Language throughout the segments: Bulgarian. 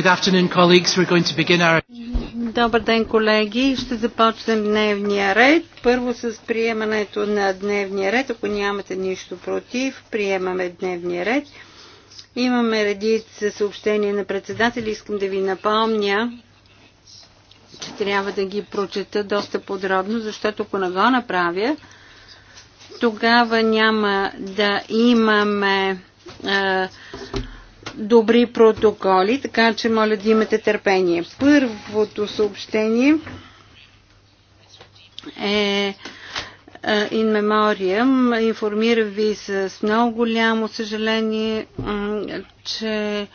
Our... Добър ден, колеги. Ще започнем дневния ред. Първо с приемането на дневния ред. Ако нямате нищо против, приемаме дневния ред. Имаме редица съобщения на председатели. Искам да ви напомня, че трябва да ги прочета доста подробно, защото ако не го направя, тогава няма да имаме е, добри протоколи, така че моля да имате търпение. Първото съобщение е, е In Memoriam. Информира ви с много голямо съжаление, че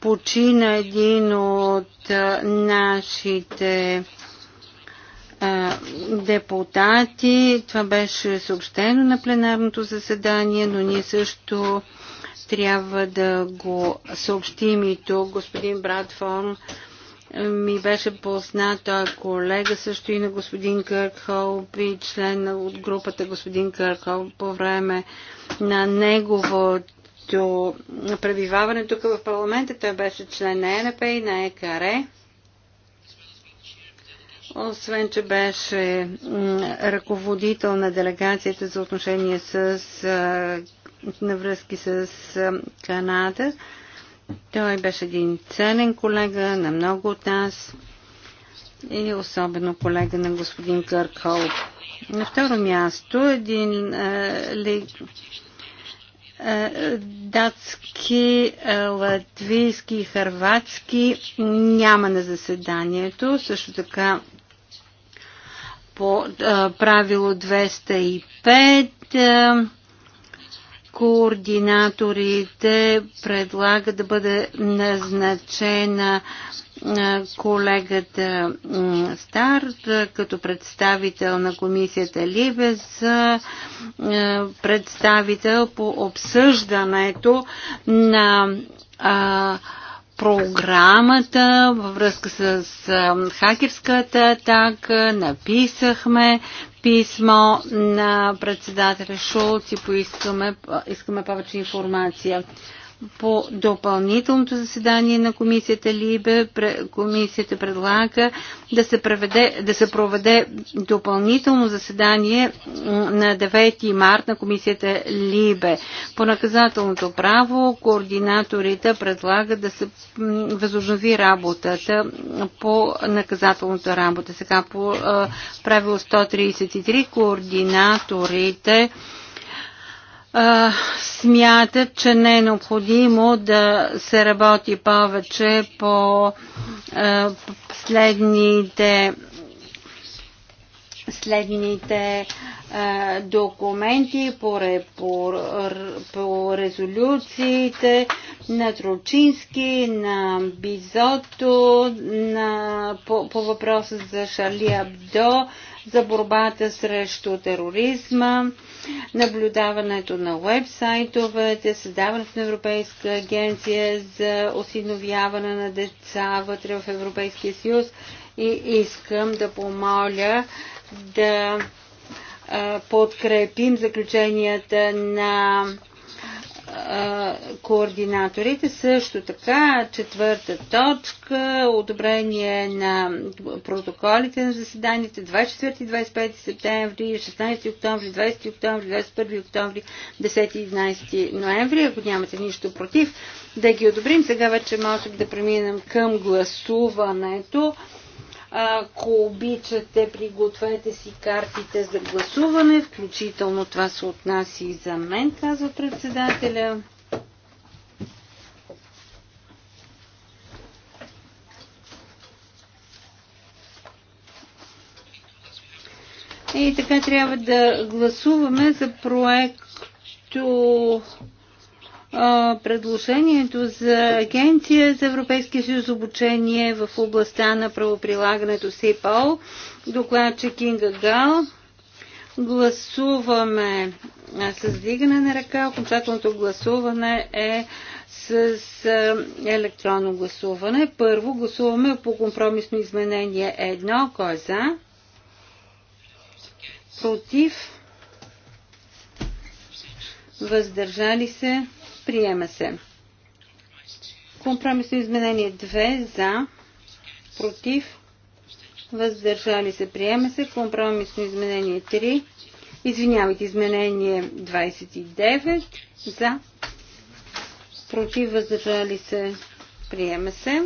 почина един от е, нашите е, депутати. Това беше съобщено на пленарното заседание, но ние също трябва да го съобщим и тук. Господин Братфон е, ми беше познат, той е колега също и на господин Кърхолп и член от групата господин Кърхолп по време на неговото пребиваване тук в парламента. Той беше член на ЕНП и на ЕКР. Е. Освен, че беше ръководител на делегацията за отношение с на връзки с Канада. Той беше един ценен колега на много от нас и особено колега на господин Кърк Холп. На второ място един а, ли, а, датски, а, латвийски харватски хърватски няма на заседанието. Също така по а, правило 205 а, Координаторите предлагат да бъде назначена колегата Стар като представител на комисията ЛИБЕС представител по обсъждането на а, програмата във връзка с хакерската атака. Написахме писмо на председателя Шулц и поискаме искаме повече информация по допълнителното заседание на комисията Либе комисията предлага да се, проведе, да се проведе допълнително заседание на 9 март на комисията Либе. По наказателното право координаторите предлагат да се възобнови работата по наказателната работа. Сега по правило 133 координаторите а, смятат, че не е необходимо да се работи повече по следните следните документи по, по, по резолюциите на трочински, на Бизото, на, по, по въпроса за Шарли Абдо, за борбата срещу тероризма, наблюдаването на вебсайтовете, създаването на Европейска агенция за осиновяване на деца вътре в Европейския съюз и искам да помоля да подкрепим заключенията на координаторите. Също така, четвърта точка, одобрение на протоколите на заседанията 24 и 25 септември, 16 октомври, 20 октомври, 21 октомври, 10 и 11 ноември. Ако нямате нищо против, да ги одобрим. Сега вече можем да преминем към гласуването. Ако обичате, пригответе си картите за гласуване, включително това се отнася и за мен, казва председателя. И така трябва да гласуваме за проекто предложението за Агенция за Европейския съюз обучение в областта на правоприлагането СИПОЛ. Докладче Кинга Гал. Гласуваме с вдигане на ръка. Окончателното гласуване е с електронно гласуване. Първо гласуваме по компромисно изменение 1. Кой е за? Против? Въздържали се? Приема се. Компромисно изменение 2 за, против, въздържали се. Приема се. Компромисно изменение 3. Извинявайте, изменение 29 за, против, въздържали се. Приема се.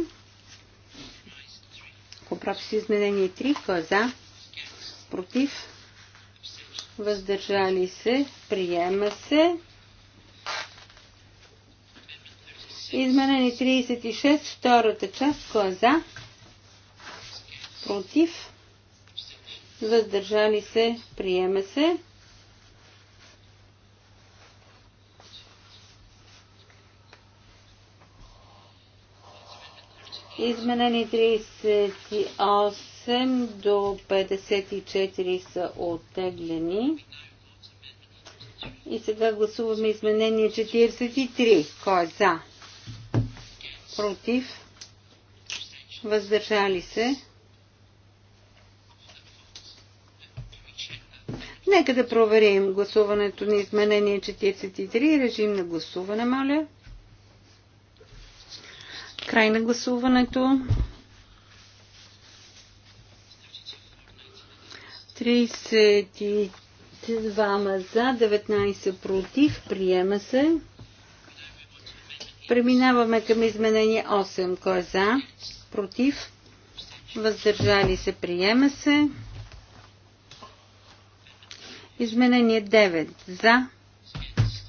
Компромисно изменение 3. Кой е за? Против. Въздържали се. Приема се. Изменени 36, втората част, кой е за? Против? Въздържали се, приема се. Изменени 38 до 54 са оттеглени. И сега гласуваме изменение 43. Кой е за? против, въздържали се. Нека да проверим гласуването на изменение 43. Режим на гласуване, моля. Край на гласуването. 32 за, 19 против. Приема се. Преминаваме към изменение 8. Кой е за? Против? Въздържали се? Приема се. Изменение 9. За?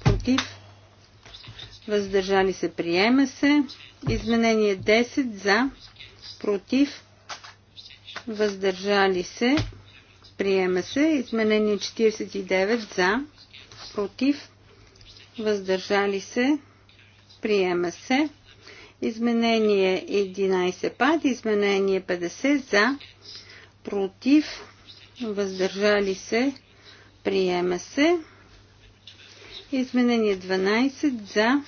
Против? Въздържали се? Приема се. Изменение 10. За? Против? Въздържали се? Приема се. Изменение 49. За? Против? Въздържали се? Приема се. Изменение 11 пад, Изменение 50 за. Против. Въздържали се. Приема се. Изменение 12 за.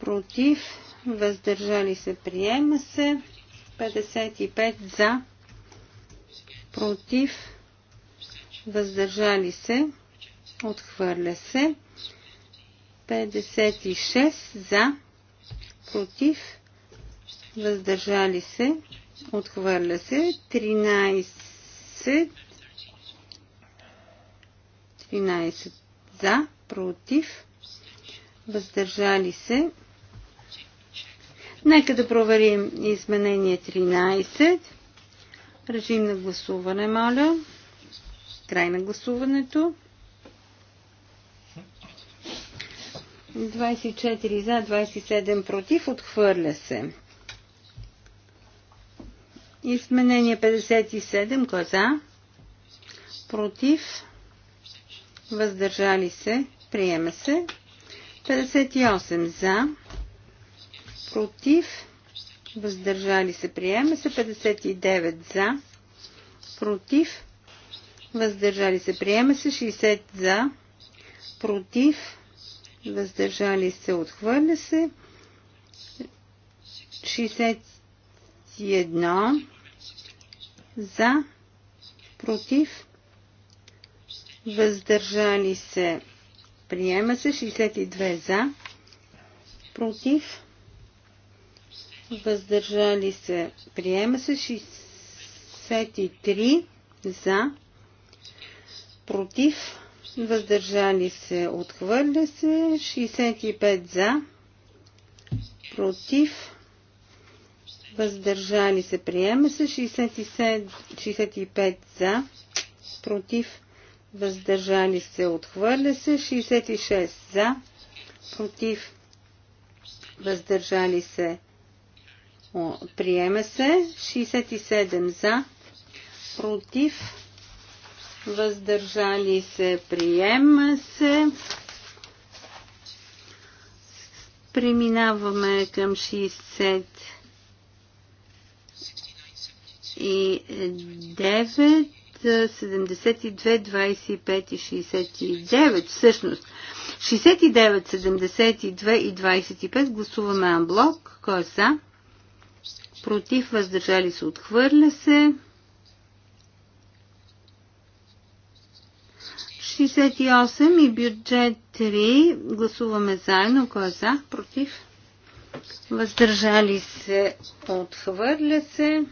Против. Въздържали се. Приема се. 55 за. Против. Въздържали се. Отхвърля се. 56 за, против, въздържали се, отхвърля се, 13, 13 за, против, въздържали се. Нека да проверим изменение 13. Режим на гласуване, моля. Край на гласуването. 24 за, 27 против, отхвърля се. Изменение 57, кой е за? Против, въздържали се, приема се. 58 за, против, въздържали се, приема се. 59 за, против, въздържали се, приема се. 60 за, против, въздържали се, отхвърля се. 61 за, против, въздържали се, приема се. 62 за, против, въздържали се, приема се. 63 за, против, въздържали се, отхвърля се, 65 за, против, въздържали се, приема се, 67, 65 за, против, въздържали се, отхвърля се, 66 за, против, въздържали се, приема се, 67 за, против, въздържали се, приема се. Преминаваме към 60 и 9, 72, 25 и 69. Всъщност, 69, 72 и 25 гласуваме анблок. Кой е са? Против, въздържали се, отхвърля се. 68 и бюджет 3 гласуваме заедно. Кой е за? Против? Въздържали се? Отхвърля се?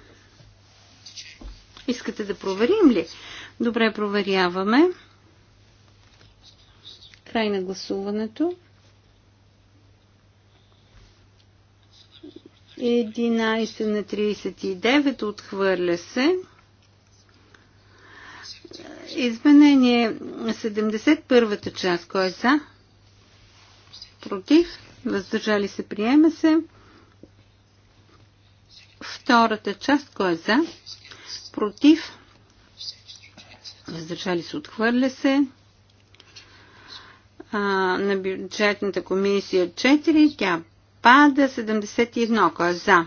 Искате да проверим ли? Добре, проверяваме. Край на гласуването. 11 на 39 отхвърля се. Изменение 71-та част. Кой е за? Против? Въздържали се? Приема се. Втората част. Кой е за? Против? Въздържали се? Отхвърля се. А, на бюджетната комисия 4. Тя пада. 71. Кой е за?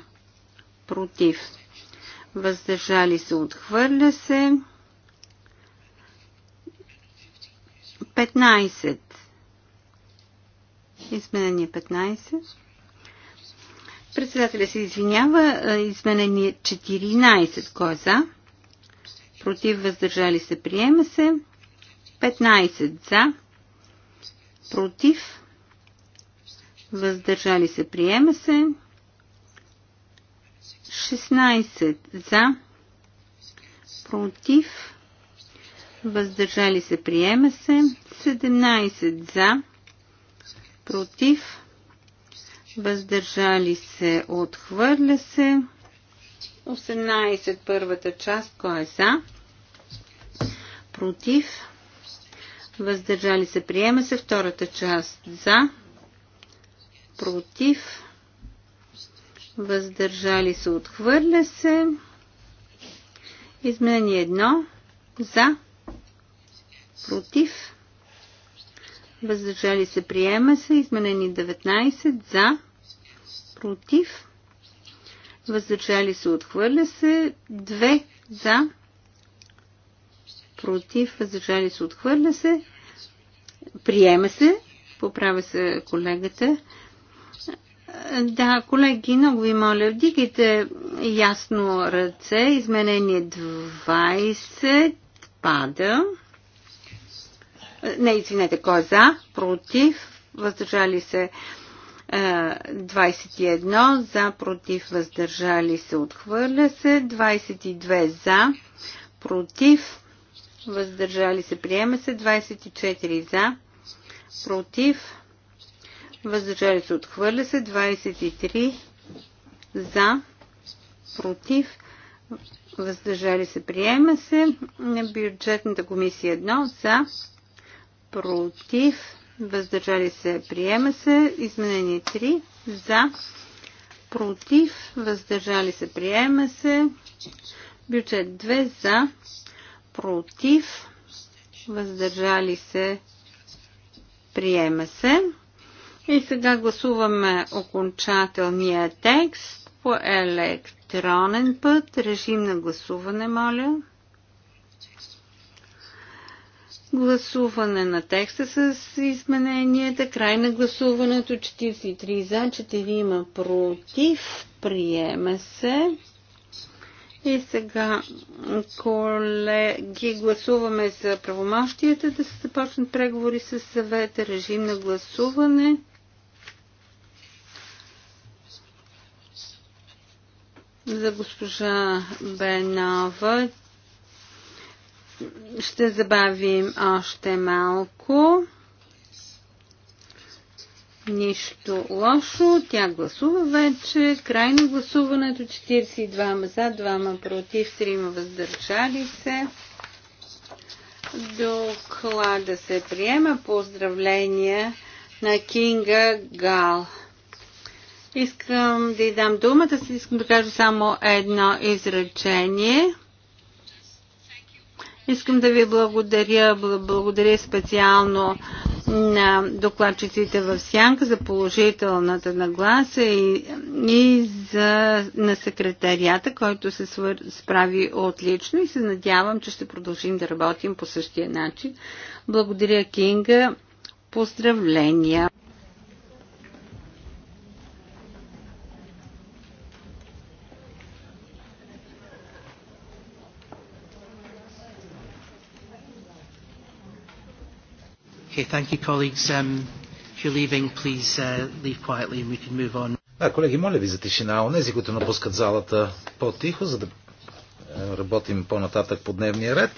Против? Въздържали се? Отхвърля се. 15. Изменение 15. Председателя се извинява. Е, изменение 14. Кой е за? Против въздържали се. Приема се. 15 за. Против. Въздържали се. Приема се. 16 за. Против въздържали се, приема се. 17 за, против, въздържали се, отхвърля се. 18 първата част, кой е за, против, въздържали се, приема се. Втората част за, против, въздържали се, отхвърля се. Изменение 1 за, против, въздържали се, приема се. Изменени 19 за, против, въздържали се, отхвърля се. 2 за, против, въздържали се, отхвърля се. Приема се, поправя се колегата. Да, колеги, много ви моля, вдигайте ясно ръце. Изменение 20 пада. Не, извинете, кой е за? Против. Въздържали се 21 е, за, против, въздържали се, отхвърля се, 22 за, против, въздържали се, приема се, 24 за, против, въздържали се, отхвърля се, 23 за, против, въздържали се, приема се, бюджетната комисия 1 за, против, въздържали се, приема се. Изменение 3 за, против, въздържали се, приема се. Бюджет 2 за, против, въздържали се, приема се. И сега гласуваме окончателния текст по електронен път. Режим на гласуване, моля. Гласуване на текста с измененията. Край на гласуването. 43 за, 4 има против. Приема се. И сега, колеги, гласуваме за правомощията да се започнат преговори с съвета. Режим на гласуване. За госпожа Бенава ще забавим още малко. Нищо лошо. Тя гласува вече. Крайно гласуването 42 за, 2 против, 3 въздържали се. Доклада се приема. Поздравления на Кинга Гал. Искам да й дам думата, искам да кажа само едно изречение. Искам да ви благодаря, благодаря специално на докладчиците в Сянка за положителната нагласа и, и за, на секретарията, който се свър, справи отлично и се надявам, че ще продължим да работим по същия начин. Благодаря, Кинга. Поздравления! Okay, thank you, colleagues. Um, if you're leaving, please uh, leave quietly and we can move on. Да, колеги, моля ви за тишина. Онези, които напускат залата по-тихо, за да е, работим по-нататък по дневния ред.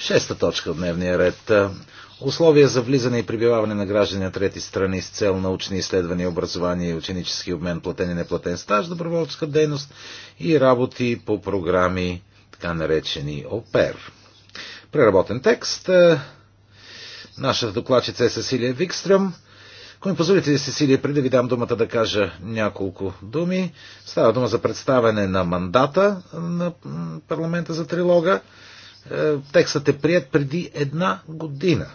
Шеста точка от дневния ред. Е, условия за влизане и прибиваване на граждани на трети страни с цел научни изследвания, образование и ученически обмен, платен и неплатен стаж, доброволческа дейност и работи по програми, така наречени ОПЕР. Преработен текст. Е, Нашата докладчица е Сесилия Викстрем. Ако ми позволите, Сесилия, преди да ви дам думата да кажа няколко думи, става дума за представяне на мандата на парламента за трилога. Е, текстът е прият преди една година,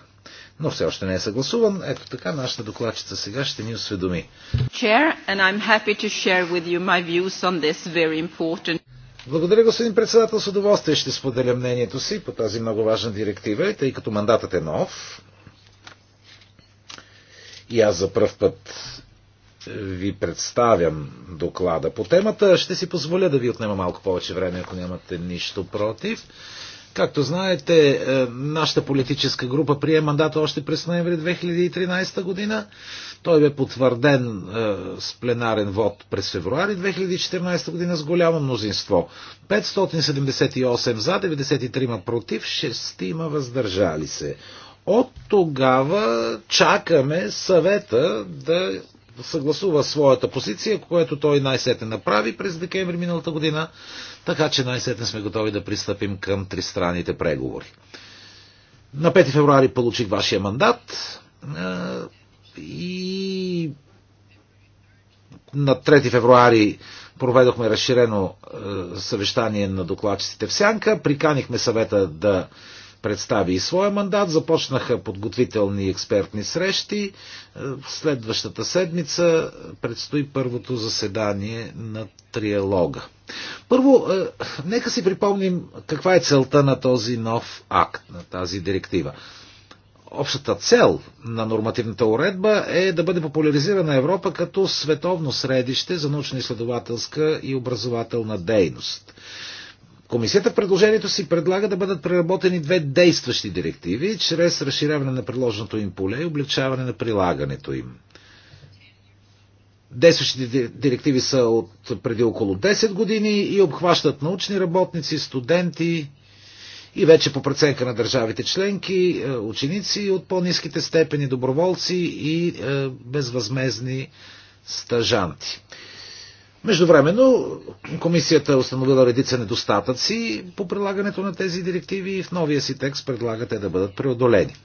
но все още не е съгласуван. Ето така, нашата докладчица сега ще ни осведоми. Благодаря, господин председател. С удоволствие ще споделя мнението си по тази много важна директива, тъй като мандатът е нов и аз за пръв път ви представям доклада по темата. Ще си позволя да ви отнема малко повече време, ако нямате нищо против. Както знаете, е, нашата политическа група прие мандата още през ноември 2013 година. Той бе потвърден е, с пленарен вод през февруари 2014 година с голямо мнозинство. 578 за, 93 против, 6 има въздържали се. От тогава чакаме съвета да съгласува своята позиция, което той най-сетне направи през декември миналата година, така че най-сетне сме готови да пристъпим към тристранните преговори. На 5 февруари получих вашия мандат и на 3 февруари проведохме разширено съвещание на докладчиците в Сянка, приканихме съвета да представи и своя мандат. Започнаха подготвителни експертни срещи. Е, следващата седмица предстои първото заседание на триалога. Първо, е, нека си припомним каква е целта на този нов акт, на тази директива. Общата цел на нормативната уредба е да бъде популяризирана Европа като световно средище за научно-изследователска и образователна дейност. Комисията в предложението си предлага да бъдат преработени две действащи директиви, чрез разширяване на приложеното им поле и облегчаване на прилагането им. Действащите директиви са от преди около 10 години и обхващат научни работници, студенти и вече по преценка на държавите членки, е, ученици от по-низките степени, доброволци и е, безвъзмезни стажанти. Междувременно комисията е установила редица недостатъци по прилагането на тези директиви и в новия си текст предлага те да бъдат преодолени.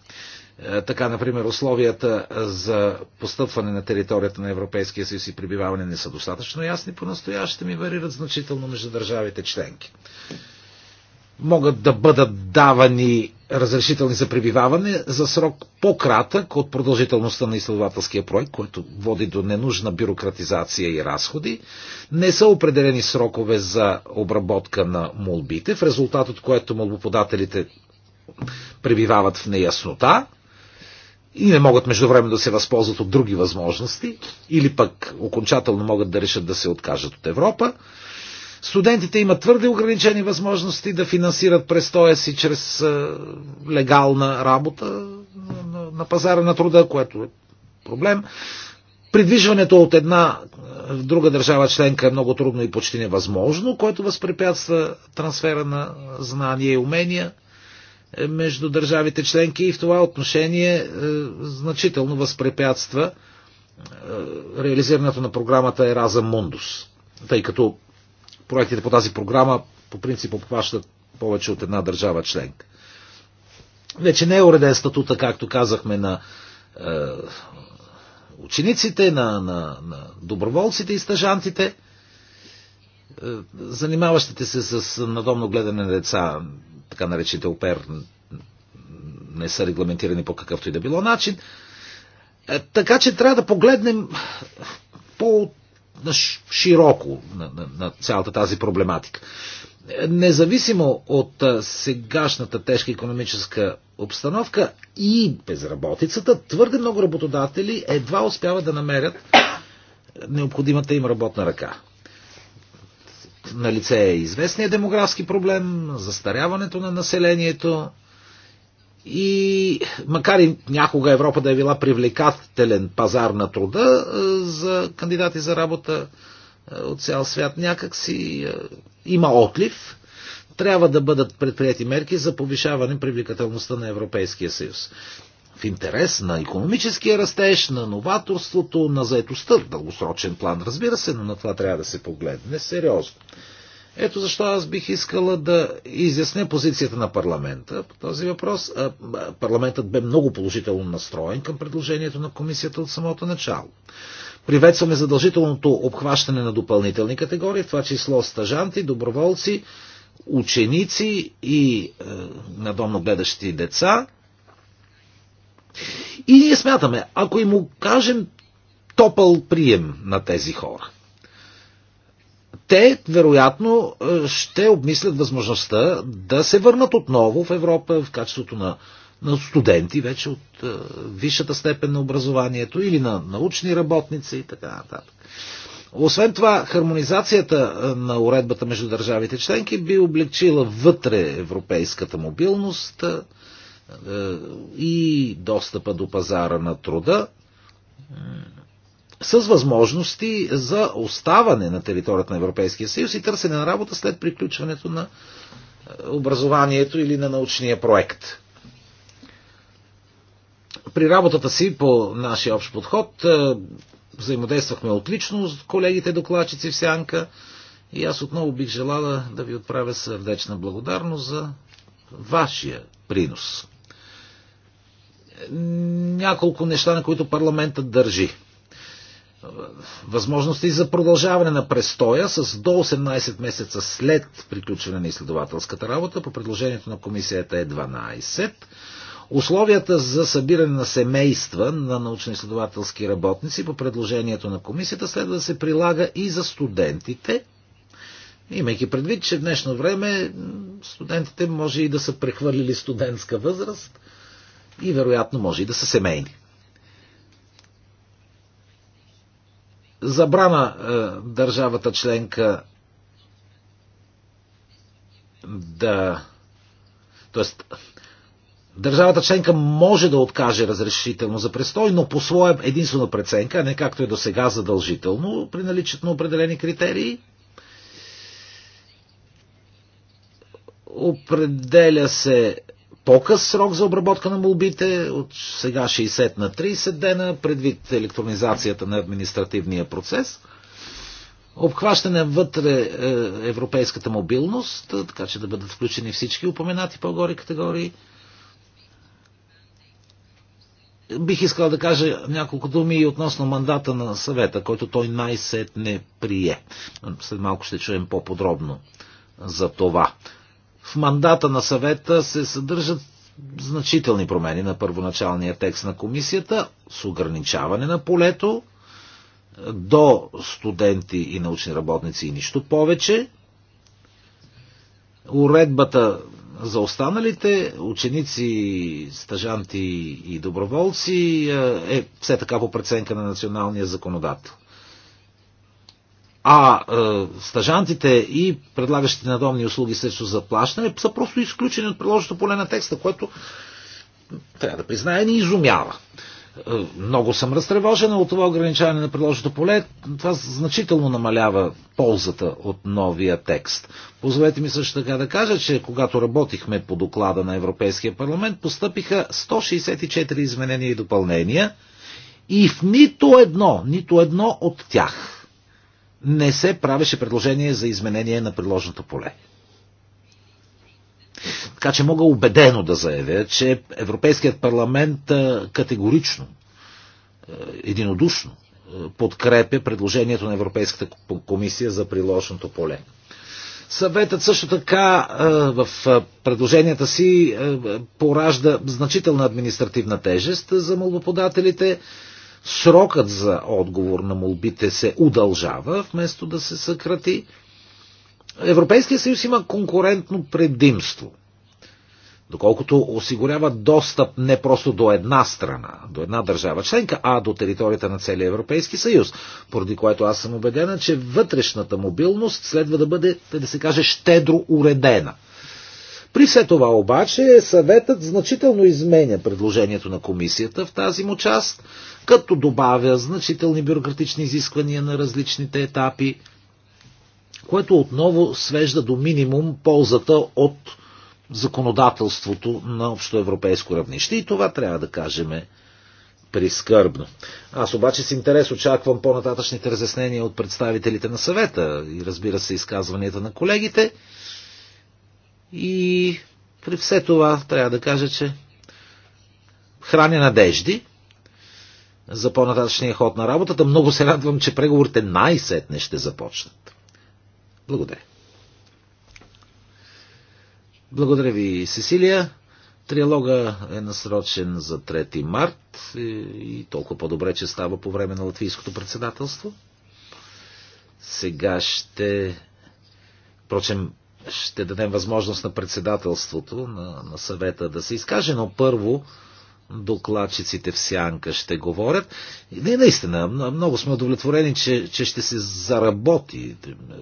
Е, така, например, условията за постъпване на територията на Европейския съюз и прибиваване не са достатъчно ясни, по-настоящем и варират значително между държавите членки. Могат да бъдат давани разрешителни за пребиваване за срок по-кратък от продължителността на изследователския проект, който води до ненужна бюрократизация и разходи. Не са определени срокове за обработка на молбите, в резултат от което молбоподателите пребивават в неяснота и не могат междувременно да се възползват от други възможности или пък окончателно могат да решат да се откажат от Европа. Студентите имат твърде ограничени възможности да финансират престоя си чрез е, легална работа на пазара на труда, което е проблем. Придвижването от една е, в друга държава членка е много трудно и почти невъзможно, което възпрепятства трансфера на знания и умения е, между държавите членки и в това отношение значително възпрепятства реализирането на програмата Ераза Мундус, тъй като проектите по тази програма по принцип обхващат повече от една държава членка. Вече не е уреден статута, както казахме, на е, учениците, на, на, на доброволците и стажантите, е, занимаващите се с надомно гледане на деца, така наречените опер, не са регламентирани по какъвто и да било начин. Е, така че трябва да погледнем по широко на, на, на цялата тази проблематика. Независимо от сегашната тежка економическа обстановка и безработицата, твърде много работодатели едва успяват да намерят необходимата им работна ръка. На лице е известният демографски проблем, застаряването на населението, и макар и някога Европа да е била привлекателен пазар на труда е, за кандидати за работа е, от цял свят, някак си е, има отлив. Трябва да бъдат предприяти мерки за повишаване привлекателността на Европейския съюз. В интерес на економическия растеж, на новаторството, на заетостта в дългосрочен план, разбира се, но на това трябва да се погледне сериозно. Ето защо аз бих искала да изясня позицията на парламента по този въпрос. Парламентът бе много положително настроен към предложението на комисията от самото начало. Приветстваме задължителното обхващане на допълнителни категории, в това число стажанти, доброволци, ученици и е, надомно гледащи деца. И ние смятаме, ако им окажем топъл прием на тези хора – те вероятно е, ще обмислят възможността да се върнат отново в Европа в качеството на, на студенти, вече от е, висшата степен на образованието или на научни работници и така нататък. Освен това, хармонизацията е, на уредбата между държавите членки би облегчила вътре европейската мобилност е, е и достъпа до пазара на труда с възможности за оставане на територията на Европейския съюз и търсене на работа след приключването на е, образованието или на научния проект. При работата си по нашия общ подход е, взаимодействахме отлично с колегите докладчици в Сянка и аз отново бих желала да ви отправя сърдечна благодарност за вашия принос. Няколко неща, на които парламентът държи възможности за продължаване на престоя с до 18 месеца след приключване на изследователската работа. По предложението на комисията е 12. Условията за събиране на семейства на научно-изследователски работници по предложението на комисията следва да се прилага и за студентите, имайки предвид, че в днешно време студентите може и да са прехвърлили студентска възраст и вероятно може и да са семейни. забрана е, държавата членка да. Тоест, държавата членка може да откаже разрешително за престой, но по своя единствена преценка, а не както е до сега задължително, при наличието на определени критерии, определя се по-къс срок за обработка на молбите, от сега 60 на 30 дена, предвид електронизацията на административния процес. Обхващане вътре е, европейската мобилност, е, така че да бъдат включени всички упоменати по-горе категории. Бих искал да кажа няколко думи и относно мандата на съвета, който той най-сетне прие. След малко ще чуем по-подробно за това в мандата на съвета се съдържат значителни промени на първоначалния текст на комисията с ограничаване на полето до студенти и научни работници и нищо повече. Уредбата за останалите ученици, стажанти и доброволци е, е все така по преценка на националния законодател. А е, стажантите и предлагащите надомни услуги срещу заплащане са просто изключени от приложеното поле на текста, което трябва да призная, ни изумява. Е, много съм разтревожена от това ограничаване на приложеното поле. Това значително намалява ползата от новия текст. Позволете ми също така да кажа, че когато работихме по доклада на Европейския парламент, постъпиха 164 изменения и допълнения и в нито едно, нито едно от тях не се правеше предложение за изменение на приложното поле. Така че мога убедено да заявя, че Европейският парламент категорично, единодушно подкрепя предложението на Европейската комисия за приложното поле. Съветът също така в предложенията си поражда значителна административна тежест за молбоподателите, срокът за отговор на молбите се удължава, вместо да се съкрати. Европейския съюз има конкурентно предимство, доколкото осигурява достъп не просто до една страна, до една държава членка, а до територията на целия Европейски съюз, поради което аз съм убедена, че вътрешната мобилност следва да бъде, да се каже, щедро уредена – при все това обаче съветът значително изменя предложението на комисията в тази му част, като добавя значителни бюрократични изисквания на различните етапи, което отново свежда до минимум ползата от законодателството на общоевропейско равнище. И това трябва да кажем е прискърбно. Аз обаче с интерес очаквам по-нататъчните разяснения от представителите на съвета и разбира се изказванията на колегите. И при все това трябва да кажа, че храня надежди за по-нататъчния ход на работата. Много се радвам, че преговорите най-сетне ще започнат. Благодаря. Благодаря ви, Сесилия. Триалога е насрочен за 3 март е, и толкова по-добре, че става по време на латвийското председателство. Сега ще... Впрочем, ще дадем възможност на председателството на, на съвета да се изкаже, но първо докладчиците в сянка ще говорят. Не, наистина, много сме удовлетворени, че, че ще се заработи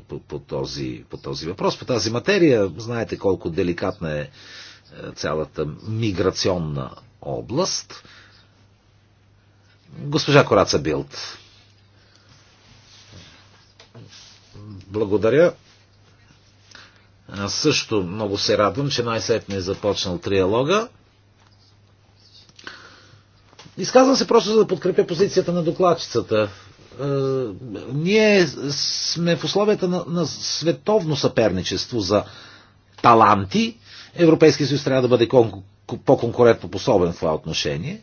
по, по, този, по този въпрос, по тази материя. Знаете колко деликатна е, е цялата миграционна област. Госпожа Кораца Билт. Благодаря. Аз също много се радвам, че най-сетне е започнал триалога. Изказвам се просто за да подкрепя позицията на докладчицата. Е, ние сме в условията на, на световно съперничество за таланти. Европейския съюз трябва да бъде по-конкурентно пособен в това отношение.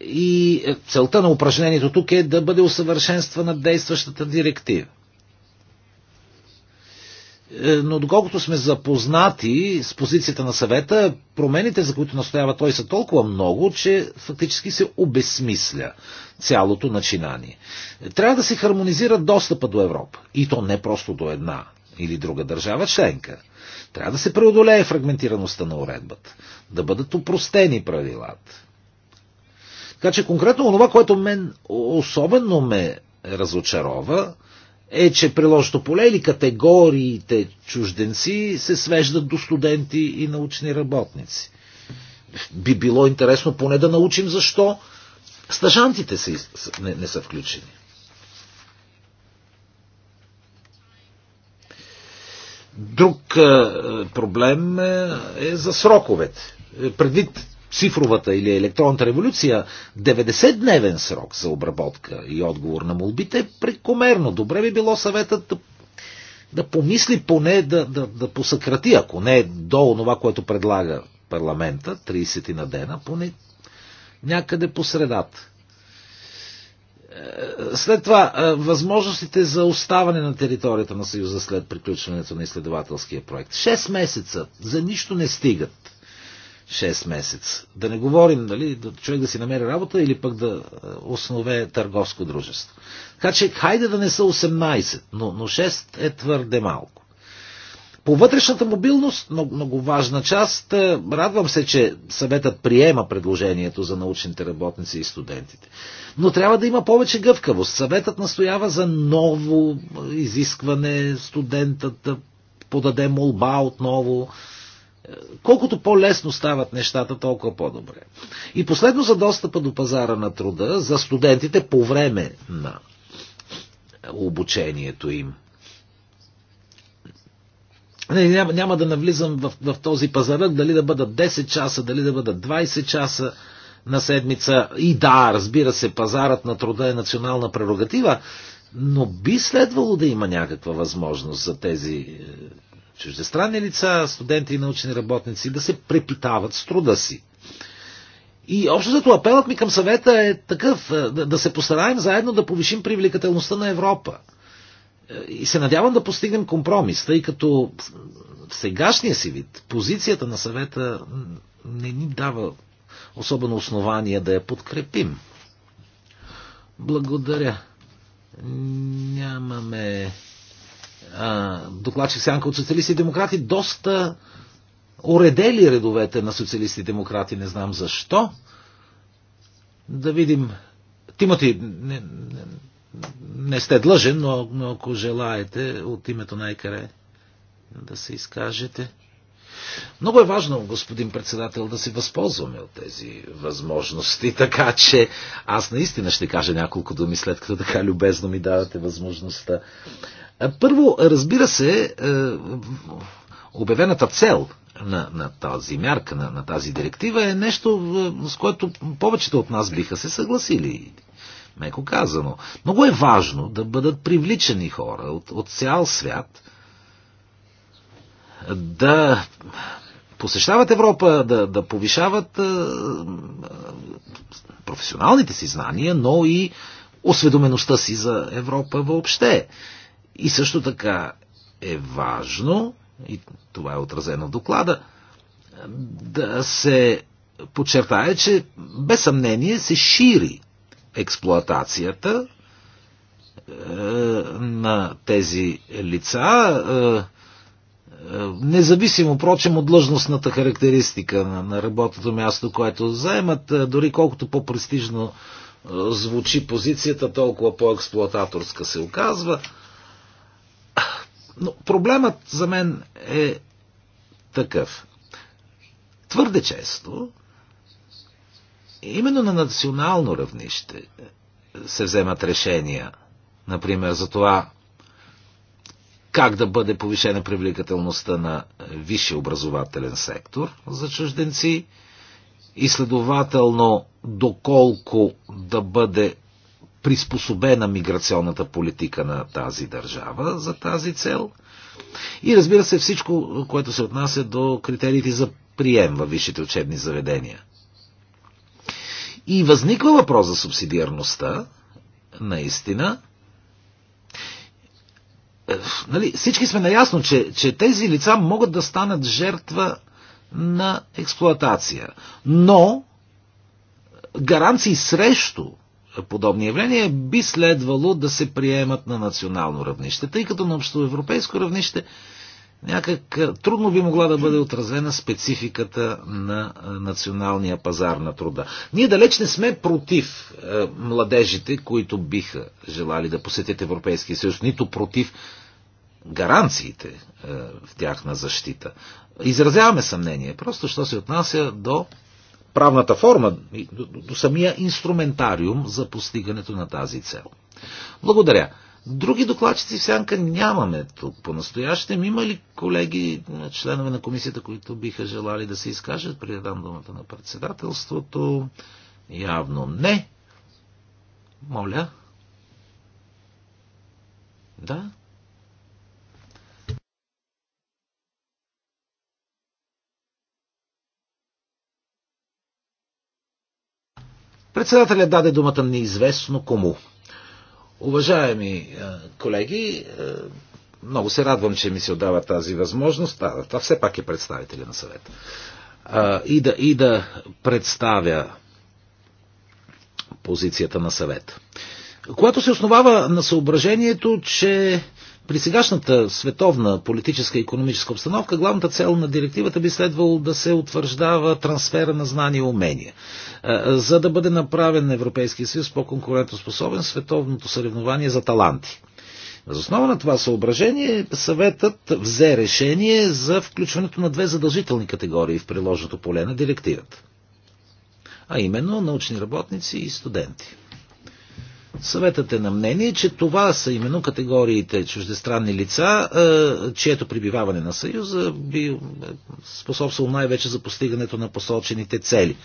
И целта на упражнението тук е да бъде усъвършенствана действащата директива. Е, но доколкото сме запознати с позицията на съвета, промените, за които настоява той, са толкова много, че фактически се обесмисля цялото начинание. Трябва да се хармонизира достъпа до Европа. И то не просто до една или друга държава членка. Трябва да се преодолее фрагментираността на уредбата, да бъдат упростени правилата. Така че конкретно това, което мен особено ме разочарова, е, че приложното поле или категориите чужденци се свеждат до студенти и научни работници. Би било интересно поне да научим защо стажантите са, не, не са включени. Друг е, е, проблем е, е за сроковете. Предвид цифровата или електронната революция 90-дневен срок за обработка и отговор на молбите е прекомерно. Добре би било съветът да, да помисли поне да, да, да посъкрати, ако не е до това, което предлага парламента, 30 на дена, поне някъде по средата. Е, след това, е, възможностите за оставане на територията на Съюза след приключването на изследователския проект. 6 месеца за нищо не стигат 6 месеца. Да не говорим, нали, човек да си намери работа или пък да е, основе търговско дружество. Така че, хайде да не са 18, но, но 6 е твърде малко. По вътрешната мобилност, много, много важна част, е, радвам се, че съветът приема предложението за научните работници и студентите. Но трябва да има повече гъвкавост. Съветът настоява за ново изискване студентът да подаде молба отново колкото по-лесно стават нещата, толкова по-добре. И последно за достъпа до пазара на труда, за студентите по време на обучението им. Не, няма, няма да навлизам в, в този пазарък, дали да бъдат 10 часа, дали да бъдат 20 часа на седмица. И да, разбира се, пазарът на труда е национална прерогатива, но би следвало да има някаква възможност за тези е, чуждестранни лица, студенти и научни работници да се препитават с труда си. И общо зато апелът ми към съвета е такъв, е, да се постараем заедно да повишим привлекателността на Европа. Е, и се надявам да постигнем компромис, тъй като в сегашния си вид позицията на съвета не ни дава особено основание да я подкрепим. Благодаря. Нямаме докладчик Сянка от социалисти и демократи, доста уредели редовете на социалисти и демократи, не знам защо. Да видим. Тимати, не, не, не сте длъжен, но, но ако желаете от името на Екаре да се изкажете. Много е важно, господин председател, да се възползваме от тези възможности, така че аз наистина ще кажа няколко думи, след като така любезно ми давате възможността. Е, първо, разбира се, е, обявената цел на, на тази мярка, на, на тази директива е нещо, е, с което повечето от нас биха се съгласили. Меко казано. Много е важно да бъдат привличани хора от, от цял свят да посещават Европа, да, да повишават а, професионалните си знания, но и осведомеността си за Европа въобще. И също така е важно, и това е отразено в доклада, да се подчертае, че без съмнение се шири експлоатацията е, на тези лица, е, е, независимо, прочем, от длъжностната характеристика на, на работното място, което заемат, е, дори колкото по-престижно е, звучи позицията, толкова по-експлоататорска се оказва. Но проблемът за мен е такъв. Твърде често, именно на национално равнище се вземат решения, например, за това как да бъде повишена привлекателността на висшия образователен сектор за чужденци и следователно доколко да бъде приспособена миграционната политика на тази държава за тази цел. И разбира се всичко, което се отнася до критериите за прием във висшите учебни заведения. И възниква въпрос за субсидиарността, наистина. Нали, всички сме наясно, че, че тези лица могат да станат жертва на експлоатация. Но гаранции срещу подобни явления, би следвало да се приемат на национално равнище, тъй като на общоевропейско равнище някак трудно би могла да бъде отразена спецификата на националния пазар на труда. Ние далеч не сме против е, младежите, които биха желали да посетят Европейския съюз, нито против гаранциите е, в тяхна защита. Изразяваме съмнение, просто що се отнася до правната форма, до самия инструментариум за постигането на тази цел. Благодаря. Други докладчици в сянка нямаме тук по-настоящем. Има ли колеги, е, членове на комисията, които биха желали да се изкажат? при дам думата на председателството. Явно не. Моля. Да? Председателя даде думата неизвестно кому. Уважаеми е, колеги, е, много се радвам, че ми се отдава тази възможност. Това, това все пак е представителя на съвет. Е, и да, и да представя позицията на съвет. Когато се основава на съображението, че при сегашната световна политическа и економическа обстановка главната цел на директивата би следвало да се утвърждава трансфера на знания и умения. За да бъде направен Европейския съюз по-конкурентоспособен световното съревнование за таланти. Въз основа на това съображение съветът взе решение за включването на две задължителни категории в приложното поле на директивата. А именно научни работници и студенти. Съветът е на мнение, че това са именно категориите чуждестранни лица, е, чието прибиваване на Съюза би е, способствало най-вече за постигането на посочените цели.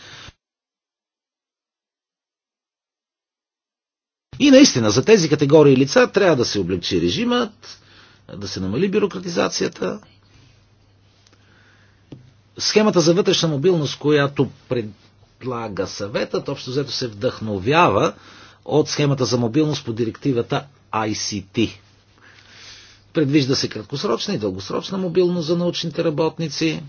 И наистина, за тези категории лица трябва да се облегчи режимът, да се намали бюрократизацията. Схемата за вътрешна мобилност, която предлага съветът, общо взето се вдъхновява от схемата за мобилност по директивата ICT. Предвижда се краткосрочна и дългосрочна мобилност за научните работници.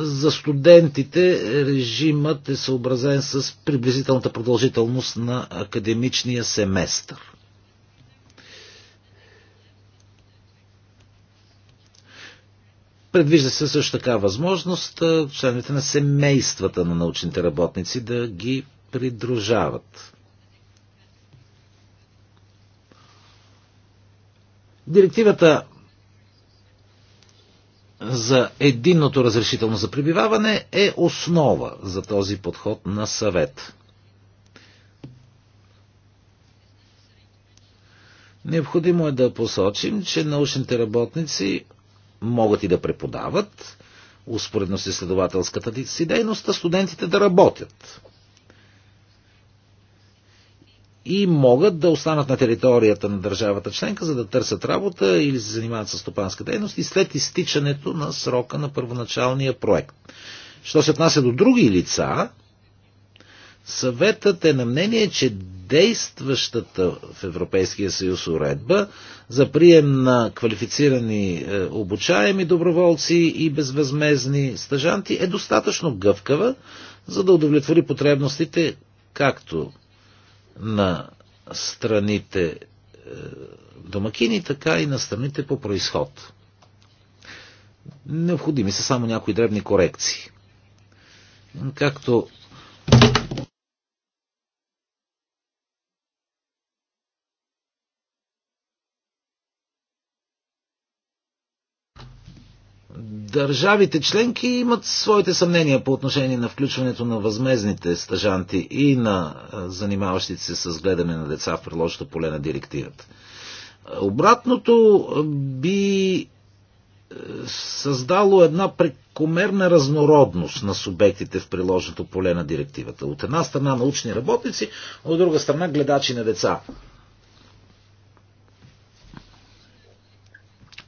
За студентите режимът е съобразен с приблизителната продължителност на академичния семестър. Предвижда се също така възможност членовете на семействата на научните работници да ги придружават. Директивата за единното разрешително за пребиваване е основа за този подход на съвет. Необходимо е да посочим, че научните работници могат и да преподават, успоредно с изследователската си дейност, а студентите да работят и могат да останат на територията на държавата членка, за да търсят работа или се занимават с стопанска дейност и след изтичането на срока на първоначалния проект. Що се отнася до други лица, съветът е на мнение, че действащата в Европейския съюз уредба за прием на квалифицирани е, обучаеми доброволци и безвъзмезни стъжанти е достатъчно гъвкава, за да удовлетвори потребностите както на страните е, домакини, така и на страните по происход. Необходими са само някои дребни корекции. Както Държавите членки имат своите съмнения по отношение на включването на възмезните стажанти и на занимаващите се с гледане на деца в предложното поле на директивата. Обратното би е, създало една прекомерна разнородност на субектите в приложното поле на директивата. От една страна научни работници, от друга страна гледачи на деца.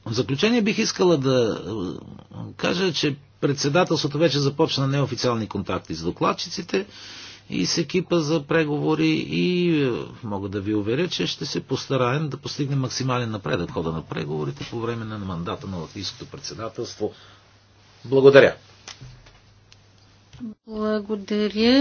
В заключение бих искала да кажа, че председателството вече започна неофициални контакти с докладчиците и с екипа за преговори и мога да ви уверя, че ще се постараем да постигнем максимален напредък в хода на преговорите по време на мандата на латвийското председателство. Благодаря. Благодаря.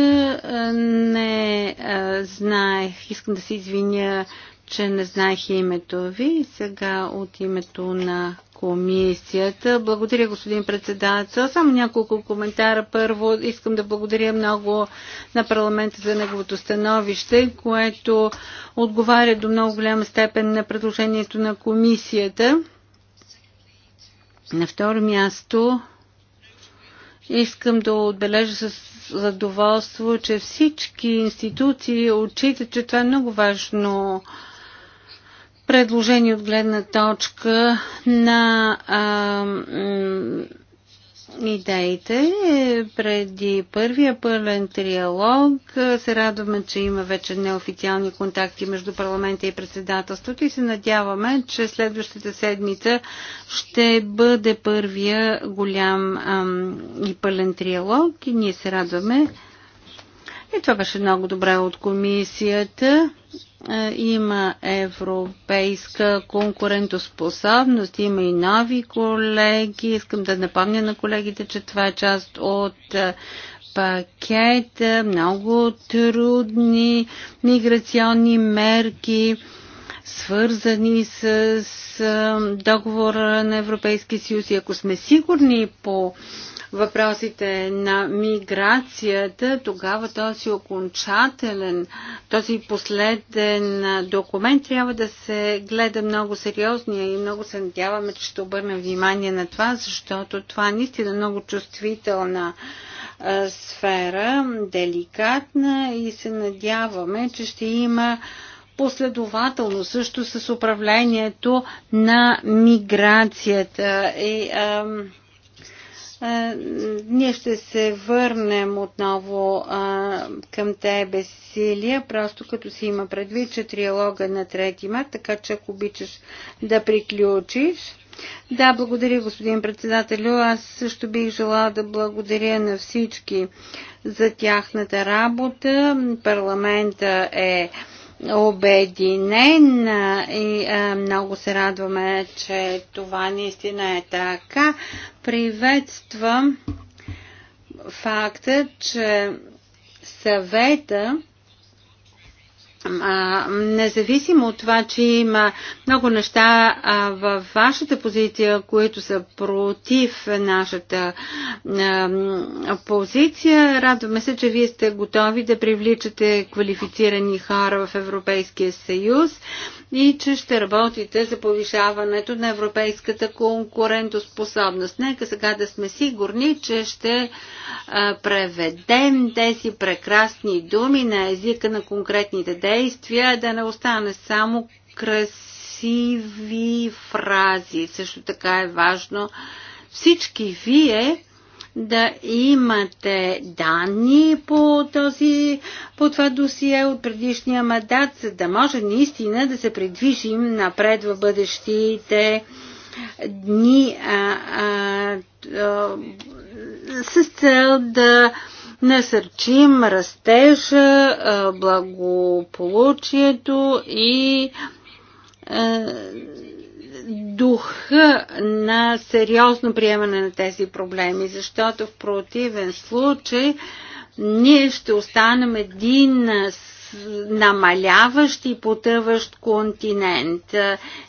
Не а, знаех. Искам да се извиня че не знаех името ви. Сега от името на комисията. Благодаря, господин председател. Само няколко коментара. Първо, искам да благодаря много на парламента за неговото становище, което отговаря до много голяма степен на предложението на комисията. На второ място, искам да отбележа с задоволство, че всички институции отчитат, че това е много важно предложение от гледна точка на а, идеите. Преди първия пълен триалог се радваме, че има вече неофициални контакти между парламента и председателството и се надяваме, че следващата седмица ще бъде първия голям а, и пълен триалог и ние се радваме. И това беше много добре от комисията е, има европейска конкурентоспособност, има и нови колеги. Искам да напомня на колегите, че това е част от е, пакет, е, много трудни миграционни мерки, свързани с договора на Европейския съюз. И ако сме сигурни по въпросите на миграцията, тогава този окончателен, този последен документ трябва да се гледа много сериозно и много се надяваме, че ще обърнем внимание на това, защото това е наистина е много чувствителна сфера, деликатна и се надяваме, че ще има последователно също с управлението на миграцията. И, ам, е, ние ще се върнем отново а, към тебе, Силия, просто като си има предвид, че триалога е на 3 мат, така че ако обичаш да приключиш. Да, благодаря, господин председателю. Аз също бих желала да благодаря на всички за тяхната работа. Парламента е а, обединен и а, много се радваме, че това наистина е така. Приветствам факта, че съвета а, независимо от това, че има много неща а, във вашата позиция, които са против нашата а, позиция, радваме се, че вие сте готови да привличате квалифицирани хора в Европейския съюз и че ще работите за повишаването на европейската конкурентоспособност. Нека сега да сме сигурни, че ще а, преведем тези прекрасни думи на езика на конкретните действия действия, да не остане само красиви фрази. Също така е важно всички вие да имате данни по, този, по това досие от предишния мандат, за да може наистина да се придвижим напред в бъдещите дни а, а, а, с цел да насърчим растежа, благополучието и духа на сериозно приемане на тези проблеми, защото в противен случай ние ще останем един намаляващ и потъващ континент.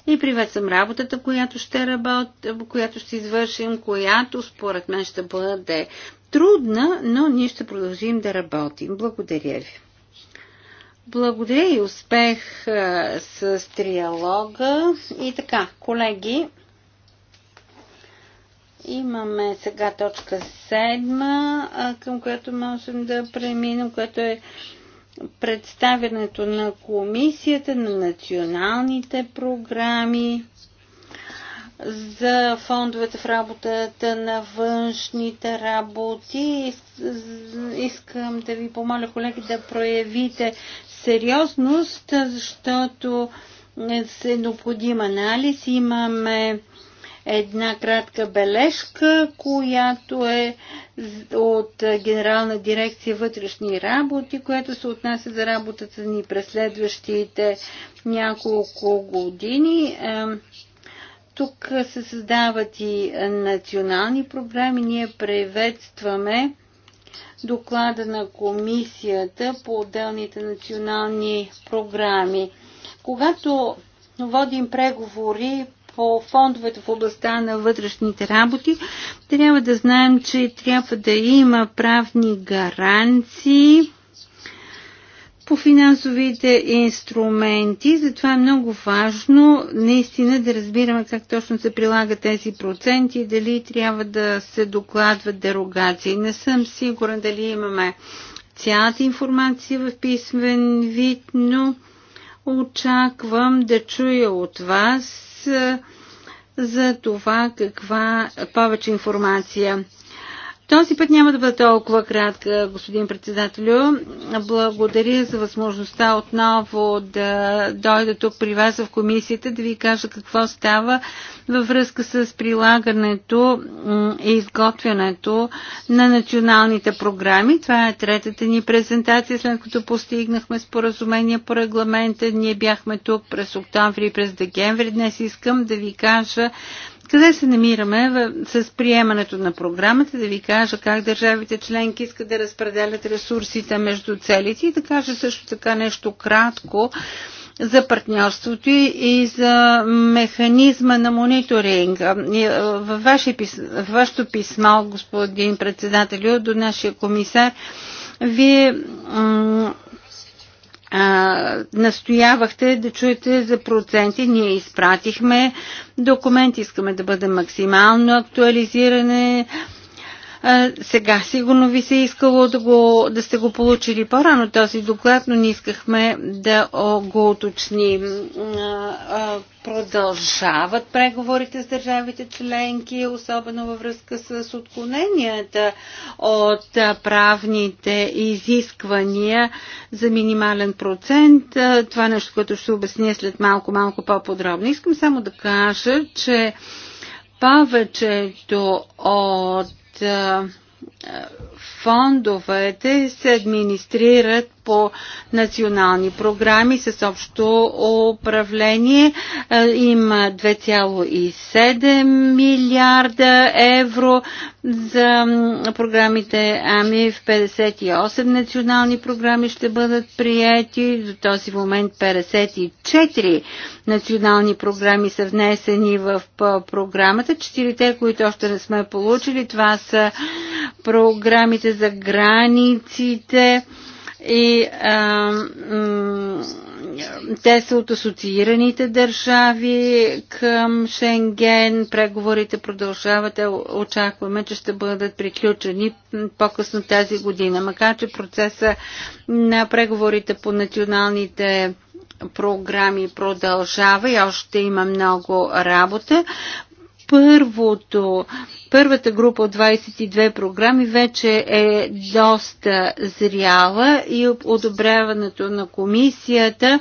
И приветствам работата, която ще, работ... която ще извършим, която според мен ще бъде трудна, но ние ще продължим да работим. Благодаря ви. Благодаря и успех а, с триалога. И така, колеги, имаме сега точка седма, а, към която можем да преминем, което е представянето на комисията на националните програми за фондовете в работата на външните работи. Искам да ви помоля, колеги, да проявите сериозност, защото е необходим анализ. Имаме една кратка бележка, която е от Генерална дирекция вътрешни работи, която се отнася за работата ни през следващите няколко години. Тук се създават и национални проблеми. Ние приветстваме доклада на комисията по отделните национални програми. Когато водим преговори по фондовете в областта на вътрешните работи, трябва да знаем, че трябва да има правни гаранции по финансовите инструменти. Затова е много важно наистина да разбираме как точно се прилагат тези проценти и дали трябва да се докладват дерогации. Не съм сигурна дали имаме цялата информация в писмен вид, но очаквам да чуя от вас за това каква повече информация този път няма да бъде толкова кратка, господин председателю. Благодаря за възможността отново да дойда тук при вас в комисията, да ви кажа какво става във връзка с прилагането и изготвянето на националните програми. Това е третата ни презентация, след като постигнахме споразумение по регламента. Ние бяхме тук през октомври и през декември. Днес искам да ви кажа къде се намираме в, с приемането на програмата, да ви кажа как държавите членки искат да разпределят ресурсите между целите и да кажа също така нещо кратко за партньорството и за механизма на мониторинга. Е, във, ваше, в вашето писмо, господин председател, до нашия комисар, вие а, настоявахте да чуете за проценти. Ние изпратихме документ, искаме да бъде максимално актуализиране, сега сигурно ви се е искало да, го, да сте го получили по-рано този доклад, но не искахме да го уточним. Продължават преговорите с държавите членки, особено във връзка с отклоненията от правните изисквания за минимален процент. Това е нещо, което ще обясня след малко-малко по-подробно. Искам само да кажа, че повечето от фондовете се администрират по национални програми с общо управление. Е, има 2,7 милиарда евро за програмите АМИ в 58 национални програми ще бъдат приети. До този момент 54 национални програми са внесени в програмата. Четирите, които още не сме получили, това са програмите за границите, и а, те са от асоциираните държави към Шенген. Преговорите продължават. Очакваме, че ще бъдат приключени по-късно тази година. Макар, че процеса на преговорите по националните програми продължава и още има много работа първото, първата група от 22 програми вече е доста зряла и одобряването на комисията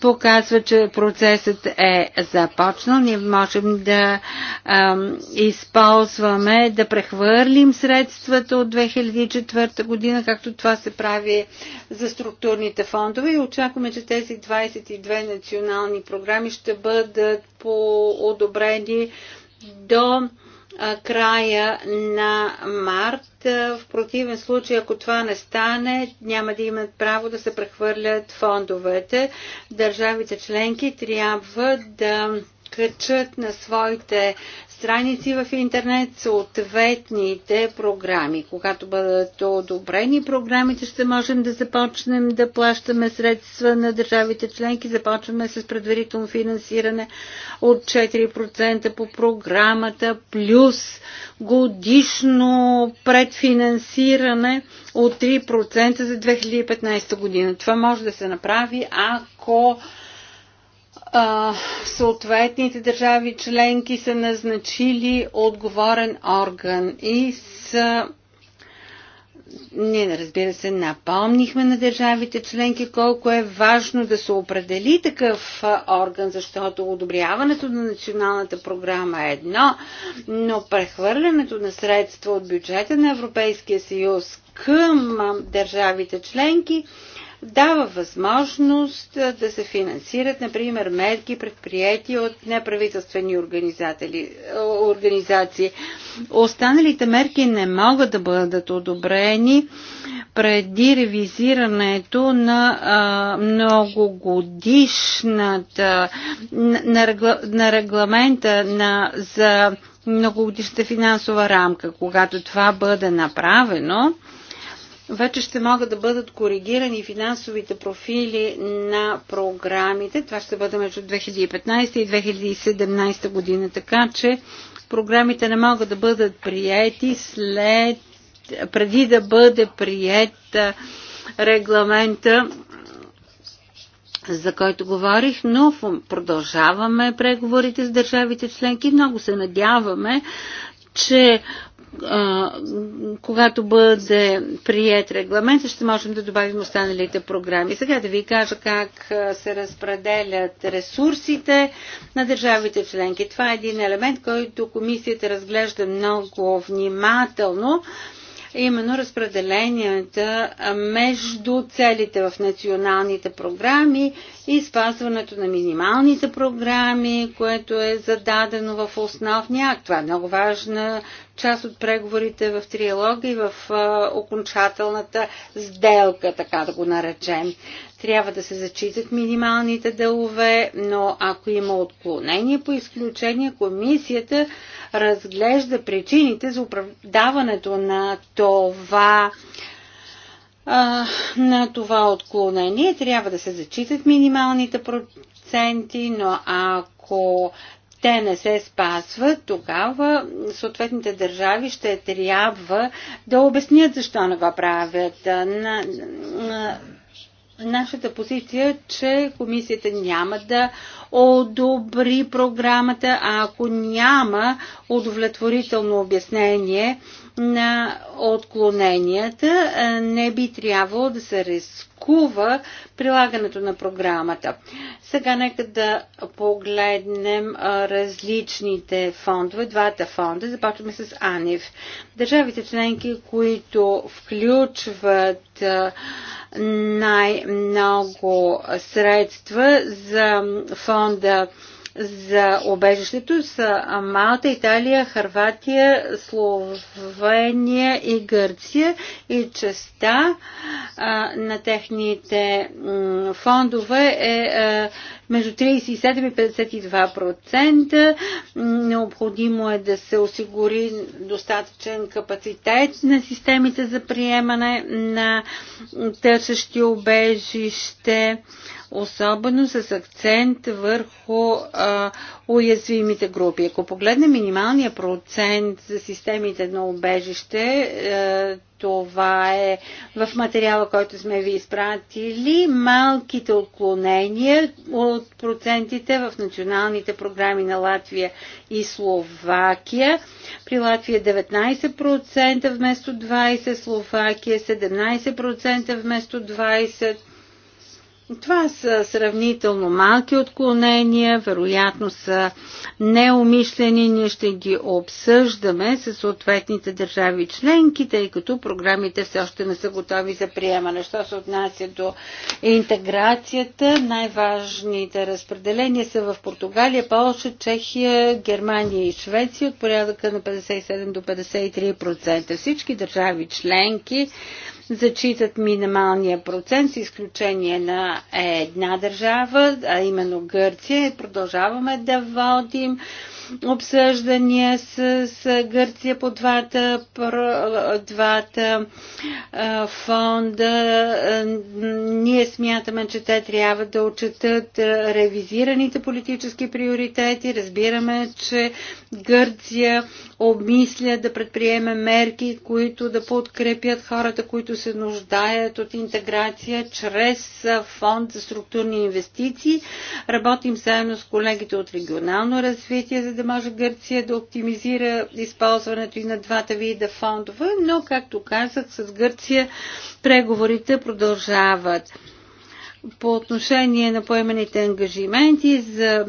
показва, че процесът е започнал. Ние можем да а, използваме, да прехвърлим средствата от 2004 година, както това се прави за структурните фондове и очакваме, че тези 22 национални програми ще бъдат по одобрени до края на март. В противен случай, ако това не стане, няма да имат право да се прехвърлят фондовете. Държавите членки трябва да качат на своите страници в интернет съответните програми. Когато бъдат одобрени програмите, ще можем да започнем да плащаме средства на държавите членки. Започваме с предварително финансиране от 4% по програмата, плюс годишно предфинансиране от 3% за 2015 година. Това може да се направи, ако съответните държави членки са назначили отговорен орган и са ние, разбира се, напомнихме на държавите членки колко е важно да се определи такъв орган, защото одобряването на националната програма е едно, но прехвърлянето на средства от бюджета на Европейския съюз към държавите членки дава възможност да се финансират, например, мерки предприяти от неправителствени организации. Останалите мерки не могат да бъдат одобрени преди ревизирането на а, многогодишната на, на регламента на, за многогодишната финансова рамка. Когато това бъде направено, вече ще могат да бъдат коригирани финансовите профили на програмите. Това ще бъде между 2015 и 2017 година, така че програмите не могат да бъдат приети след, преди да бъде прият регламента за който говорих, но продължаваме преговорите с държавите членки. Много се надяваме, че когато бъде прият регламент, ще можем да добавим останалите програми. Сега да ви кажа как се разпределят ресурсите на държавите членки. Това е един елемент, който комисията разглежда много внимателно именно разпределенията между целите в националните програми и спазването на минималните програми, което е зададено в основния акт. Това е много важна част от преговорите в триалога и в окончателната сделка, така да го наречем трябва да се зачитат минималните дълове, но ако има отклонение по изключение, комисията разглежда причините за оправдаването на това на това отклонение трябва да се зачитат минималните проценти, но ако те не се спазват, тогава съответните държави ще трябва да обяснят защо не го правят. На, на, нашата позиция, че комисията няма да одобри програмата, а ако няма удовлетворително обяснение на отклоненията, не би трябвало да се рискува критикува прилагането на програмата. Сега нека да погледнем различните фондове, двата фонда. Започваме с АНИВ. Държавите членки, които включват най-много средства за фонда за обежището са Малта, Италия, Харватия, Словения и Гърция и частта а, на техните фондове е а, между 37 и 52%. Необходимо е да се осигури достатъчен капацитет на системите за приемане на търсещи обежище особено с акцент върху а, уязвимите групи. Ако погледнем минималния процент за системите на убежище, а, е, това е в материала, който сме ви изпратили, малките отклонения от процентите в националните програми на Латвия и Словакия. При Латвия 19% вместо 20%, Словакия 17% вместо 20%. Това са сравнително малки отклонения, вероятно са неумишлени, ние ще ги обсъждаме с съответните държави членки, тъй като програмите все още не са готови за приемане. Що се отнася до интеграцията, най-важните разпределения са в Португалия, Полша, Чехия, Германия и Швеция от порядъка на 57 до 53%. Всички държави членки зачитат минималния процент с изключение на една държава, а именно Гърция. Продължаваме да водим обсъждания с, с Гърция по двата, про, двата а, фонда. Ние смятаме, че те трябва да отчетат ревизираните политически приоритети. Разбираме, че Гърция обмисля да предприеме мерки, които да подкрепят хората, които се нуждаят от интеграция чрез фонд за структурни инвестиции. Работим заедно с колегите от регионално развитие, за да да може Гърция да оптимизира използването и на двата вида фондове, но, както казах, с Гърция преговорите продължават по отношение на поемените ангажименти за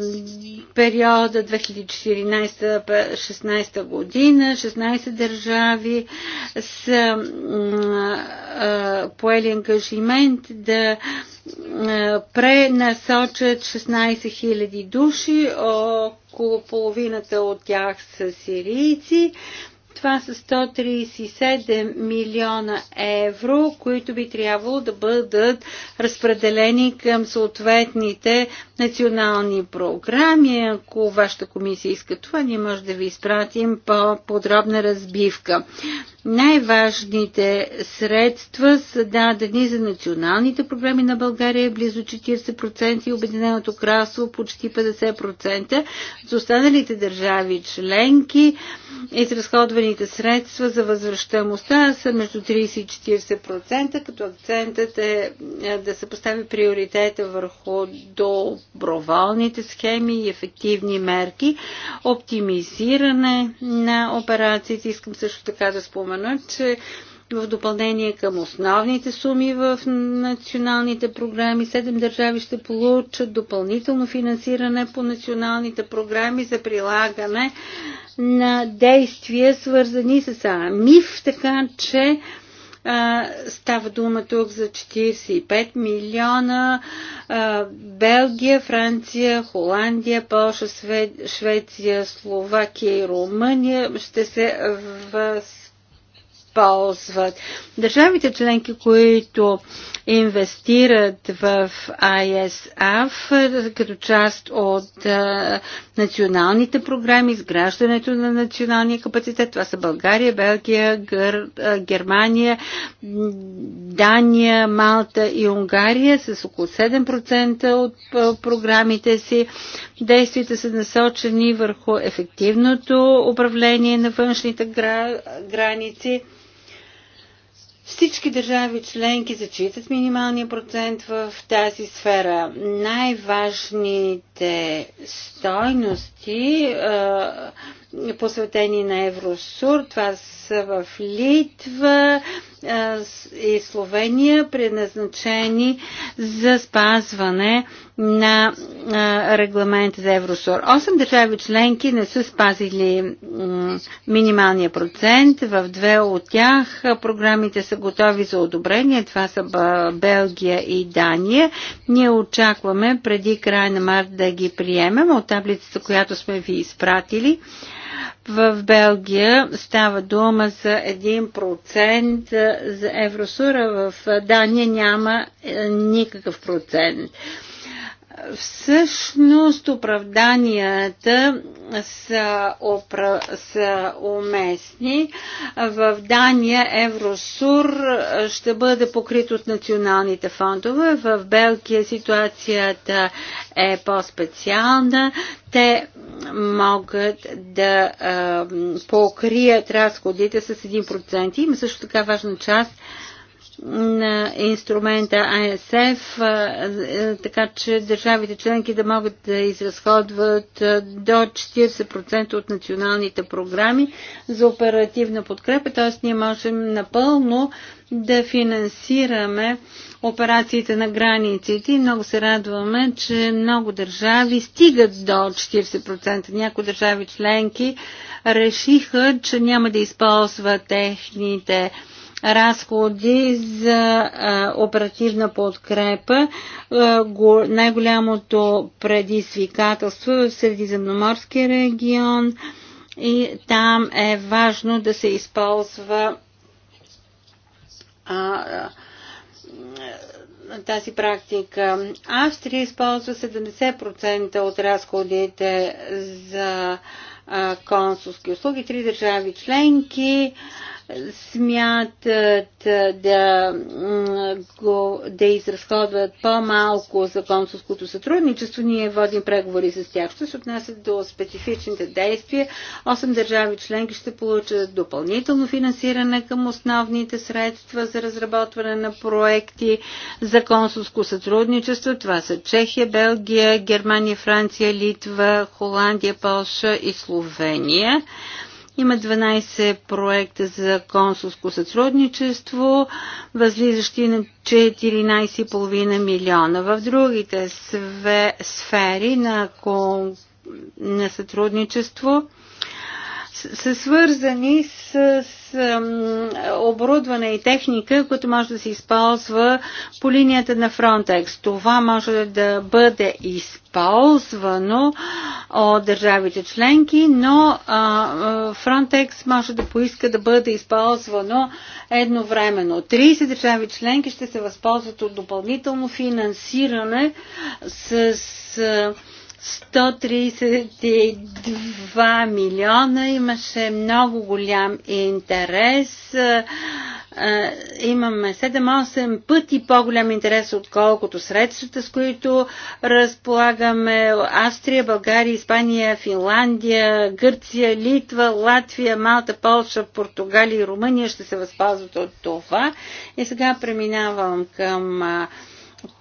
периода 2014-16 година. 16 държави са поели ангажимент да пренасочат 16 000 души, около половината от тях са сирийци. Това са 137 милиона евро, които би трябвало да бъдат разпределени към съответните национални програми. Ако вашата комисия иска това, ние може да ви изпратим по-подробна разбивка. Най-важните средства са дадени за националните програми на България близо 40% и Обединеното кралство почти 50%. За останалите държави членки изразходваните средства за възвръщаемостта са между 30 и 40%, като акцентът е, е да се постави приоритета върху до провалните схеми и ефективни мерки, оптимизиране на операциите. Искам също така да спомена, че в допълнение към основните суми в националните програми, седем държави ще получат допълнително финансиране по националните програми за прилагане на действия, свързани с АМИФ, така че а, става дума тук за 45 милиона. А, Белгия, Франция, Холандия, Польша, Швеция, Словакия и Румъния ще се въз използват. Държавите членки, които инвестират в ISF като част от а, националните програми, изграждането на националния капацитет, това са България, Белгия, Гър, а, Германия, Дания, Малта и Унгария с около 7% от а, програмите си. Действията са насочени върху ефективното управление на външните гра, граници всички държави членки зачитат минималния процент в тази сфера. Най-важните стойности, посветени на Евросур, това са в Литва и Словения, предназначени за спазване на регламент за Евросур. Осем държави членки не са спазили минималния процент. В две от тях програмите са готови за одобрение. Това са Белгия и Дания. Ние очакваме преди края на март да ги приемем от таблицата, която сме ви изпратили. В Белгия става дума за 1% за Евросура, в Дания няма е, никакъв процент. Всъщност оправданията са, опра... са уместни. В Дания Евросур ще бъде покрит от националните фондове. В Белгия ситуацията е по-специална. Те могат да а, покрият разходите с 1%. Има също така важна част на инструмента АСФ, така че държавите членки да могат да изразходват до 40% от националните програми за оперативна подкрепа, т.е. ние можем напълно да финансираме операциите на границите и много се радваме, че много държави стигат до 40%. Някои държави членки решиха, че няма да използват техните разходи за оперативна подкрепа. най-голямото предизвикателство е в Средиземноморския регион и там е важно да се използва тази практика. Австрия използва 70% от разходите за консулски услуги. Три държави членки смятат да, го, да изразходват по-малко за консулското сътрудничество, ние водим преговори с тях. Що се отнасят до специфичните действия, Осем държави членки ще получат допълнително финансиране към основните средства за разработване на проекти за консулско сътрудничество. Това са Чехия, Белгия, Германия, Франция, Литва, Холандия, Полша и Словения. Има 12 проекта за консулско сътрудничество, възлизащи на 14,5 милиона. В другите сфери на, на сътрудничество са свързани с оборудване и техника, които може да се използва по линията на Frontex. Това може да бъде използвано от държавите членки, но Frontex може да поиска да бъде използвано едновременно. 30 държави членки ще се възползват от допълнително финансиране с 132 милиона. Имаше много голям интерес. Е, е, имаме 7-8 пъти по-голям интерес, отколкото средствата, с които разполагаме Австрия, България, Испания, Финландия, Гърция, Литва, Латвия, Малта, Полша, Португалия и Румъния ще се възползват от това. И сега преминавам към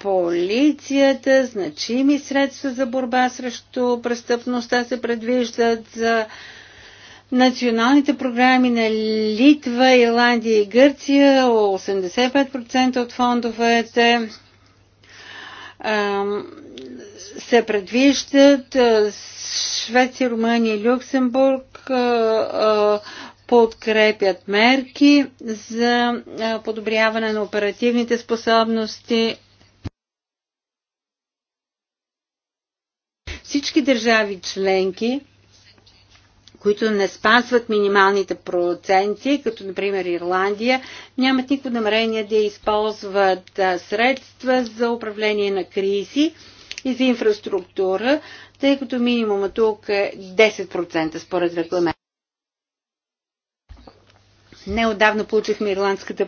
полицията, значими средства за борба срещу престъпността се предвиждат за националните програми на Литва, Ирландия и Гърция. 85% от фондовете се предвиждат Швеция, Румъния и Люксембург подкрепят мерки за подобряване на оперативните способности всички държави членки, които не спазват минималните проценти, като например Ирландия, нямат никакво намерение да използват средства за управление на кризи и за инфраструктура, тъй като минимума тук е 10% според регламент. Неодавна получихме ирландската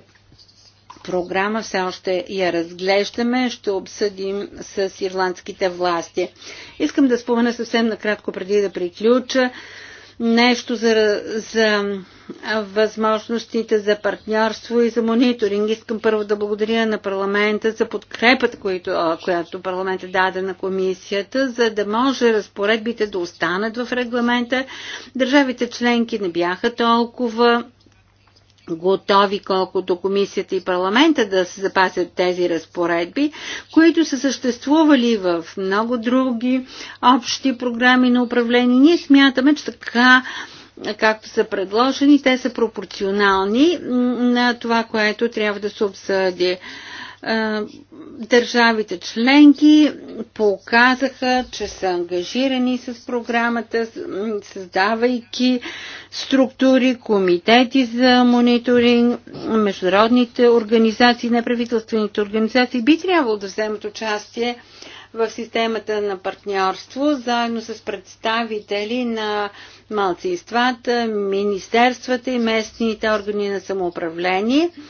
програма все още я разглеждаме, ще обсъдим с ирландските власти. Искам да спомена съвсем накратко преди да приключа нещо за, за възможностите за партньорство и за мониторинг. Искам първо да благодаря на парламента за подкрепата, която, която парламента даде на комисията, за да може разпоредбите да останат в регламента. Държавите членки не бяха толкова готови колкото комисията и парламента да се запасят тези разпоредби, които са съществували в много други общи програми на управление. Ние смятаме, че така както са предложени, те са пропорционални на това, което трябва да се обсъди. Държавите членки показаха, че са ангажирани с програмата, създавайки структури, комитети за мониторинг, международните организации, неправителствените организации би трябвало да вземат участие в системата на партньорство, заедно с представители на малцинствата, министерствата и местните органи на самоуправление –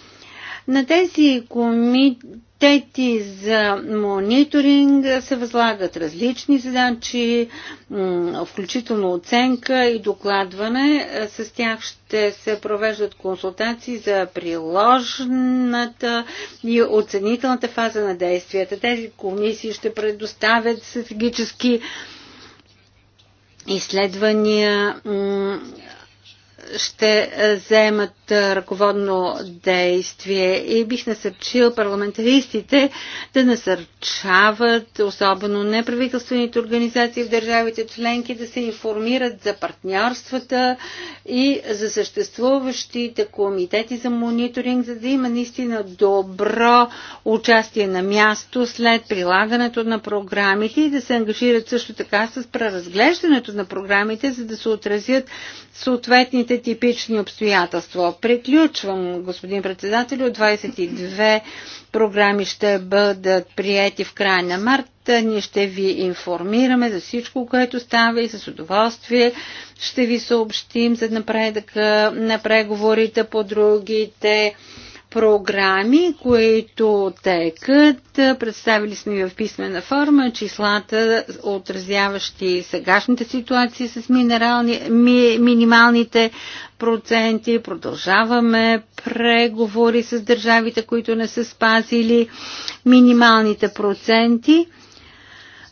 на тези комитети за мониторинг се възлагат различни задачи, включително оценка и докладване. С тях ще се провеждат консултации за приложната и оценителната фаза на действията. Тези комисии ще предоставят стратегически изследвания ще вземат е, е, ръководно действие и бих насърчил парламентаристите да насърчават, особено неправителствените организации в държавите членки, да се информират за партньорствата и за съществуващите комитети за мониторинг, за да има наистина добро участие на място след прилагането на програмите и да се ангажират също така с преразглеждането на програмите, за да се отразят съответните другите типични обстоятелства. Приключвам, господин председател, 22 програми ще бъдат приети в края на март. Ние ще ви информираме за всичко, което става и с удоволствие ще ви съобщим за напредъка на преговорите по другите програми, които текат. Представили сме в писмена форма числата, отразяващи сегашната ситуация с минерални, ми, минималните проценти. Продължаваме преговори с държавите, които не са спазили минималните проценти.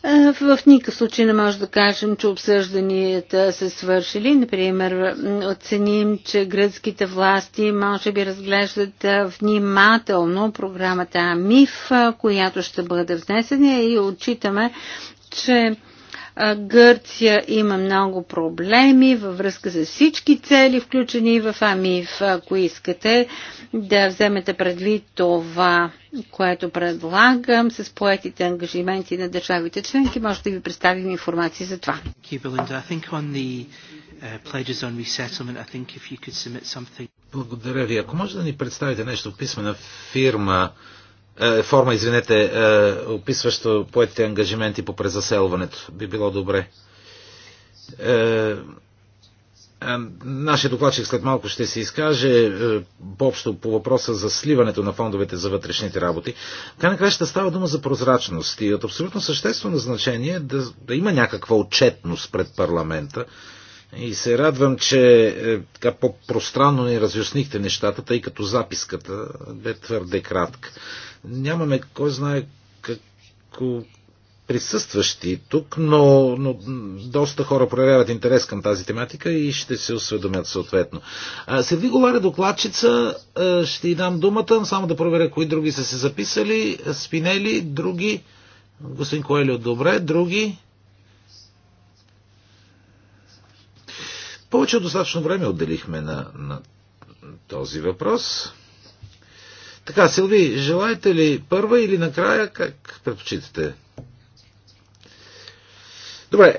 Е, в никакъв случай не може да кажем, че обсъжданията са свършили. Например, оценим, че гръцките власти може би разглеждат е, внимателно програмата Миф, е, която ще бъде внесена и отчитаме, че Гърция има много проблеми във връзка с всички цели, включени в АМИФ. Ако искате да вземете предвид това, което предлагам с поетите ангажименти на държавите членки, може да ви представим информация за това. Uh, Благодаря ви. Ако може да ни представите нещо в писмена фирма, е, форма, извинете, е, описваща поетите ангажименти по презаселването. Би било добре. Е, нашия докладчик след малко ще се изкаже по-общо по въпроса за сливането на фондовете за вътрешните работи. Така на ще става дума за прозрачност и от абсолютно съществено значение да, да има някаква отчетност пред парламента. И се радвам, че така по-пространно ни разяснихте нещата, тъй като записката бе твърде кратка. Нямаме кой знае какво присъстващи тук, но, но доста хора проявяват интерес към тази тематика и ще се осведомят съответно. Севи Голаря докладчица, ще й дам думата, само да проверя кои други са се записали. Спинели, други. Господин Коелио, добре, други. Повече от достатъчно време отделихме на, на този въпрос. Така, Силви, желаете ли първа или накрая, как предпочитате? Добре,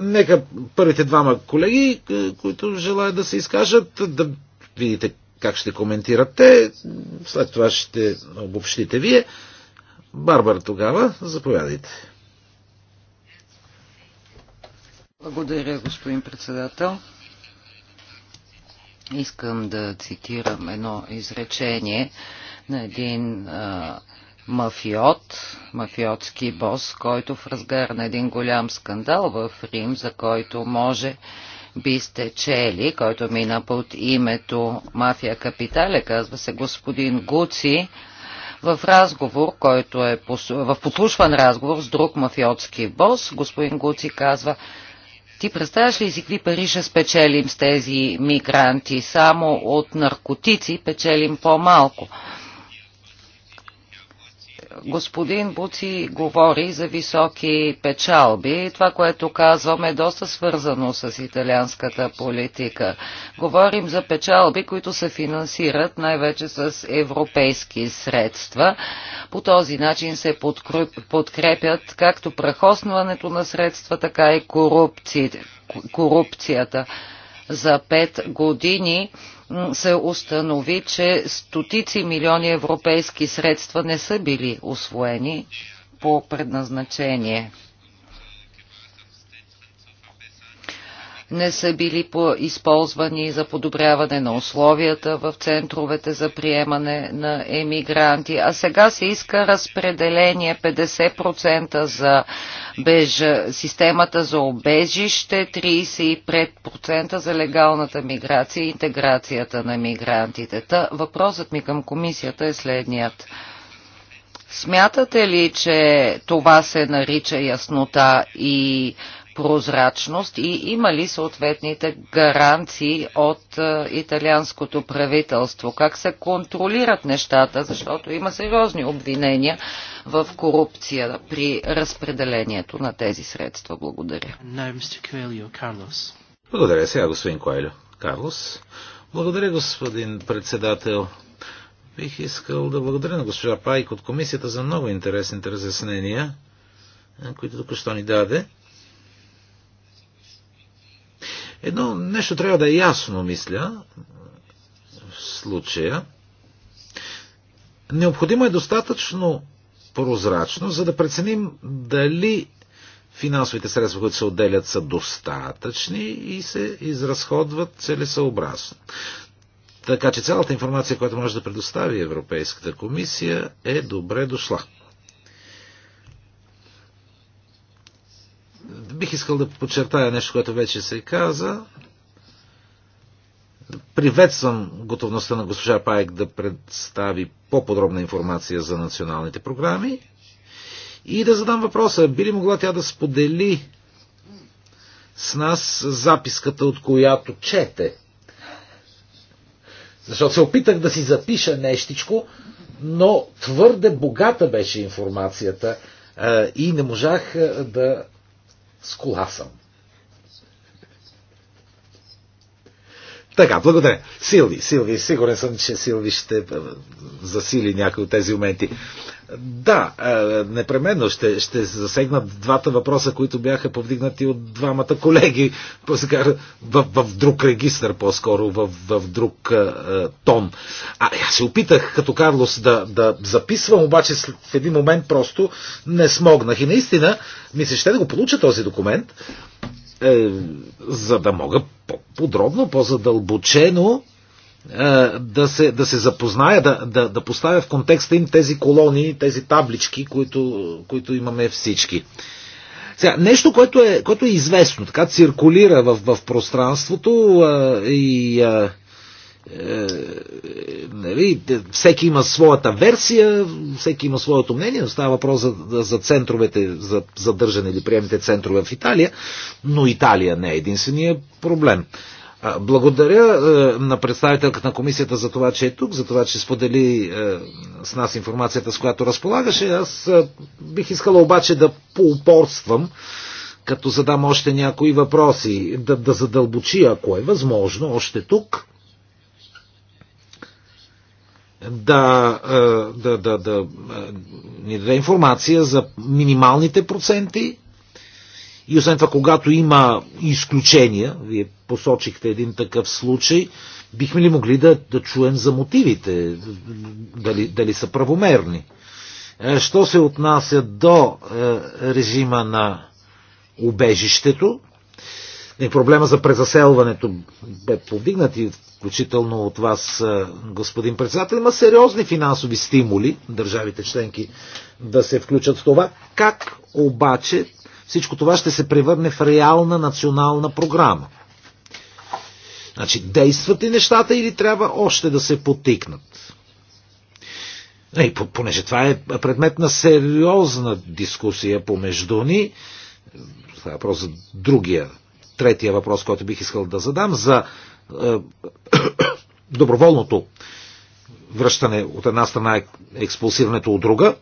нека първите двама колеги, е, които желаят да се изкажат, да видите как ще коментирате, След това ще обобщите вие. Барбара тогава, заповядайте. Благодаря, господин председател. Искам да цитирам едно изречение на един а, мафиот, мафиотски бос, който в разгар на един голям скандал в Рим, за който може би сте чели, който мина под името Мафия Капитале, казва се господин Гуци, в разговор, който е в послушван разговор с друг мафиотски бос, господин Гуци казва, ти представяш ли си какви пари ще спечелим с тези мигранти? Само от наркотици печелим по-малко господин Буци говори за високи печалби. Това, което казваме, е доста свързано с италианската политика. Говорим за печалби, които се финансират най-вече с европейски средства. По този начин се подкрепят както прахосването на средства, така и корупцията. За пет години се установи, че стотици милиони европейски средства не са били освоени по предназначение. не са били използвани за подобряване на условията в центровете за приемане на емигранти. А сега се иска разпределение 50% за беж... системата за обежище, 35% за легалната миграция и интеграцията на мигрантите. Та, въпросът ми към комисията е следният. Смятате ли, че това се нарича яснота и прозрачност и има ли съответните гаранции от е, италианското правителство? Как се контролират нещата, защото има сериозни обвинения в корупция при разпределението на тези средства? Благодаря. Благодаря сега, господин Коелю. Карлос. Благодаря, господин председател. Бих искал да благодаря на госпожа Пайк от комисията за много интересните разяснения, които току-що ни даде. Едно нещо трябва да е ясно, мисля, в случая. Необходимо е достатъчно прозрачно, за да преценим дали финансовите средства, които се отделят, са достатъчни и се изразходват целесъобразно. Така че цялата информация, която може да предостави Европейската комисия, е добре дошла. Бих искал да подчертая нещо, което вече се каза. Приветствам готовността на госпожа Паек да представи по-подробна информация за националните програми и да задам въпроса, би ли могла тя да сподели с нас записката, от която чете? Защото се опитах да си запиша нещичко, но твърде богата беше информацията е, и не можах е, да с кола съм. Така, благодаря. Силви, Силви, сигурен съм, че Силви ще е, засили някои от тези моменти. Да, е, непременно ще, ще засегнат двата въпроса, които бяха повдигнати от двамата колеги, в, в, друг регистр по-скоро, в, в друг а, е, тон. А аз се опитах като Карлос да, да записвам, обаче в един момент просто не смогнах. И наистина ми се ще да го получа този документ, е, за да мога по-подробно, по-задълбочено е, да се, да се запозная, да, да, да поставя в контекста им тези колони, тези таблички, които, които имаме всички. Сега, нещо, което е, което е известно, така циркулира в, в пространството е, и а, е, е, нали, всеки има своята версия, всеки има своето мнение, става въпрос за, за центровете, за задържане или приемните центрове в Италия, но Италия не е единствения проблем. Благодаря е, на представителката на комисията за това, че е тук, за това, че сподели е, с нас информацията, с която разполагаше. Аз е, бих искала обаче да поупорствам, като задам още някои въпроси, да, да задълбочи, ако е възможно, още тук е, да, да, да, да е, ни даде информация за минималните проценти и освен това, когато има изключения, вие посочихте един такъв случай, бихме ли могли да, да чуем за мотивите, дали, дали са правомерни? Е, що се отнася до режима на убежището, проблема за презаселването бе повдигнат и включително от вас, е, господин председател, има сериозни финансови стимули държавите членки да се включат в това. Как обаче всичко това ще се превърне в реална национална програма? Значи, действат ли нещата или трябва още да се потикнат? Ей, понеже това е предмет на сериозна дискусия помежду ни, това е въпрос за другия, третия въпрос, който бих искал да задам, за е, доброволното връщане от една страна е експулсирането от друга.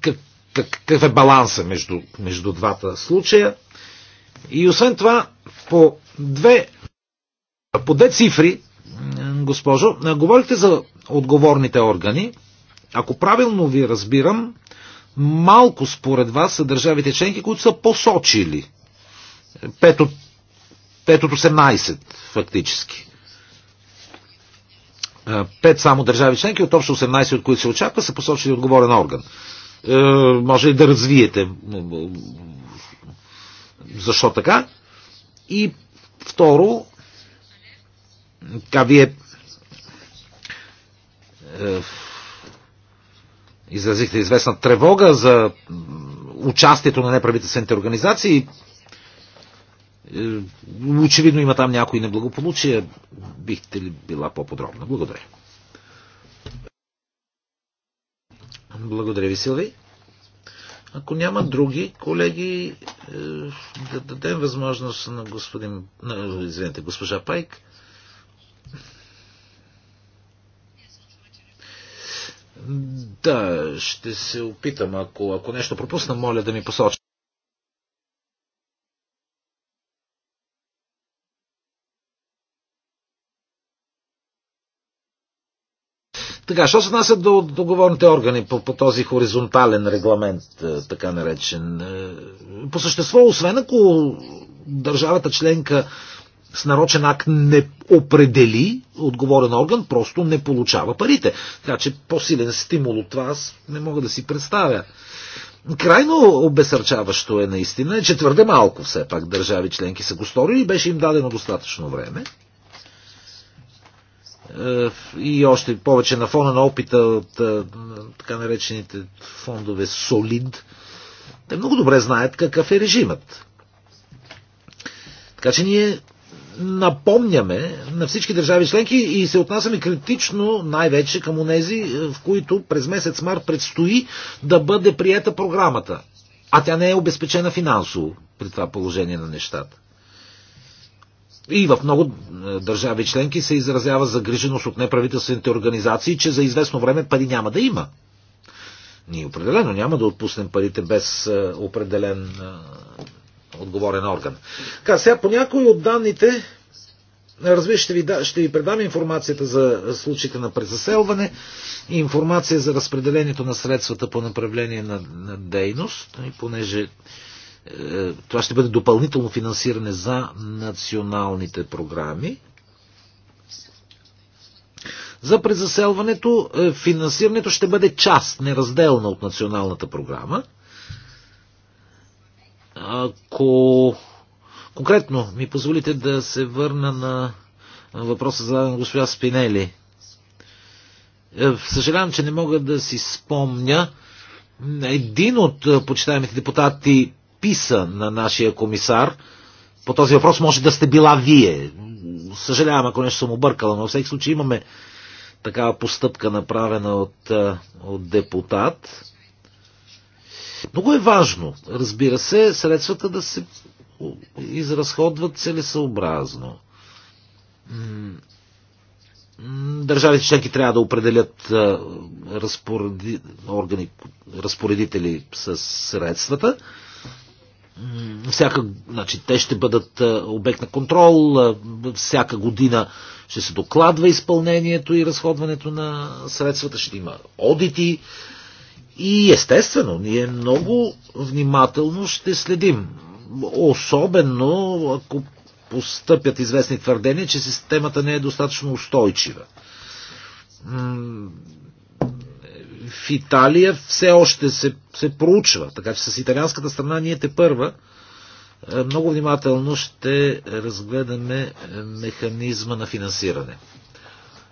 Как, какъв е баланса между, между двата случая? И освен това, по две, по две цифри, госпожо, говорите за отговорните органи. Ако правилно ви разбирам, малко според вас са държавите членки, които са посочили пет от Пет от 18, фактически. Пет само държави членки, от общо 18, от които се очаква, са посочили отговорен орган. Е, може и да развиете защо така? И второ, така вие е, изразихте известна тревога за участието на неправителствените организации е, очевидно има там някои неблагополучия. Бихте ли била по-подробна? Благодаря. Благодаря ви, Силви. Ако няма други, колеги, е, да дадем възможност на господин, на, извинете, госпожа Пайк. Да, ще се опитам. Ако, ако нещо пропусна, моля да ми посочи. Така, що се отнася до договорните органи по, по този хоризонтален регламент, е, така наречен? Е, по същество, освен ако държавата членка с нарочен акт не определи отговорен орган, просто не получава парите. Така че по-силен стимул от това аз не мога да си представя. Крайно обесърчаващо е наистина, е, че твърде малко все пак държави членки са го сторили, и беше им дадено достатъчно време. Е, и още повече на фона на опита от е, така наречените фондове Солид, те много добре знаят какъв е режимът. Така че ние напомняме на всички държави членки и се отнасяме критично най-вече към онези, е, в които през месец март предстои да бъде приета програмата. А тя не е обезпечена финансово при това положение на нещата. И в много е, държави членки се изразява загриженост от неправителствените организации, че за известно време пари няма да има. Ние определено няма да отпуснем парите без е, определен е, отговорен орган. Така, сега по някои от данните, разбира, ще ви, ще ви предам информацията за случаите на презаселване, и информация за разпределението на средствата по направление на, на дейност, и понеже е, това ще бъде допълнително финансиране за националните програми. За презаселването е, финансирането ще бъде част, неразделна от националната програма. Ако конкретно ми позволите да се върна на въпроса за госпожа Спинели. Е, съжалявам, че не мога да си спомня. Един от почитаемите депутати писа на нашия комисар, по този въпрос може да сте била вие. Съжалявам, ако нещо съм объркала, но във всеки случай имаме такава постъпка направена от, от депутат. Много е важно, разбира се, средствата да се изразходват целесъобразно. Държавите членки трябва да определят разпореди, органи, разпоредители с средствата всяка, значи, те ще бъдат обект на контрол, всяка година ще се докладва изпълнението и разходването на средствата, ще има одити и естествено, ние много внимателно ще следим. Особено ако постъпят известни твърдения, че системата не е достатъчно устойчива в Италия все още се, се проучва. Така че с италианската страна ние те първа е, много внимателно ще разгледаме е, механизма на финансиране.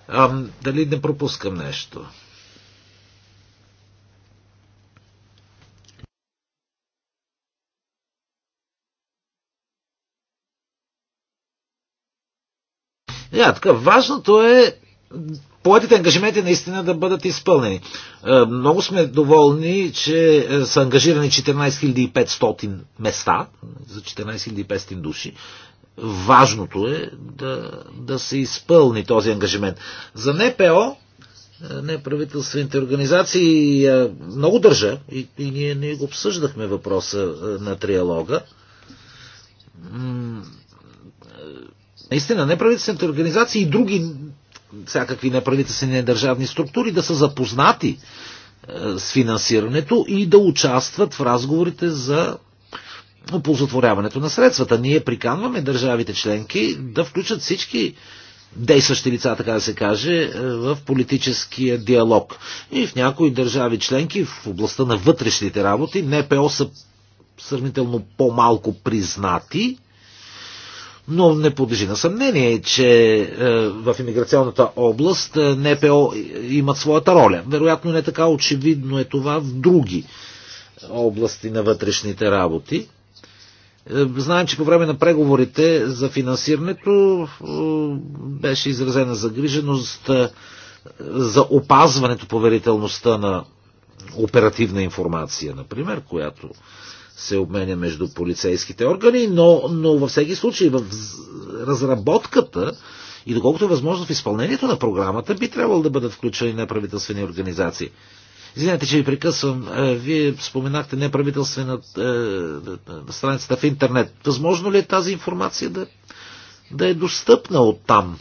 А, дали не пропускам нещо? Я, е, така, важното е поетите ангажименти наистина да бъдат изпълнени. Е, много сме доволни, че е, са ангажирани 14500 места за 14500 души. Важното е да, да се изпълни този ангажимент. За НПО, е, неправителствените организации, много държа и, и ние, ние го обсъждахме въпроса на триалога наистина неправителствените организации и други всякакви неправителствени държавни структури да са запознати е, с финансирането и да участват в разговорите за оползотворяването на средствата. Ние приканваме държавите членки да включат всички действащи лица, така да се каже, е, в политическия диалог. И в някои държави членки в областта на вътрешните работи НПО са сравнително по-малко признати, но не подлежи на съмнение, че е, в иммиграционната област е, НПО имат своята роля. Вероятно не така очевидно е това в други области на вътрешните работи. Е, знаем, че по време на преговорите за финансирането беше изразена загриженост за опазването поверителността на оперативна информация, например, която се обменя между полицейските органи, но, но във всеки случай в разработката и доколкото е възможно в изпълнението на програмата би трябвало да бъдат включени неправителствени организации. Извинете, че ви прекъсвам. Е, вие споменахте неправителствена е, страницата в интернет. Възможно ли е тази информация да, да е достъпна от там?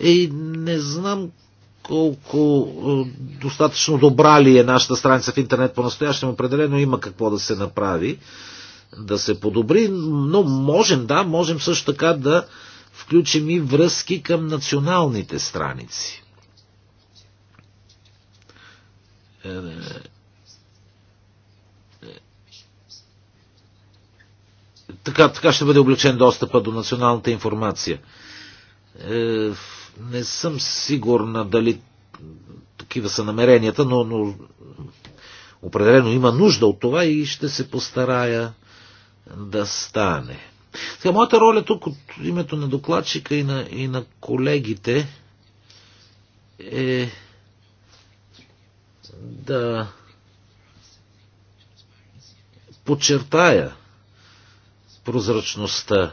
И не знам колко е, достатъчно добра ли е нашата страница в интернет по-настоящем, определено има какво да се направи, да се подобри, но можем, да, можем също така да включим и връзки към националните страници. Е, е, така, така ще бъде облегчен достъпа до националната информация. Не съм сигурна дали такива са намеренията, но, но определено има нужда от това и ще се постарая да стане. Сега, моята роля тук от името на докладчика и на, и на колегите е да подчертая прозрачността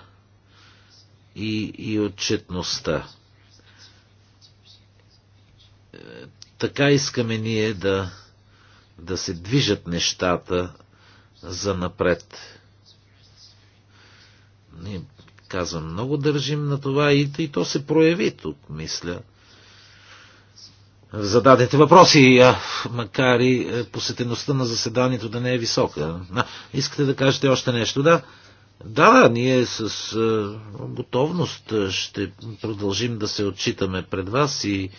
и, и отчетността така искаме ние да, да се движат нещата за напред. Ние, казвам, много държим на това и, и то се прояви тук, мисля. Зададете въпроси, а, макар и е, посетеността на заседанието да не е висока. А, искате да кажете още нещо, да? Да, да, ние с а, е, готовност е, ще продължим да се отчитаме пред вас и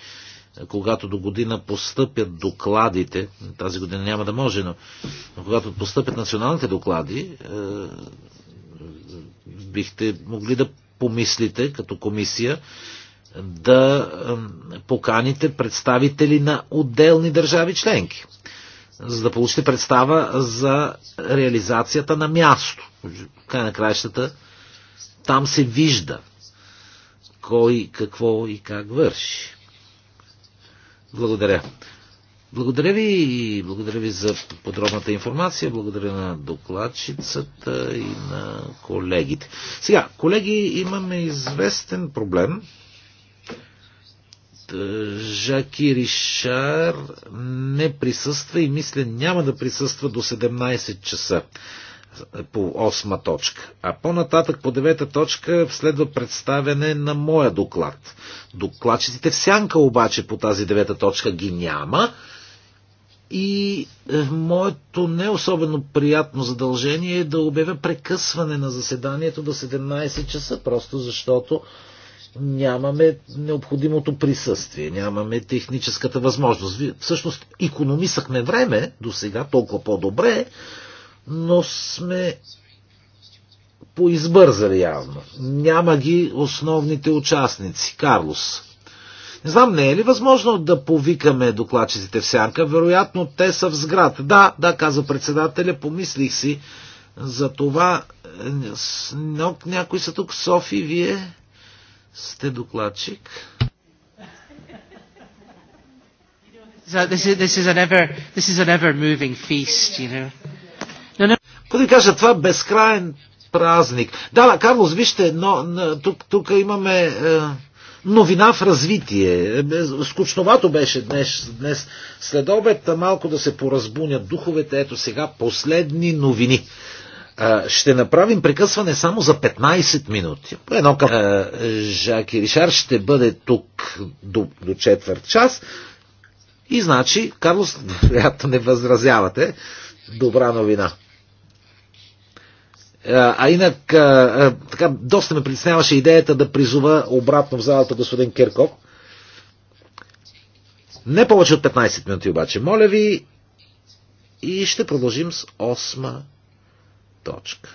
когато до година постъпят докладите, тази година няма да може, но, но когато постъпят националните доклади, е, бихте могли да помислите като комисия да е, поканите представители на отделни държави членки, за да получите представа за реализацията на място. Край на краищата там се вижда кой какво и как върши. Благодаря. Благодаря ви и благодаря ви за подробната информация, благодаря на докладчицата и на колегите. Сега, колеги, имаме известен проблем. Жаки Ришар не присъства и мисля няма да присъства до 17 часа по осма точка. А по-нататък по девета точка следва представяне на моя доклад. Докладчиците в сянка обаче по тази девета точка ги няма и е, моето не особено приятно задължение е да обявя прекъсване на заседанието до 17 часа, просто защото нямаме необходимото присъствие, нямаме техническата възможност. Всъщност, економисахме време до сега, толкова по-добре, но сме поизбързали явно. Няма ги основните участници. Карлос. Не знам, не е ли възможно да повикаме докладчиците в сянка? Вероятно, те са в сград. Да, да, каза председателя, помислих си. За това някой са тук. Софи, вие сте докладчик. So this is, this is an ever, this is an ever moving feast, you know да ви кажа, това е безкраен празник. Да, да, Карлос, вижте, но, но тук, тук имаме е, новина в развитие. Е, скучновато беше днес, днес след обед, малко да се поразбунят духовете. Ето сега последни новини. Е, ще направим прекъсване само за 15 минути. Едно към Жак и Ришар ще бъде тук до, до четвърт час. И значи, Карлос, вероятно не възразявате. Добра новина. А инак, така, доста ме притесняваше идеята да призова обратно в залата господин Кирков. Не повече от 15 минути обаче, моля ви. И ще продължим с осма точка.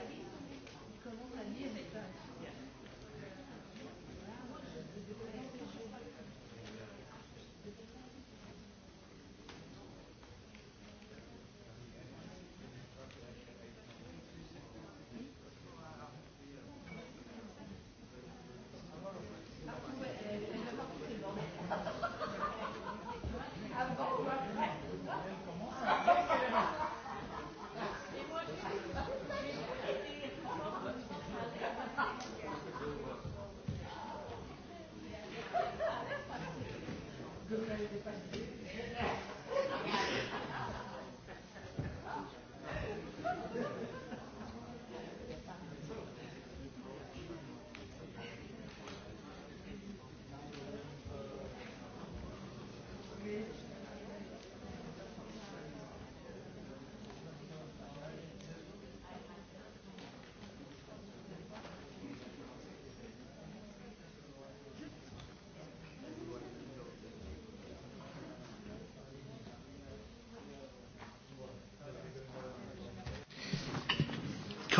Gracias.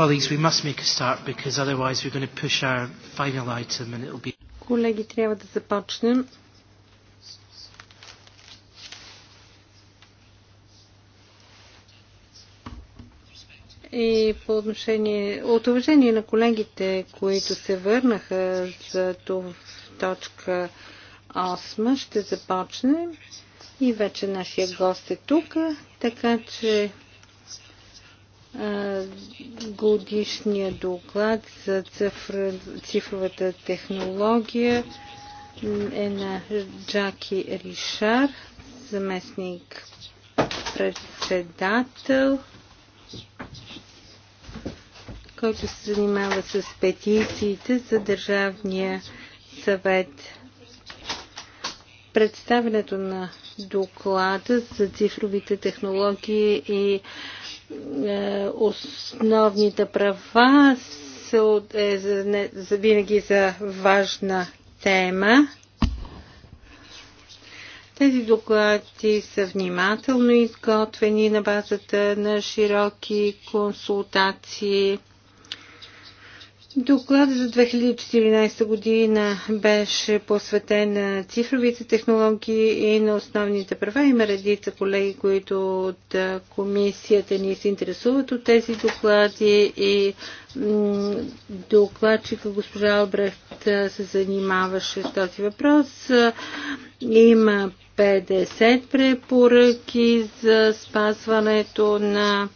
Colleagues, we must make a start because otherwise we're going to push our final item and be... Колеги, трябва да започнем. И по отношение, от уважение на колегите, които се върнаха за точка 8, ще започнем. И вече нашия гост е тук, така че годишния доклад за цифровата технология е на Джаки Ришар, заместник председател, който се занимава с петициите за Държавния съвет. Представенето на доклада за цифровите технологии и е, основните права е за, не, за винаги за важна тема. Тези доклади са внимателно изготвени на базата на широки консултации Докладът за 2014 година беше посветен на цифровите технологии и на основните права. Има редица колеги, които от комисията ни се интересуват от тези доклади и докладчика госпожа Албрехт се занимаваше с този въпрос. Има 50 препоръки за спазването на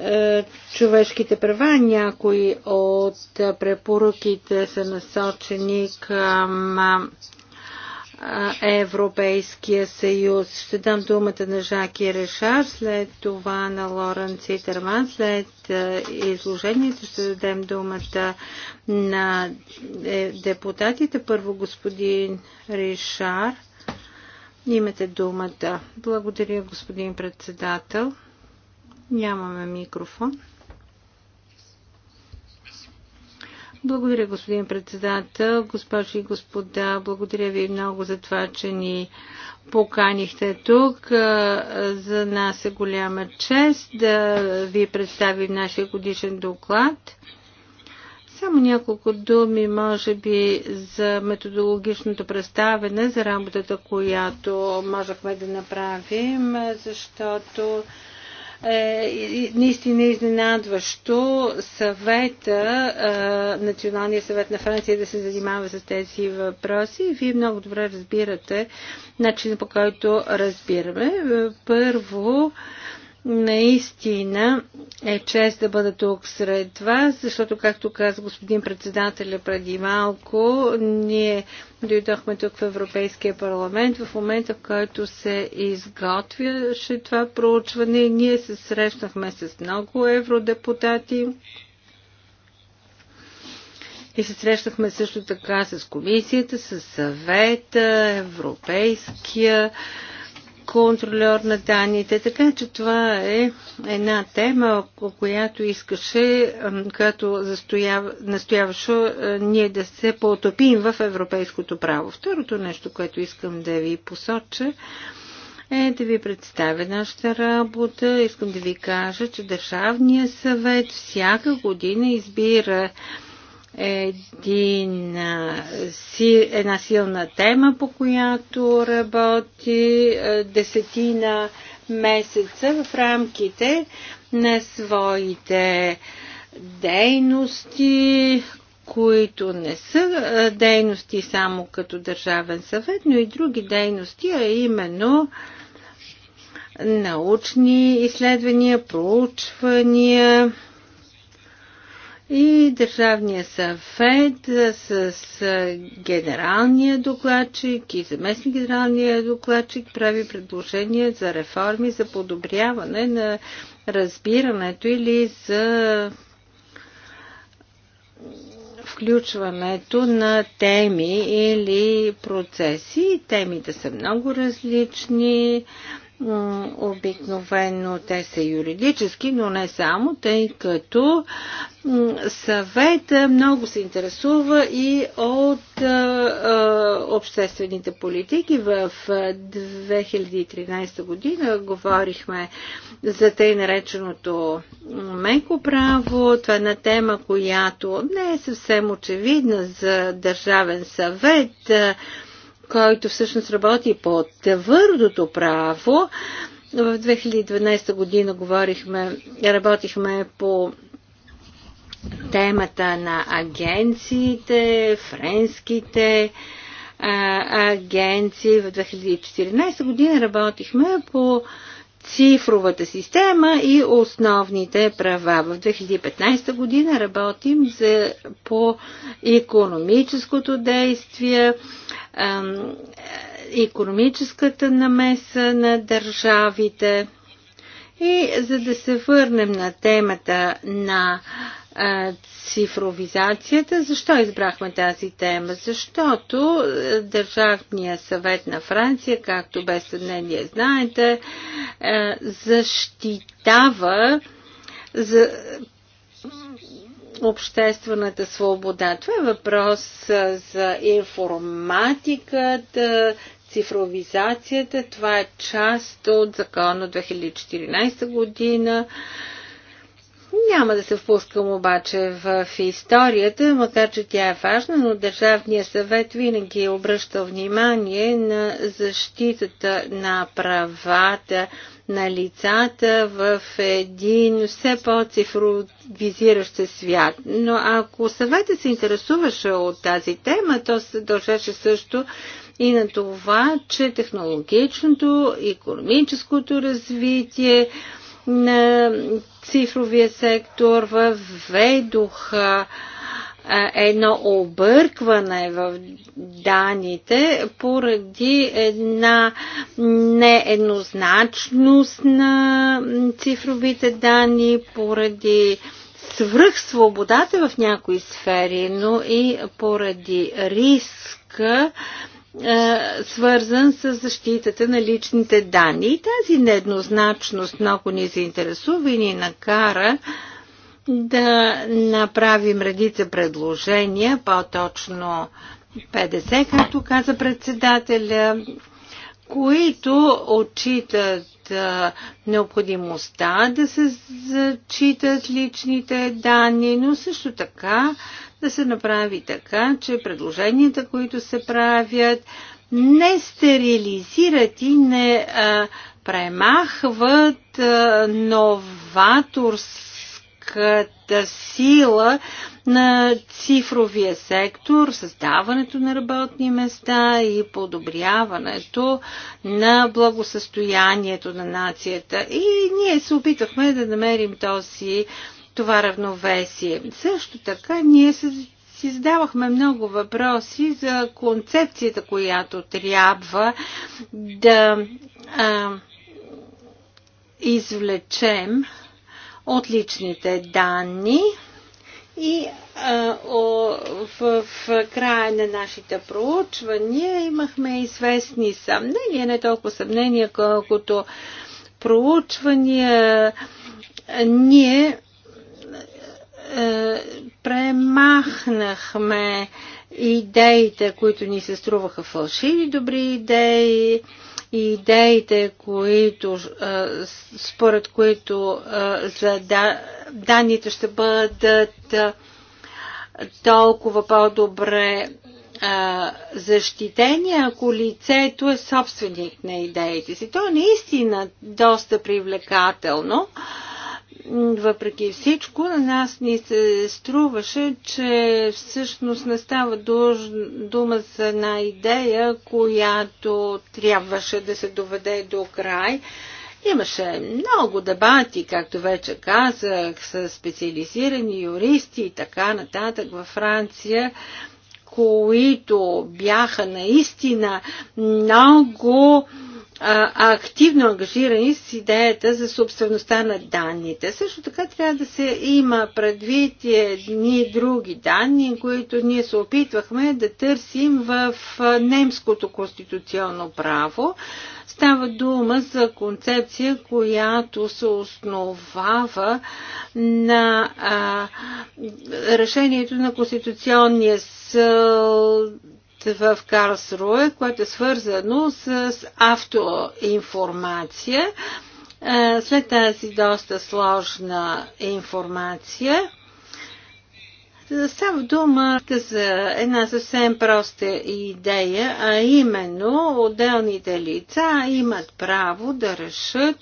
е, човешките права. Някои от препоръките са насочени към Европейския съюз. Ще дам думата на Жаки Решар, след това на Лорен Цитерман, след е, изложението ще дадем думата на е, депутатите. Първо господин Решар, имате думата. Благодаря, господин председател. Нямаме микрофон. Благодаря, господин председател. Госпожи и господа, благодаря ви много за това, че ни поканихте тук. За нас е голяма чест да ви представим нашия годишен доклад. Само няколко думи, може би, за методологичното представене за работата, която можехме да направим, защото е наистина изненадващо съвета, е, Националния съвет на Франция да се занимава с тези въпроси вие много добре разбирате начина по който разбираме. Е, първо, е, Наистина е чест да бъда тук сред вас, защото, както каза господин председателя преди малко, ние дойдохме тук в Европейския парламент. В момента, в който се изготвяше това проучване, ние се срещнахме с много евродепутати. И се срещахме също така с комисията, с съвета, Европейския контролер на данните. Така че това е една тема, която искаше, която застоява, настояваше е, ние да се потопим в европейското право. Второто нещо, което искам да ви посоча, е да ви представя нашата работа. Искам да ви кажа, че Държавният съвет всяка година избира един, една силна тема, по която работи десетина месеца в рамките на своите дейности, които не са дейности само като Държавен съвет, но и други дейности, а именно научни изследвания, проучвания, и Държавния съвет с генералния докладчик и заместник генералния докладчик прави предложение за реформи за подобряване на разбирането или за включването на теми или процеси. Темите са много различни. Обикновено те са юридически, но не само, тъй като съвета много се интересува и от обществените политики. В 2013 година говорихме за тъй нареченото меко право. Това е на тема, която не е съвсем очевидна за Държавен съвет който всъщност работи по твърдото право. В 2012 година говорихме, работихме по темата на агенциите, френските а, агенции. В 2014 година работихме по а, цифровата система и основните права. В 2015 година работим за, по економическото действие, економическата намеса на държавите. И за да се върнем на темата на цифровизацията. Защо избрахме тази тема? Защото е, Държавния съвет на Франция, както без съднение знаете, е, защитава за обществената свобода. Това е въпрос е, за информатиката, цифровизацията. Това е част от закона 2014 година няма да се впускам обаче в историята, макар че тя е важна, но Държавният съвет винаги е обръща внимание на защитата на правата на лицата в един все по-цифровизиращ се свят. Но ако съвета се интересуваше от тази тема, то се дължеше също и на това, че технологичното, економическото развитие, на цифровия сектор въведоха едно объркване в данните поради една нееднозначност на цифровите данни, поради свръхсвободата в някои сфери, но и поради риска е, свързан с защитата на личните данни. И тази нееднозначност много ни заинтересува и ни накара да направим редица предложения, по-точно 50, както каза председателя, които отчитат е, необходимостта да се зачитат личните данни, но също така да се направи така, че предложенията, които се правят, не стерилизират и не а, премахват а, новаторската сила на цифровия сектор, създаването на работни места и подобряването на благосъстоянието на нацията. И ние се опитахме да намерим този това равновесие. Също така ние си задавахме много въпроси за концепцията, която трябва да а, извлечем от личните данни и а, о, в, в края на нашите проучвания имахме известни съмнения, не толкова съмнения, колкото проучвания. Ние е, премахнахме идеите, които ни се струваха фалшиви добри идеи, и идеите, които, е, според които е, за данните ще бъдат толкова по-добре защитени, ако лицето е собственик на идеите си. То е наистина доста привлекателно. Въпреки всичко, на нас ни се струваше, че всъщност не става дума за една идея, която трябваше да се доведе до край. Имаше много дебати, както вече казах, с специализирани юристи и така нататък във Франция, които бяха наистина много а, активно ангажирани с идеята за собствеността на данните. Също така трябва да се има предвид и едни други данни, които ние се опитвахме да търсим в немското конституционно право. Става дума за концепция, която се основава на а, решението на Конституционния съд в Карлсруе, което е свързано с автоинформация. Е, след тази доста сложна информация, Става дума за една съвсем проста идея, а именно отделните лица имат право да решат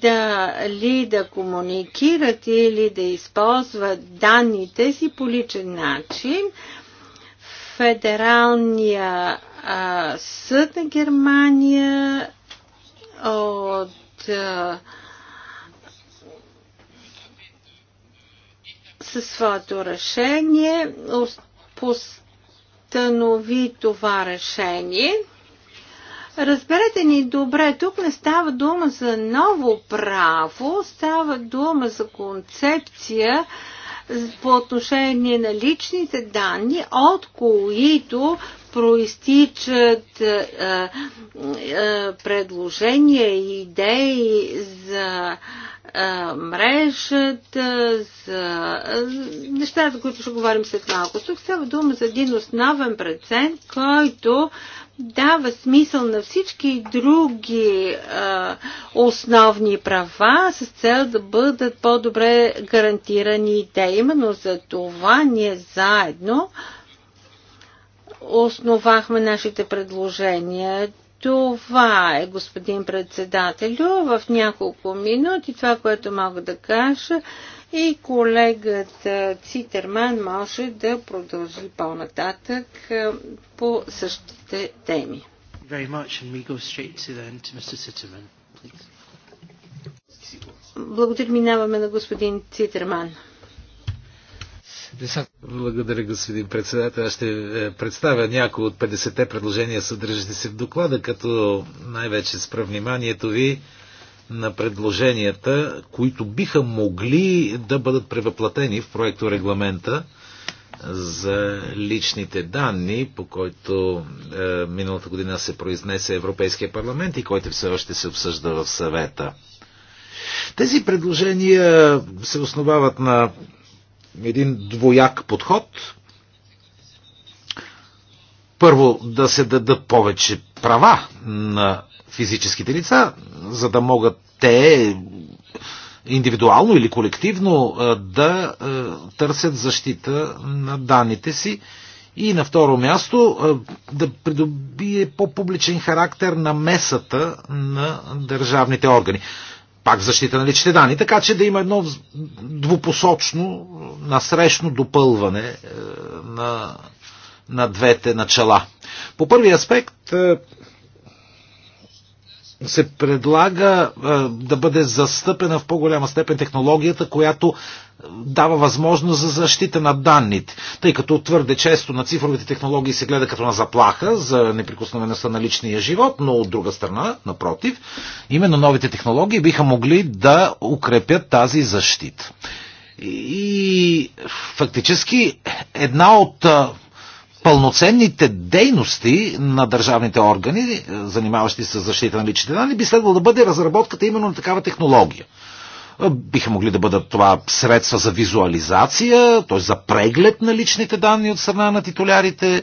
дали да комуникират или да използват данните си по личен начин, Федералния а, съд на Германия от а, със своето решение постанови това решение. Разберете ни добре, тук не става дума за ново право, става дума за концепция по отношение на личните данни, от които проистичат е, е, предложения и идеи за е, мрежата, за е, нещата, за които ще говорим след малко. Тук става дума за един основен процент, който дава смисъл на всички други а, основни права с цел да бъдат по-добре гарантирани те. Именно за това ние заедно основахме нашите предложения. Това е, господин председателю, в няколко минути това, което мога да кажа и колегата Цитерман може да продължи по-нататък е, по същите теми. Благодаря, минаваме на господин Цитерман. Благодаря, господин председател. Аз ще е, представя някои от 50-те предложения, съдържащи се в доклада, като най-вече спра вниманието ви на предложенията, които биха могли да бъдат превъплатени в проекто регламента за личните данни, по който е, миналата година се произнесе Европейския парламент и който все още се обсъжда в съвета. Тези предложения се основават на един двояк подход. Първо, да се дадат повече права на физическите лица, за да могат те индивидуално или колективно да търсят защита на данните си. И на второ място да придобие по-публичен характер на месата на държавните органи. Пак защита на личните данни, така че да има едно двупосочно, насрещно допълване на, на двете начала. По първи аспект се предлага да бъде застъпена в по-голяма степен технологията, която дава възможност за защита на данните. Тъй като твърде често на цифровите технологии се гледа като на заплаха за неприкосновеността на личния живот, но от друга страна, напротив, именно новите технологии биха могли да укрепят тази защита. И фактически една от пълноценните дейности на държавните органи, е, занимаващи се с защита на личните данни, би следвало да бъде разработката именно на такава технология. Е, биха могли да бъдат това средства за визуализация, т.е. за преглед на личните данни от страна на титулярите, е,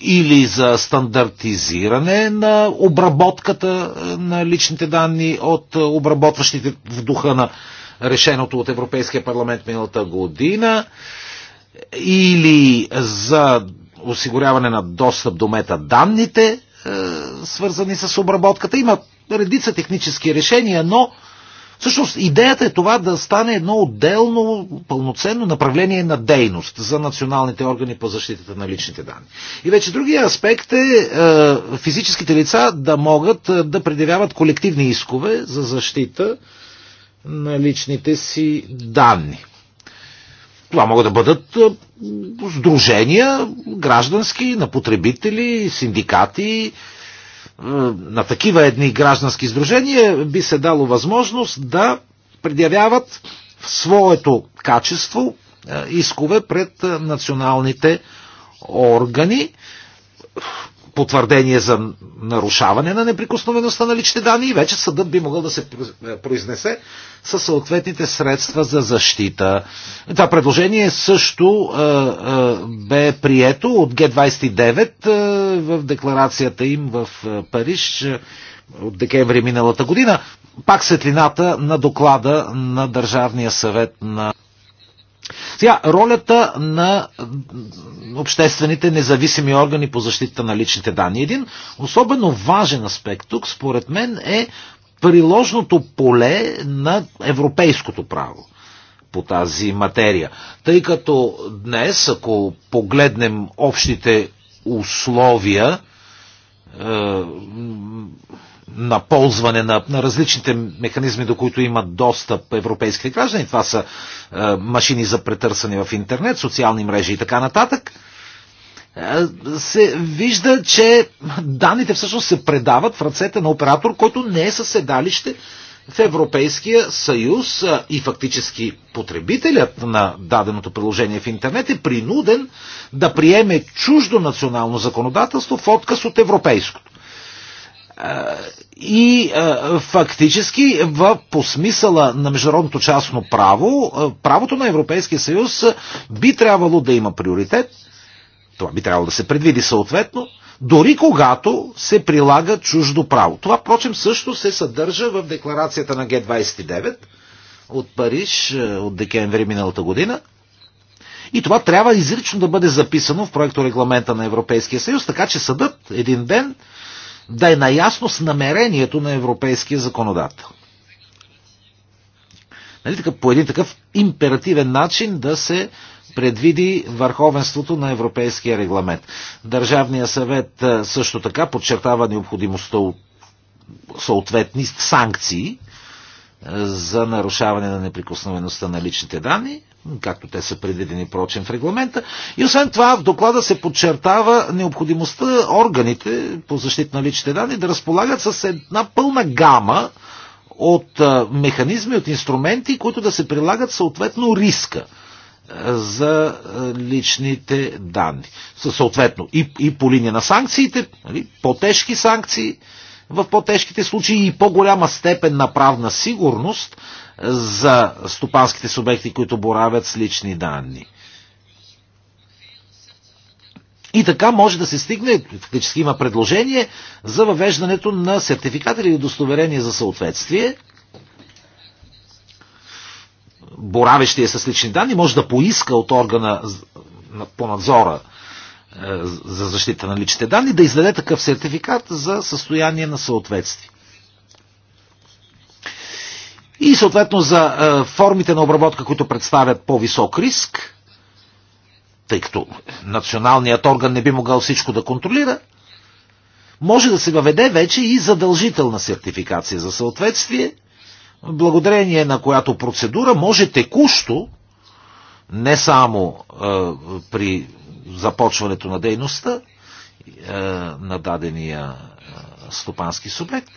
или за стандартизиране на обработката на личните данни от обработващите в духа на решеното от Европейския парламент миналата година или за осигуряване на достъп до метаданните, е, свързани с обработката. Има редица технически решения, но всъщност идеята е това да стане едно отделно, пълноценно направление на дейност за националните органи по защитата на личните данни. И вече другия аспект е, е физическите лица да могат е, да предявяват колективни искове за защита на личните си данни. Това могат да бъдат сдружения граждански, на потребители, синдикати. На такива едни граждански сдружения би се дало възможност да предявяват в своето качество искове пред националните органи потвърдение за нарушаване на неприкосновеността на личните данни и вече съдът би могъл да се е, произнесе с съответните средства за защита. Това предложение също а, е, а, е, бе прието от Г-29 в декларацията им в Париж от декември миналата година. Пак светлината на доклада на Държавния съвет на сега, ролята на обществените независими органи по защита на личните данни. Един особено важен аспект тук, според мен, е приложното поле на европейското право по тази материя. Тъй като днес, ако погледнем общите условия, е, на ползване на, на различните механизми, до които имат достъп европейските граждани. Това са е, машини за претърсане в интернет, социални мрежи и така нататък. Е, се вижда, че данните всъщност се предават в ръцете на оператор, който не е със седалище в Европейския съюз е, и фактически потребителят на даденото приложение в интернет е принуден да приеме чуждо национално законодателство в отказ от европейското и фактически в, по смисъла на международното частно право, правото на Европейския съюз би трябвало да има приоритет, това би трябвало да се предвиди съответно, дори когато се прилага чуждо право. Това, впрочем, също се съдържа в декларацията на Г-29 от Париж от декември миналата година. И това трябва изрично да бъде записано в проекто регламента на Европейския съюз, така че съдът един ден да е наясно с намерението на европейския законодател. Нали, така, по един такъв императивен начин да се предвиди върховенството на европейския регламент. Държавния съвет също така подчертава необходимостта от съответни санкции за нарушаване на неприкосновеността на личните данни както те са предвидени прочен в регламента. И освен това в доклада се подчертава необходимостта органите по защита на личните данни да разполагат с една пълна гама от механизми, от инструменти, които да се прилагат съответно риска за личните данни. Съответно и, и по линия на санкциите, нали, по-тежки санкции, в по-тежките случаи и по-голяма степен на правна сигурност за стопанските субекти, които боравят с лични данни. И така може да се стигне, фактически има предложение за въвеждането на сертификат или удостоверение за съответствие. Боравещия с лични данни може да поиска от органа по надзора е, за защита на личните данни да издаде такъв сертификат за състояние на съответствие и съответно за е, формите на обработка, които представят по-висок риск, тъй като националният орган не би могъл всичко да контролира, може да се въведе вече и задължителна сертификация за съответствие, благодарение на която процедура може текущо, не само е, при започването на дейността е, на дадения е, стопански субект,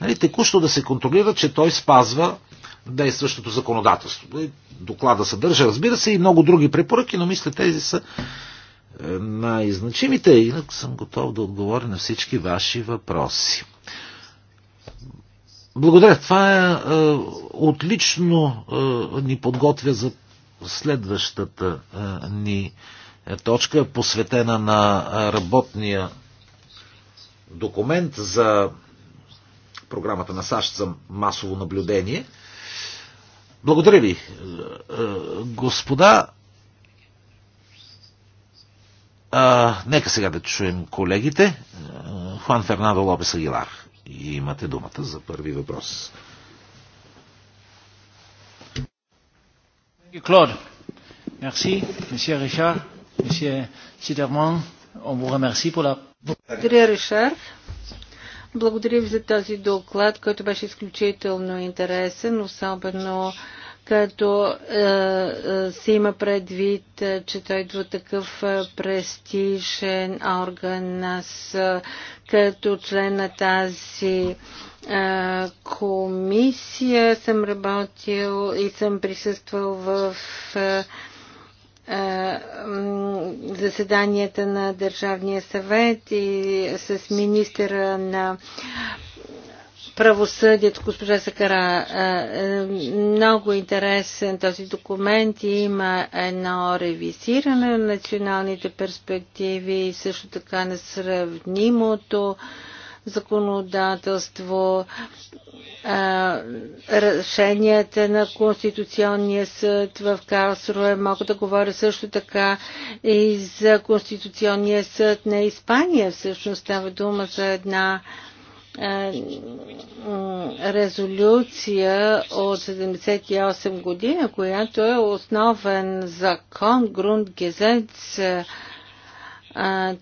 нали, текущо да се контролира, че той спазва действащото законодателство. Нали, доклада съдържа, разбира се, и много други препоръки, но мисля тези са е, най-значимите. Инак съм готов да отговоря на всички ваши въпроси. Благодаря. Това е, е отлично е, ни подготвя за следващата е, ни е, точка, посветена на е, работния документ за програмата на САЩ за масово наблюдение. Благодаря ви, е, е, господа. А, нека сега да чуем колегите. Е, Хуан Фернандо Лопес Агилар. И имате думата за първи въпрос. Клод, мерси, месье Ришар, месье Благодаря, Ришар. Благодаря ви за този доклад, който беше изключително интересен, особено като е, е се има предвид, е, че той идва е такъв престижен орган, аз като член на тази е, комисия съм работил и съм присъствал в е, заседанията на Държавния съвет и с министъра на правосъдието, госпожа Сакара. Е, много интересен този документ и има едно ревизиране на националните перспективи и също така на сравнимото законодателство, решенията на Конституционния съд в Карлсруе. Мога да говоря също така и за Конституционния съд на Испания. Всъщност става дума за една резолюция от 78 година, която е основен закон, Грундгезец,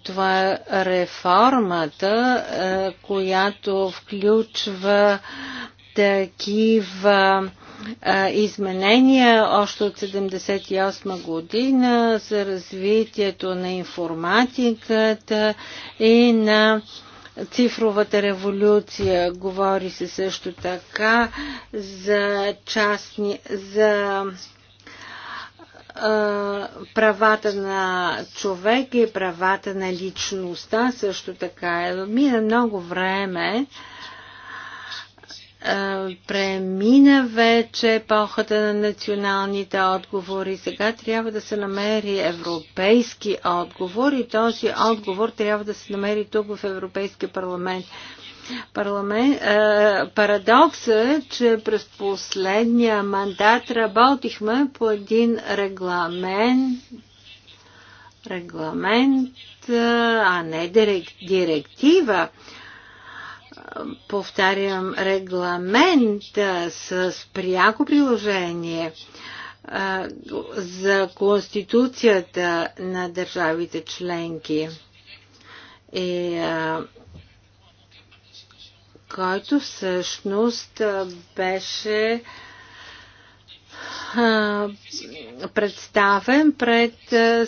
това е реформата, която включва такива изменения още от 1978 година за развитието на информатиката и на цифровата революция. Говори се също така за частни, за правата на човека и правата на личността също така. Е. Мина много време, премина вече епохата на националните отговори. Сега трябва да се намери европейски отговор и този отговор трябва да се намери тук в Европейския парламент парламент. Е, парадокс е, че през последния мандат работихме по един регламент, регламент, е, а не директива повтарям, регламент е, с пряко приложение за Конституцията на държавите членки. И а, който всъщност беше представен пред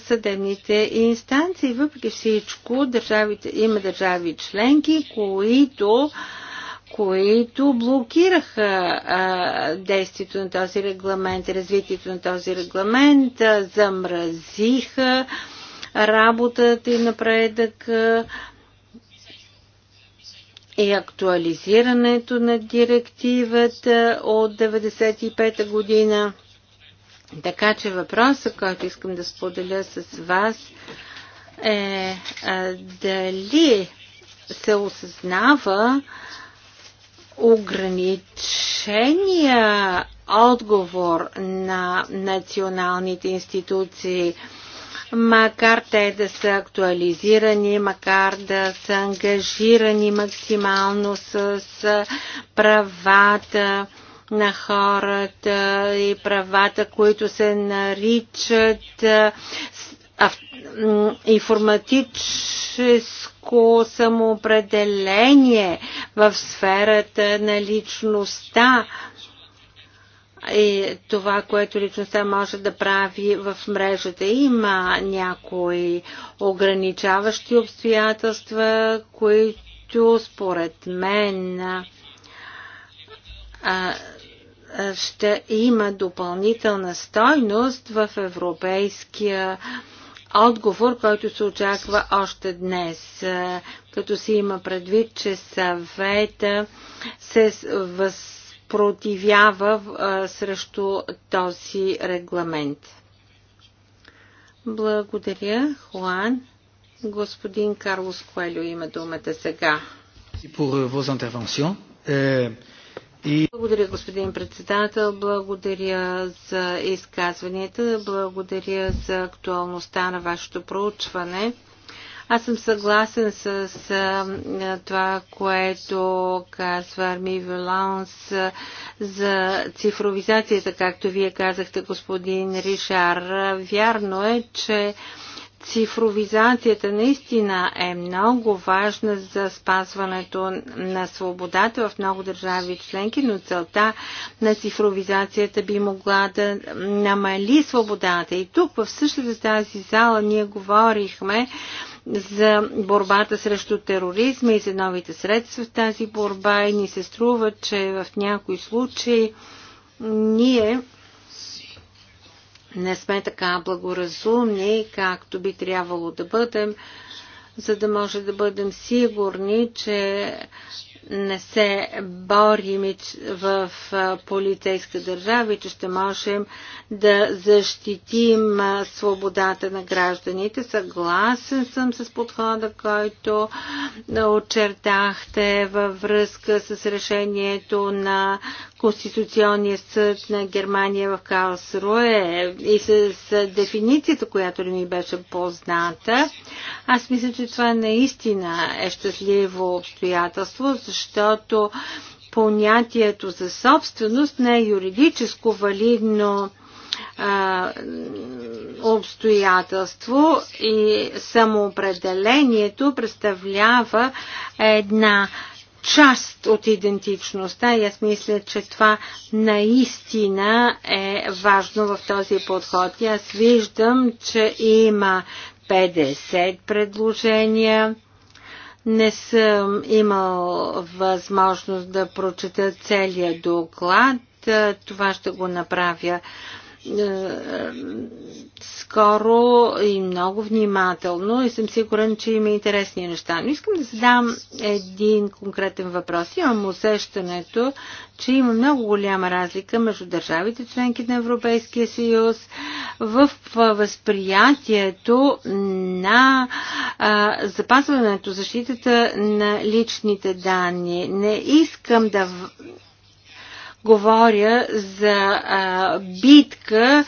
съдебните инстанции. Въпреки всичко, държавите, има държави членки, които които блокираха а, действието на този регламент, развитието на този регламент, а, замразиха работата и напредък. А, и актуализирането на директивата от 1995 година. Така че въпросът, който искам да споделя с вас е а, дали се осъзнава ограничения отговор на националните институции макар те да са актуализирани, макар да са ангажирани максимално с правата на хората и правата, които се наричат информатическо самоопределение в сферата на личността и това, което личността може да прави в мрежата. Има някои ограничаващи обстоятелства, които според мен ще има допълнителна стойност в европейския отговор, който се очаква още днес, като се има предвид, че съвета се въз противява а, срещу този регламент. Благодаря, Хуан. Господин Карлос Коелю има думата сега. Э, э, Благодаря, господин председател. Благодаря за изказванията. Благодаря за актуалността на вашето проучване. Аз съм съгласен с това, което казва Арми Виланс за цифровизацията, както вие казахте, господин Ришар. Вярно е, че Цифровизацията наистина е много важна за спазването на свободата в много държави членки, но целта на цифровизацията би могла да намали свободата. И тук в същата тази зала ние говорихме за борбата срещу тероризма и за новите средства в тази борба и ни се струва, че в някои случаи ние не сме така благоразумни, както би трябвало да бъдем, за да може да бъдем сигурни, че не се борим в полицейска държава и че ще можем да защитим свободата на гражданите. Съгласен съм с подхода, който очертахте във връзка с решението на Конституционния съд на Германия в Каосруе и с дефиницията, която ли ми беше позната. Аз мисля, че това наистина е щастливо обстоятелство, защото защото понятието за собственост не е юридическо валидно а, обстоятелство и самоопределението представлява една част от идентичността и аз мисля, че това наистина е важно в този подход. И аз виждам, че има 50 предложения не съм имал възможност да прочета целия доклад. Е, това ще го направя е, скоро и много внимателно и съм сигурен, че има интересни неща. Но искам да задам един конкретен въпрос. Имам усещането, че има много голяма разлика между държавите членки на Европейския съюз в възприятието на а, запазването, защитата на личните данни. Не искам да говоря за а, битка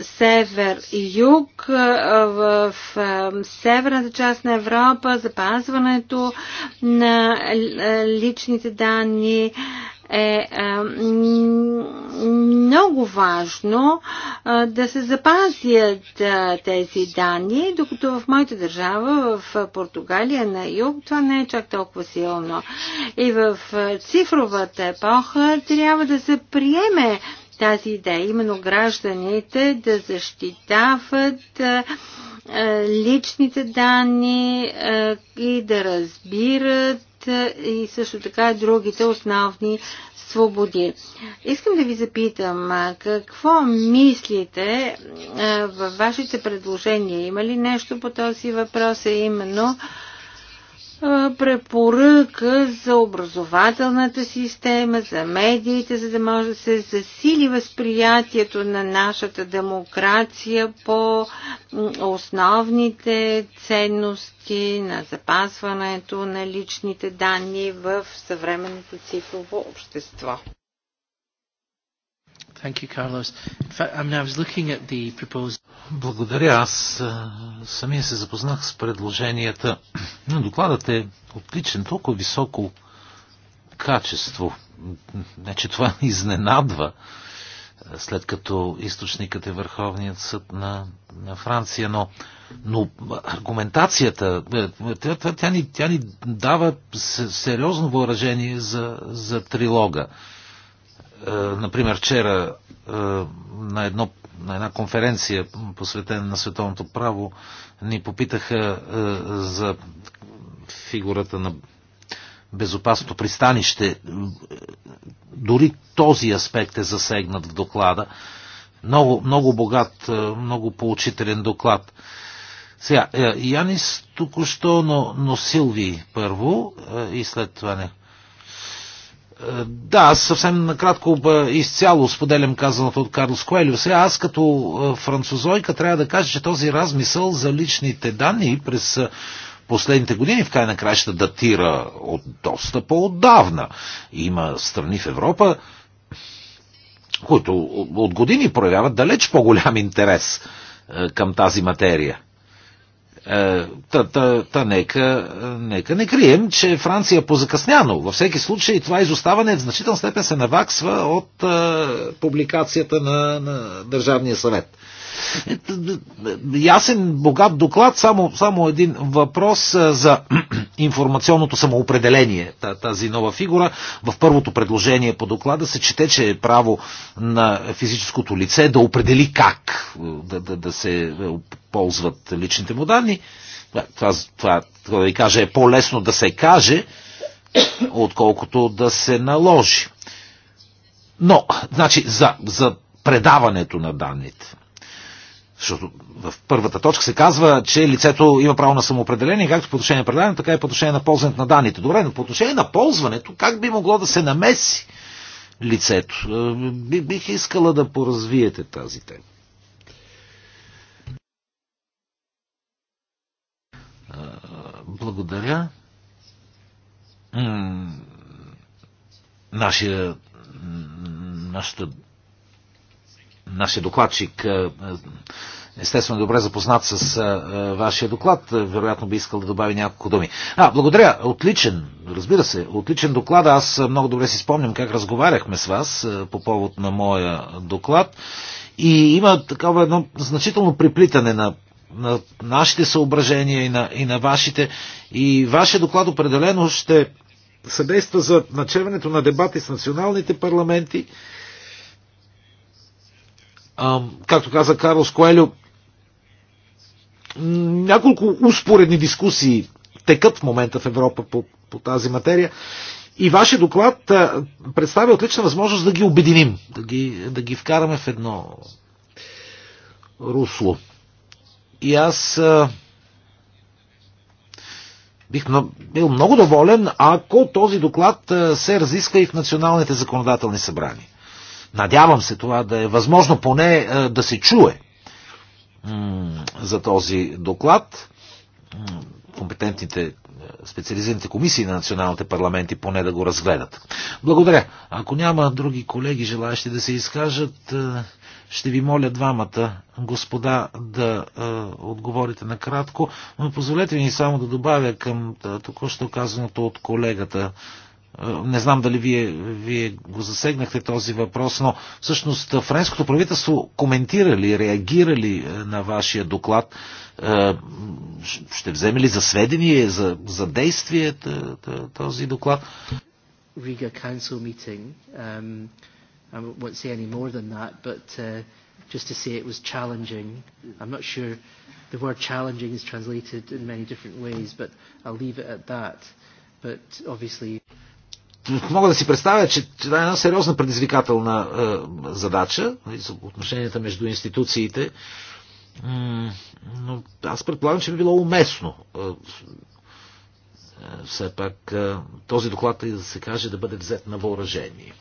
север-юг в а, северната част на Европа, запазването на а, личните данни, а, е, е много важно е, да се запазят е, тези данни, докато в моята държава, в Португалия на юг, това не е чак толкова силно. И в цифровата епоха трябва да се приеме тази идея, именно гражданите да защитават е, личните данни е, и да разбират е, и също така другите основни свободи. Искам да ви запитам, какво мислите във вашите предложения? Има ли нещо по този въпрос, а е именно препоръка за образователната система, за медиите, за да може да се засили възприятието на нашата демокрация по основните ценности на запазването на личните данни в съвременното цифрово общество. Thank you, Carlos. In fact, I mean, I was looking at the proposal. Благодаря. Аз самия се запознах с предложенията. Но докладът е отличен, толкова високо качество. Не, че това изненадва, след като източникът е Върховният съд на, на Франция, но, но аргументацията, е, е, тя, тя, ни, тя ни дава сериозно въоръжение за, за трилога. Е, например, вчера е, на, едно, на една конференция, посветена на световното право, ни попитаха е, за фигурата на безопасното пристанище. Дори този аспект е засегнат в доклада. Много, много богат, много поучителен доклад. Сега, Янис току-що, но, но Силви първо и след това не. Е, да, аз съвсем накратко изцяло споделям казаното от Карлос Коелио. Сега аз като е, французойка трябва да кажа, че този размисъл за личните данни през е, последните години в край на краща датира от доста по-отдавна. Има страни в Европа, които от години проявяват далеч по-голям интерес към тази материя. Е, та, та, та нека, нека не крием, че Франция позакъсняно. Във всеки случай това изоставане в значителна степен се наваксва от а, е, публикацията на, на Държавния съвет. Е, ясен, богат доклад, само, само един въпрос за информационното самоопределение, тази нова фигура. В първото предложение по доклада се чете, че е право на физическото лице да определи как да, да, да се ползват личните му данни. Това, това, това да ви кажа, е по-лесно да се каже, отколкото да се наложи. Но, значи, за, за предаването на данните. Защото в първата точка се казва, че лицето има право на самоопределение, както по отношение на предаването, така и по отношение на ползването на данните. Добре, но по отношение на ползването, как би могло да се намеси лицето? Е, бих искала да поразвиете тази тема. Благодаря. Нашия, нашата, нашия докладчик е, е, естествено добре запознат с е, вашия доклад, вероятно би искал да добави няколко думи. А, благодаря. Отличен, разбира се, отличен доклад. Аз много добре си спомням как разговаряхме с вас по повод на моя доклад. И има такова едно значително приплитане на на нашите съображения и на, и на вашите. И вашия доклад определено ще съдейства за начеването на дебати с националните парламенти. А, както каза Карлос Коелю, няколко успоредни дискусии текат в момента в Европа по, по тази материя. И вашия доклад а, представя отлична възможност да ги обединим, да ги, да ги вкараме в едно русло. И аз бих бил много доволен, ако този доклад се разиска и в националните законодателни събрания. Надявам се това да е възможно поне да се чуе за този доклад. Компетентните специализираните комисии на националните парламенти поне да го разгледат. Благодаря. Ако няма други колеги, желаящи да се изкажат, ще ви моля двамата, господа, да е, отговорите накратко, но позволете ми само да добавя към е, току-що казаното от колегата. Е, не знам дали вие, вие го засегнахте този въпрос, но всъщност френското правителство коментира ли, реагира ли е, на вашия доклад? Е, ще вземе ли за сведение, за, за действие този доклад? Council meeting. Um, I won't say any more than that, but uh, just to say it was challenging. I'm not sure the word challenging is translated in many different ways, but I'll leave it at that. But obviously... Мога да си представя, че това е една сериозна предизвикателна е, задача нали, за отношенията между институциите, но аз предполагам, че би било уместно е, е, все пак е, този доклад, и да се каже, да бъде взет на въоръжение.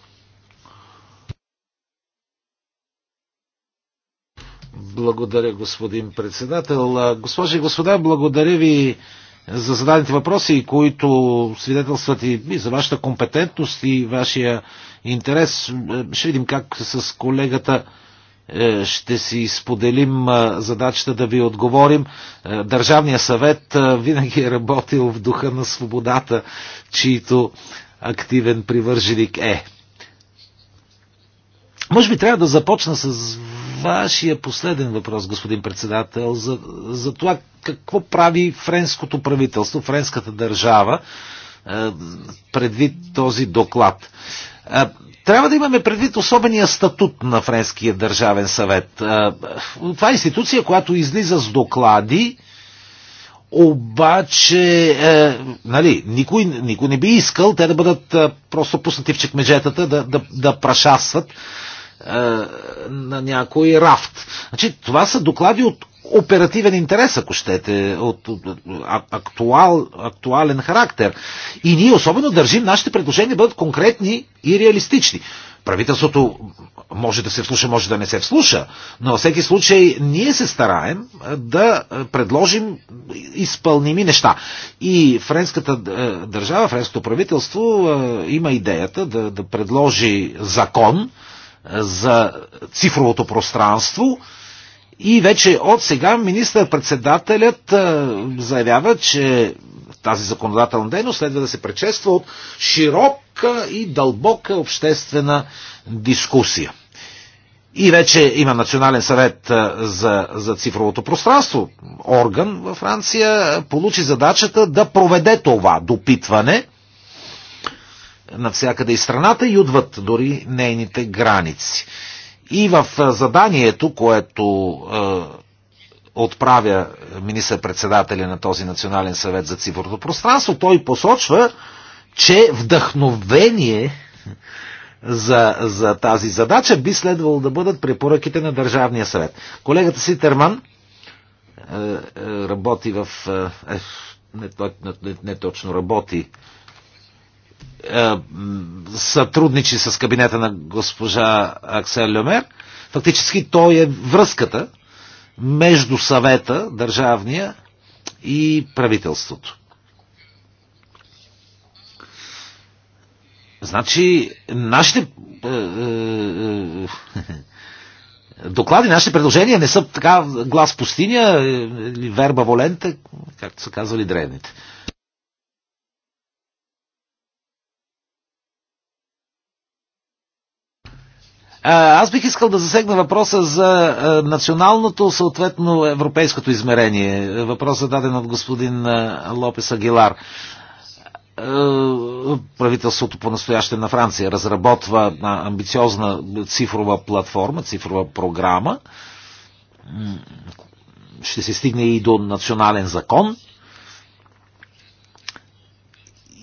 Благодаря, господин председател. Госпожи и господа, благодаря ви за зададените въпроси, които свидетелстват и за вашата компетентност и вашия интерес. Е, ще видим как с колегата е, ще си споделим е, задачата да ви отговорим. Държавният съвет винаги е работил в духа на свободата, чието активен привърженик е. Може би трябва да започна с вашия последен въпрос, господин председател, за, за това какво прави френското правителство, френската държава, е, предвид този доклад. Е, трябва да имаме предвид особения статут на Френския държавен съвет. Е, това е институция, която излиза с доклади, обаче, нали, никой, никой не би искал те да бъдат просто пуснати в чекмеджетата, да, да, да прашасват е, на някой рафт. Значи, това са доклади от оперативен интерес, ако щете, от, от, от актуал, актуален характер. И ние особено държим нашите предложения да бъдат конкретни и реалистични. Правителството може да се вслуша, може да не се вслуша, но във всеки случай ние се стараем е, да е, предложим изпълними неща. И френската държава, френското правителство има идеята да, да предложи закон, за цифровото пространство. И вече от сега министър-председателят заявява, че тази законодателна дейност следва да се предшества от широка и дълбока обществена дискусия. И вече има Национален съвет за, за цифровото пространство. Орган във Франция получи задачата да проведе това допитване навсякъде и страната и отвъд дори нейните граници. И в заданието, което отправя министър-председателя на този Национален съвет за цифровото пространство, той посочва, че вдъхновение за, за тази задача би следвало да бъдат препоръките на Държавния съвет. Колегата Ситерман е, е, работи в. Е, не, не, не, не точно работи, е, сътрудничи с кабинета на госпожа Аксел Льомер. Фактически той е връзката между съвета, държавния и правителството. Значи, нашите е, е, доклади, нашите предложения не са така глас пустиня или верба волента, както са казвали древните. Аз бих искал да засегна въпроса за националното, съответно европейското измерение. Въпрос е даден от господин Лопес Агилар правителството по-настояще на Франция разработва амбициозна цифрова платформа, цифрова програма. Ще се стигне и до национален закон.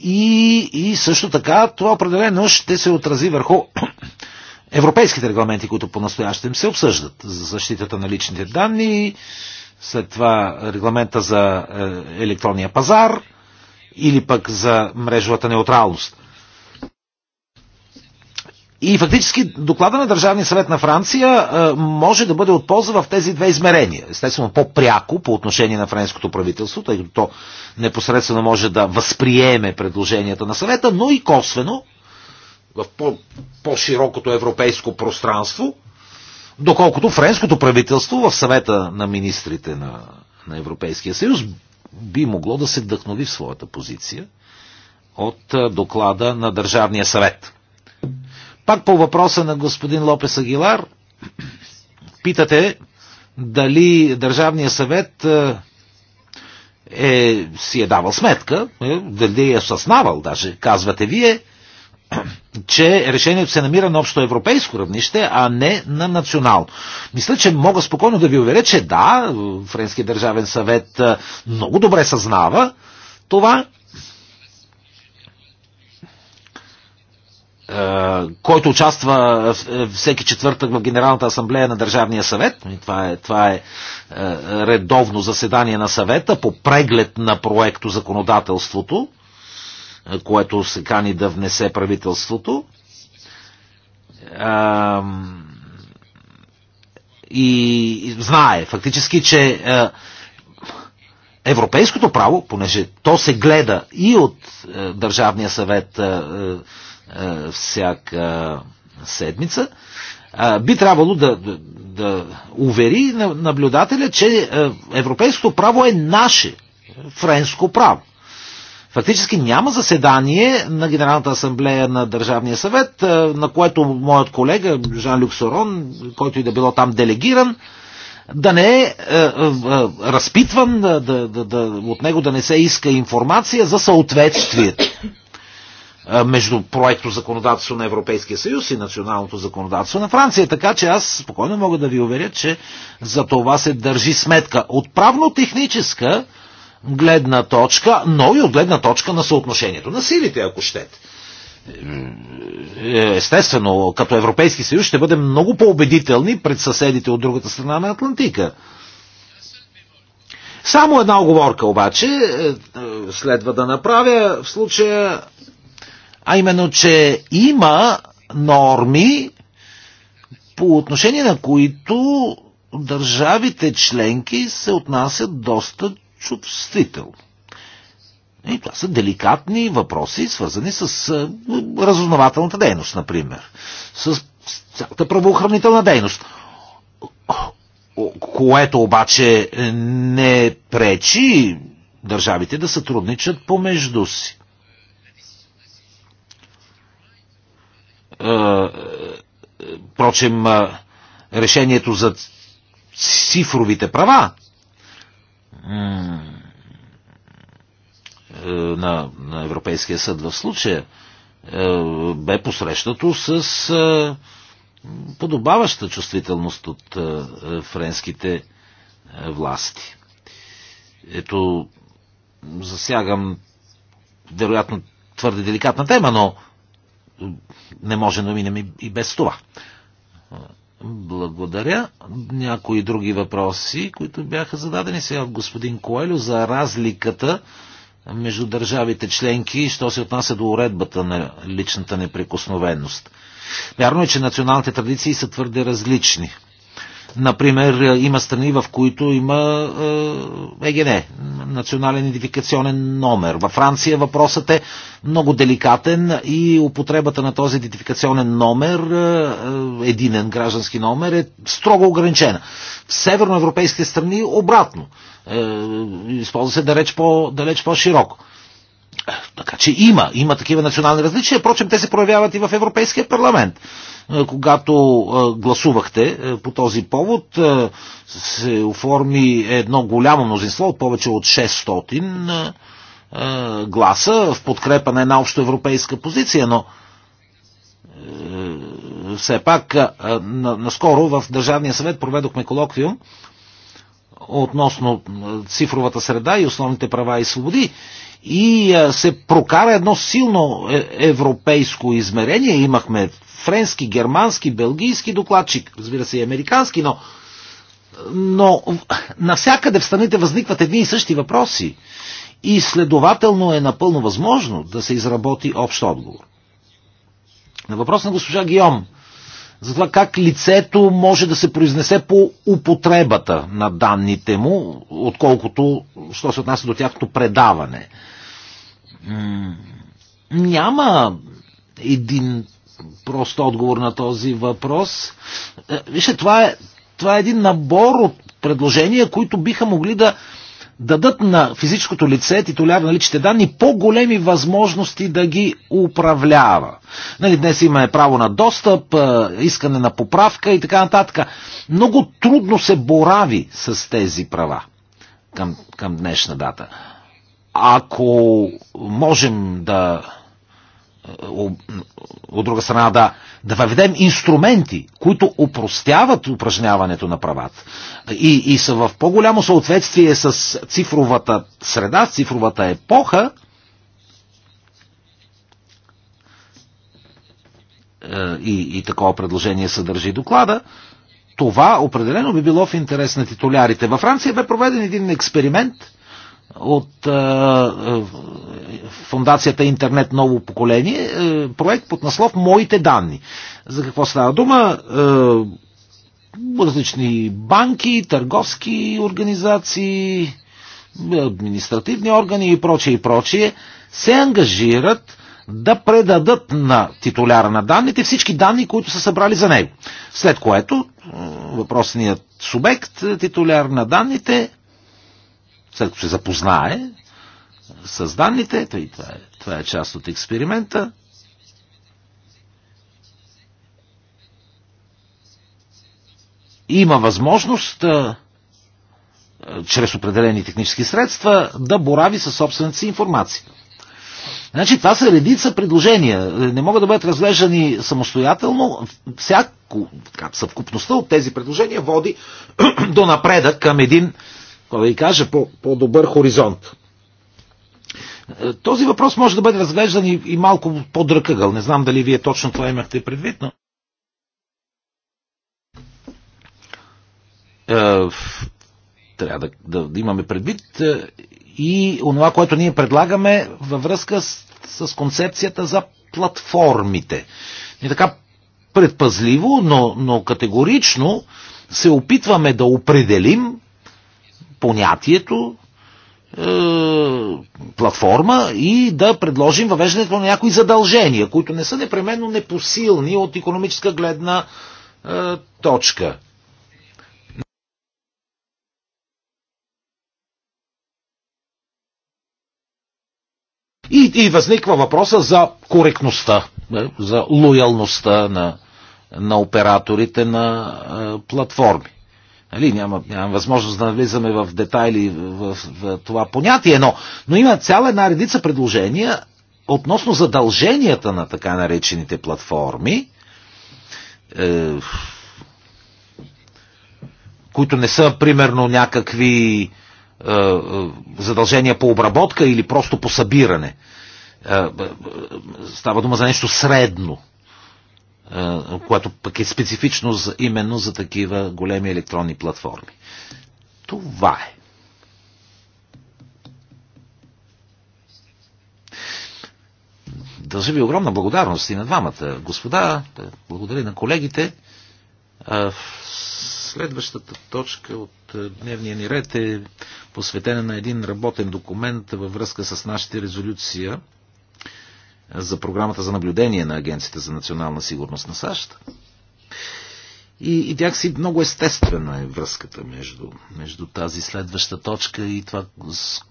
И, и също така това определено ще се отрази върху европейските регламенти, които по-настоящем се обсъждат за защитата на личните данни, след това регламента за е, електронния пазар или пък за мрежовата неутралност. И фактически доклада на Държавния съвет на Франция е, може да бъде от полза в тези две измерения. Естествено, по-пряко по отношение на френското правителство, тъй като то непосредствено може да възприеме предложенията на съвета, но и косвено в по-широкото -по европейско пространство, доколкото френското правителство в съвета на министрите на, на Европейския съюз би могло да се вдъхнови в своята позиция от доклада на Държавния съвет. Пак по въпроса на господин Лопес Агилар, питате дали Държавния съвет е, си е давал сметка, е, дали е съснавал, даже казвате вие, че решението се намира на общо европейско равнище, а не на национално. Мисля, че мога спокойно да ви уверя, че да, Френския държавен съвет много добре съзнава това, който участва всеки четвъртък в Генералната асамблея на Държавния съвет. Това е, това е редовно заседание на съвета по преглед на проекто законодателството което се кани да внесе правителството. И знае фактически, че европейското право, понеже то се гледа и от Държавния съвет всяка седмица, би трябвало да, да, да увери наблюдателя, че европейското право е наше френско право. Фактически няма заседание на Генералната асамблея на Държавния съвет, на което моят колега Жан Люксорон, който и да било там делегиран, да не е, е, е разпитван, да, да, да, от него да не се иска информация за съответствието между проекто законодателство на Европейския съюз и националното законодателство на Франция. Така че аз спокойно мога да ви уверя, че за това се държи сметка. От правно-техническа гледна точка, но и от гледна точка на съотношението на силите, ако щете. Е, естествено, като Европейски съюз ще бъдем много по-убедителни пред съседите от другата страна на Атлантика. Само една оговорка обаче е, е, следва да направя в случая, а именно, че има норми, по отношение на които държавите членки се отнасят доста чувствително. И това са деликатни въпроси, свързани с разузнавателната дейност, например. С цялата правоохранителна дейност. Което обаче не пречи държавите да сътрудничат помежду си. Впрочем, решението за цифровите права е, на, на Европейския съд в случая е, бе посрещнато с е, подобаваща чувствителност от френските власти. Ето, засягам вероятно твърде деликатна тема, но не може да минем и без това. Благодаря. Някои други въпроси, които бяха зададени сега от господин Коелю за разликата между държавите членки, и що се отнася до уредбата на личната неприкосновеност. Вярно е, че националните традиции са твърде различни – Например, е, има страни, в които има е, ЕГН, национален идентификационен номер. Във Франция въпросът е много деликатен и употребата на този идентификационен номер, е, единен граждански номер, е строго ограничена. В северноевропейските страни обратно. Използва се далеч по-широко. По така че има, има такива национални различия. Впрочем, те се проявяват и в Европейския парламент. Е, когато е, гласувахте е, по този повод, се оформи едно голямо мнозинство, повече от 600 гласа в подкрепа на една общоевропейска позиция, но все пак наскоро в Държавния съвет проведохме колоквиум относно цифровата среда и основните права и свободи и се прокара едно силно е, европейско измерение. Имахме френски, германски, белгийски докладчик, разбира се и американски, но, но навсякъде в страните възникват едни и същи въпроси. И следователно е напълно възможно да се изработи общ отговор. На въпрос на госпожа Гиом за това как лицето може да се произнесе по употребата на данните му, отколкото, що се отнася до тяхното предаване. Няма един прост отговор на този въпрос. Е, вижте, това е, това е един набор от предложения, които биха могли да, дадат на физическото лице, титуляр на личните данни, по-големи възможности да ги управлява. Нали, днес имаме право на достъп, искане на поправка и така нататък. Много трудно се борави с тези права към, към днешна дата. Ако можем да от друга страна да, да въведем инструменти, които упростяват упражняването на правата и, и са в по-голямо съответствие с цифровата среда, с цифровата епоха, е, и, и такова предложение съдържи доклада, това определено би било в интерес на титулярите. Във Франция бе проведен един експеримент – от е, е, фундацията Интернет Ново поколение, е, проект под наслов Моите данни. За какво става дума? Различни банки, търговски организации, административни органи и прочее и прочее се ангажират да предадат на титуляра на данните всички данни, които са събрали за него. След което въпросният субект, титуляр на данните, след като се запознае с данните, тъй, това, е, това е част от експеримента, има възможност чрез определени технически средства да борави със собствената си информация. Значи това са редица предложения. Не могат да бъдат разглеждани самостоятелно. Всяко, съвкупността от тези предложения води до напредък към един да ви кажа, по-добър хоризонт. Е, този въпрос може да бъде разглеждан и, и малко по-дръкъгъл. Не знам дали вие точно това имахте предвид, но... Е, трябва да, да, да имаме предвид е, и онова, което ние предлагаме във връзка с, с концепцията за платформите. Не така предпазливо, но, но категорично се опитваме да определим понятието е, платформа и да предложим въвеждането на някои задължения, които не са непременно непосилни от економическа гледна е, точка. И, и възниква въпроса за коректността, е, за лоялността на, на операторите на е, платформи. Нали, няма, нямам възможност да навлизаме в детайли в, в, в това понятие, но, но има цяла една редица предложения относно задълженията на така наречените платформи, е, които не са примерно някакви е, е, задължения по обработка или просто по събиране. Е, е, е става дума за нещо средно което пък е специфично за, именно за такива големи електронни платформи. Това е. Дължа ви огромна благодарност и на двамата. Господа, благодаря на колегите. Следващата точка от дневния ни ред е посветена на един работен документ във връзка с нашата резолюция за програмата за наблюдение на Агенцията за национална сигурност на САЩ. И, и си много естествена е връзката между, между тази следваща точка и това,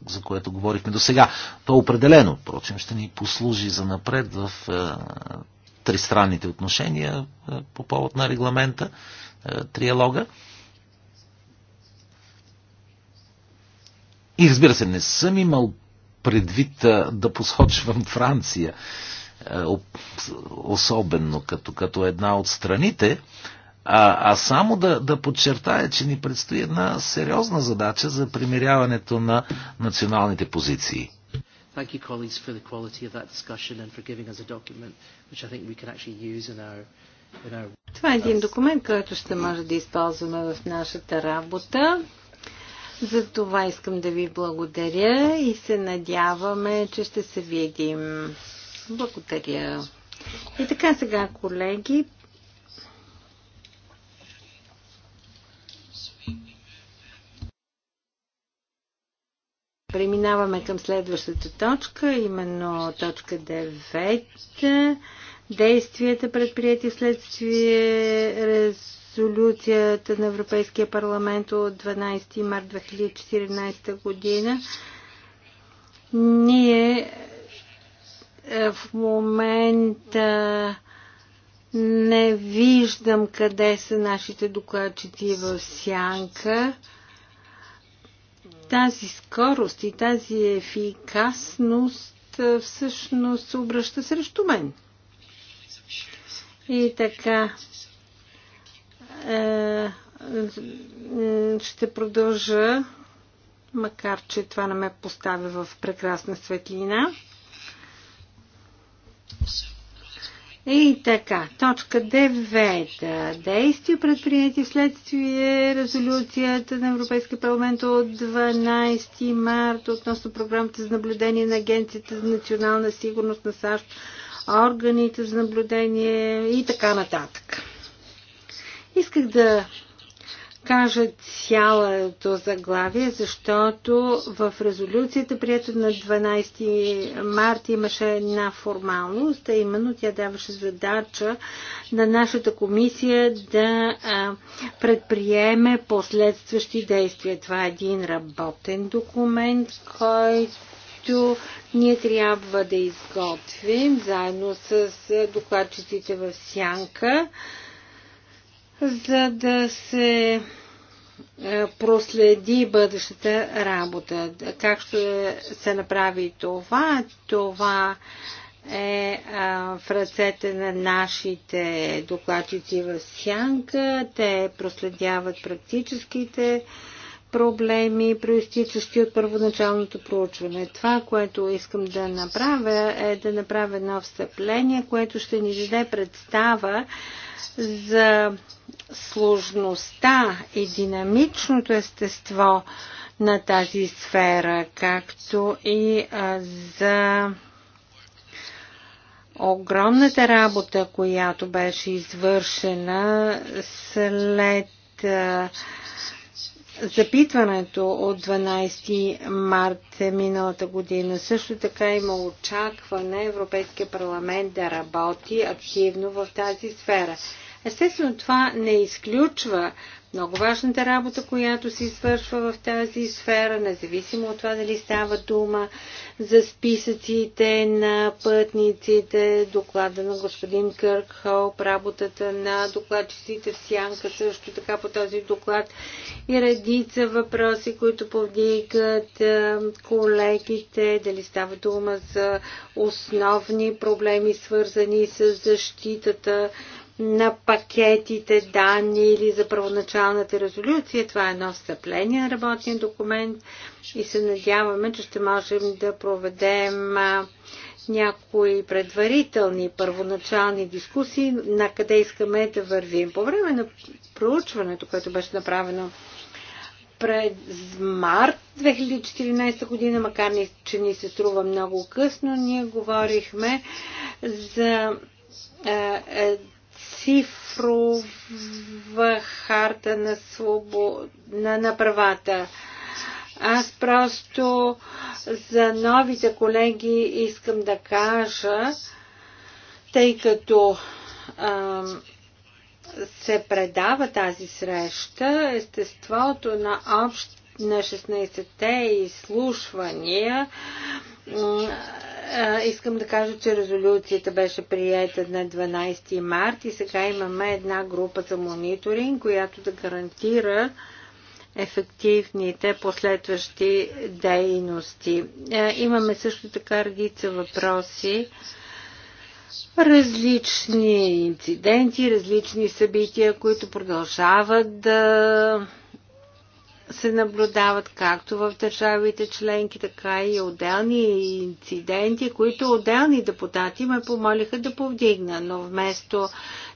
за което говорихме до сега. То определено, впрочем, ще ни послужи за напред в е, тристранните отношения е, по повод на регламента, е, триалога. И разбира се, не съм имал предвид да посочвам Франция, е, особено като, като една от страните, а, а само да, да подчертая, че ни предстои една сериозна задача за примиряването на националните позиции. Thank you, colleagues, for the quality of that discussion and for giving us a document which I think we can actually use in our това е един документ, който ще може да използваме в нашата работа. За това искам да ви благодаря и се надяваме, че ще се видим. Благодаря. И така сега, колеги, Преминаваме към следващата точка, именно точка 9. Действията предприяти следствие раз резолюцията на Европейския парламент от 12 март 2014 година. Ние е, в момента не виждам къде са нашите докладчици в сянка. Тази скорост и тази ефикасност е, всъщност се обръща срещу мен. И така, е, ще продължа, макар че това не ме поставя в прекрасна светлина. И така, точка 9. Действия предприяти вследствие резолюцията на Европейския парламент от 12 март относно програмата за наблюдение на Агенцията за национална сигурност на САЩ, органите за наблюдение и така нататък. Исках да кажа цялото заглавие, защото в резолюцията, прието на 12 марта, имаше една формалност, а именно тя даваше задача на нашата комисия да а, предприеме последстващи действия. Това е един работен документ, който който ние трябва да изготвим заедно с докладчиците в Сянка за да се е, проследи бъдещата работа. Как ще се направи това? Това е, е в ръцете на нашите докладчици в Сянка. Те проследяват практическите проблеми, проистичащи от първоначалното проучване. Това, което искам да направя, е да направя едно встъпление, което ще ни даде представа за сложността и динамичното естество на тази сфера, както и за огромната работа, която беше извършена след запитването от 12 март миналата година. Също така има очакване Европейския парламент да работи активно в тази сфера. Естествено, това не изключва много важната работа, която се извършва в тази сфера, независимо от това дали става дума за списъците на пътниците, доклада на господин Кърк Хоуп, работата на докладчиците в Сянка, също така по този доклад и редица въпроси, които повдигат е, колегите, дали става дума за основни проблеми, свързани с защитата на пакетите данни или за първоначалната резолюция. Това е едно встъпление на работния документ и се надяваме, че ще можем да проведем някои предварителни първоначални дискусии на къде искаме да вървим. По време на проучването, което беше направено през март 2014 година, макар не, че ни се струва много късно, ние говорихме за е, цифрова харта на, свобо... на, на правата. Аз просто за новите колеги искам да кажа, тъй като а, се предава тази среща, естеството на общ на 16-те изслушвания. Искам да кажа, че резолюцията беше приета на 12 март и сега имаме една група за мониторинг, която да гарантира ефективните последващи дейности. Е, имаме също така редица въпроси, различни инциденти, различни събития, които продължават да се наблюдават както в държавите членки, така и отделни инциденти, които отделни депутати ме помолиха да повдигна, но вместо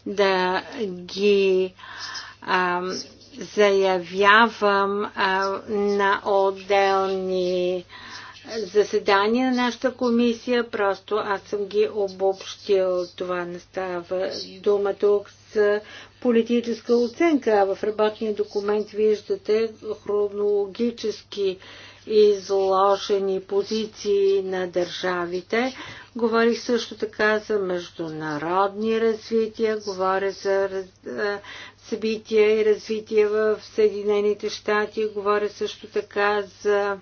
да ги а, заявявам а, на отделни заседания на нашата комисия, просто аз съм ги обобщил. Това не става дума тук политическа оценка. А в работния документ виждате хронологически изложени позиции на държавите. Говорих също така за международни развития, говоря за събития и развитие в Съединените щати, говоря също така за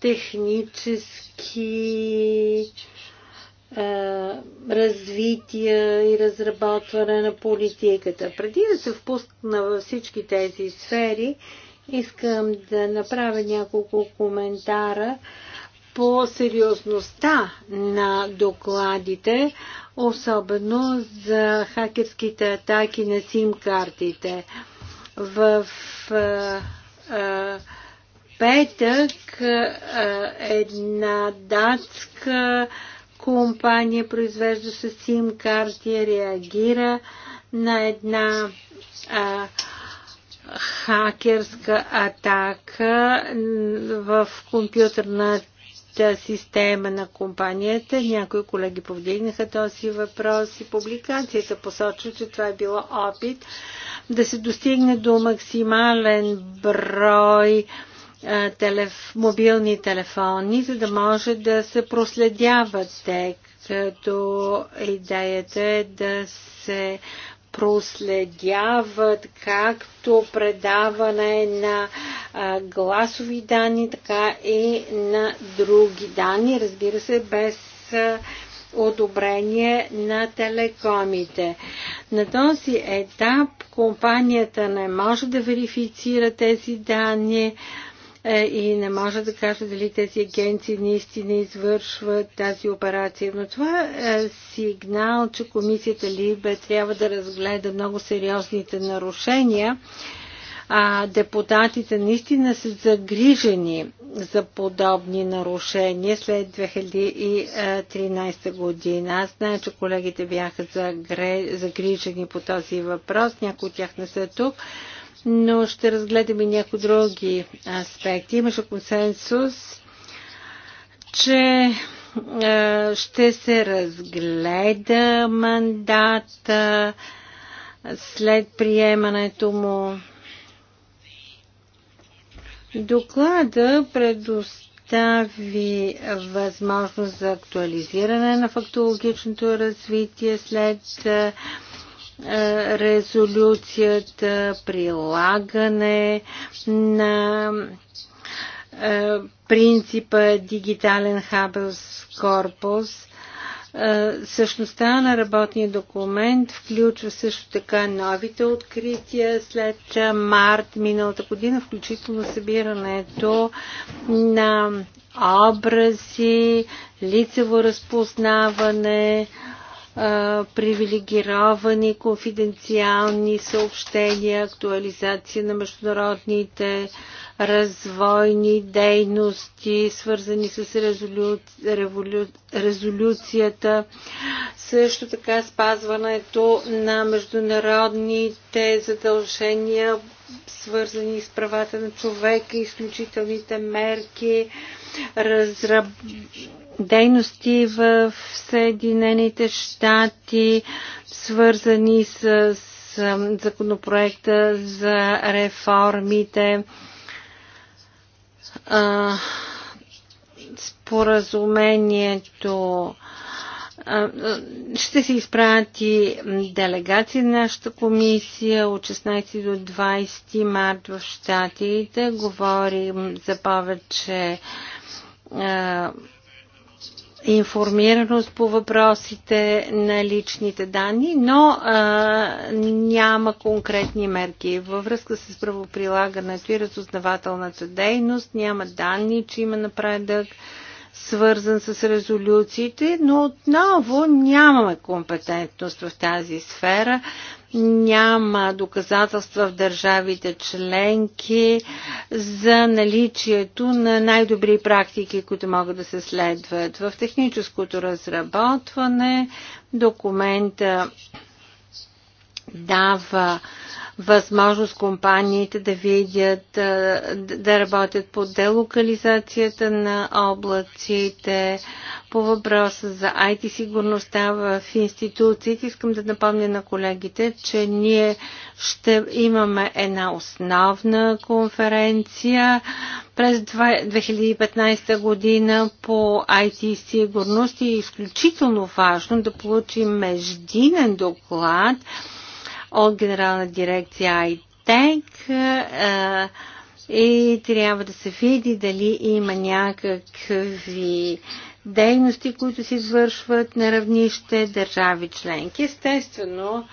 технически развитие и разработване на политиката. Преди да се впусна във всички тези сфери, искам да направя няколко коментара по сериозността на докладите, особено за хакерските атаки на сим-картите. В а, а, петък а, една датска компания, произвеждаща сим карти, реагира на една а, хакерска атака в компютърната система на компанията. Някои колеги повдигнаха този въпрос и публикацията посочва, че това е било опит да се достигне до максимален брой а, телеф, мобилни телефони, за да може да се проследяват те, като идеята е да се проследяват както предаване на а, гласови данни, така и на други данни, разбира се, без а, одобрение на телекомите. На този етап компанията не може да верифицира тези данни, а, е, и не може да каже дали тези агенции наистина извършват тази операция. Но това е сигнал, че комисията Либе трябва да разгледа много сериозните нарушения. А депутатите наистина са загрижени за подобни нарушения след 2013 година. Аз знае, че колегите бяха загрижени по този въпрос, някои от тях не са тук но ще разгледаме някои други аспекти. Имаше консенсус, че е, ще се разгледа мандата след приемането му. Доклада предостави възможност за актуализиране на фактологичното развитие след е, резолюцията, прилагане на е, принципа дигитален хабелс корпус. Е, същността на работния документ включва също така новите открития след март миналата година, включително събирането на образи, лицево разпознаване, привилегировани, конфиденциални съобщения, актуализация на международните развойни дейности, свързани с резолю... Револю... резолюцията, също така спазването на международните задължения свързани с правата на човека, изключителните мерки, разраб... дейности в Съединените щати, свързани с, законопроекта за реформите. споразумението ще се изпрати делегация на нашата комисия от 16 до 20 март в Штатите. Говорим за повече информираност по въпросите на личните данни, но а, няма конкретни мерки. Във връзка с правоприлагането и разузнавателната дейност няма данни, че има напредък. А, свързан с резолюциите, но отново нямаме компетентност в тази сфера. Няма доказателства в държавите членки за наличието на най-добри практики, които могат да се следват. В техническото разработване документа дава възможност компаниите да видят, да работят по делокализацията на облаците, по въпроса за IT сигурността в институциите. Искам да напомня на колегите, че ние ще имаме една основна конференция през 2015 година по IT сигурност и е изключително важно да получим междинен доклад от генерална дирекция ITEC е, е, и трябва да се види дали има някакви дейности, които се извършват на равнище държави членки. Естествено,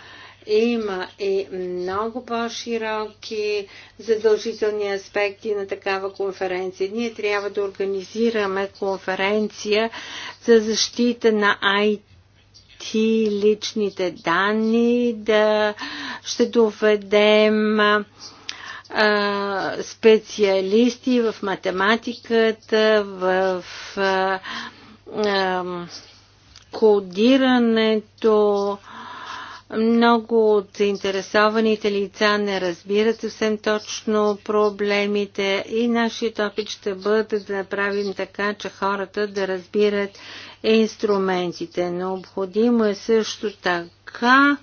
има и много по-широки задължителни аспекти на такава конференция. Ние трябва да организираме конференция за защита на IT ти личните данни, да ще доведем специалисти в математиката, в кодирането, много от заинтересованите лица не разбират съвсем точно проблемите и нашият опит ще бъде да направим така, че хората да разбират инструментите. Необходимо е също така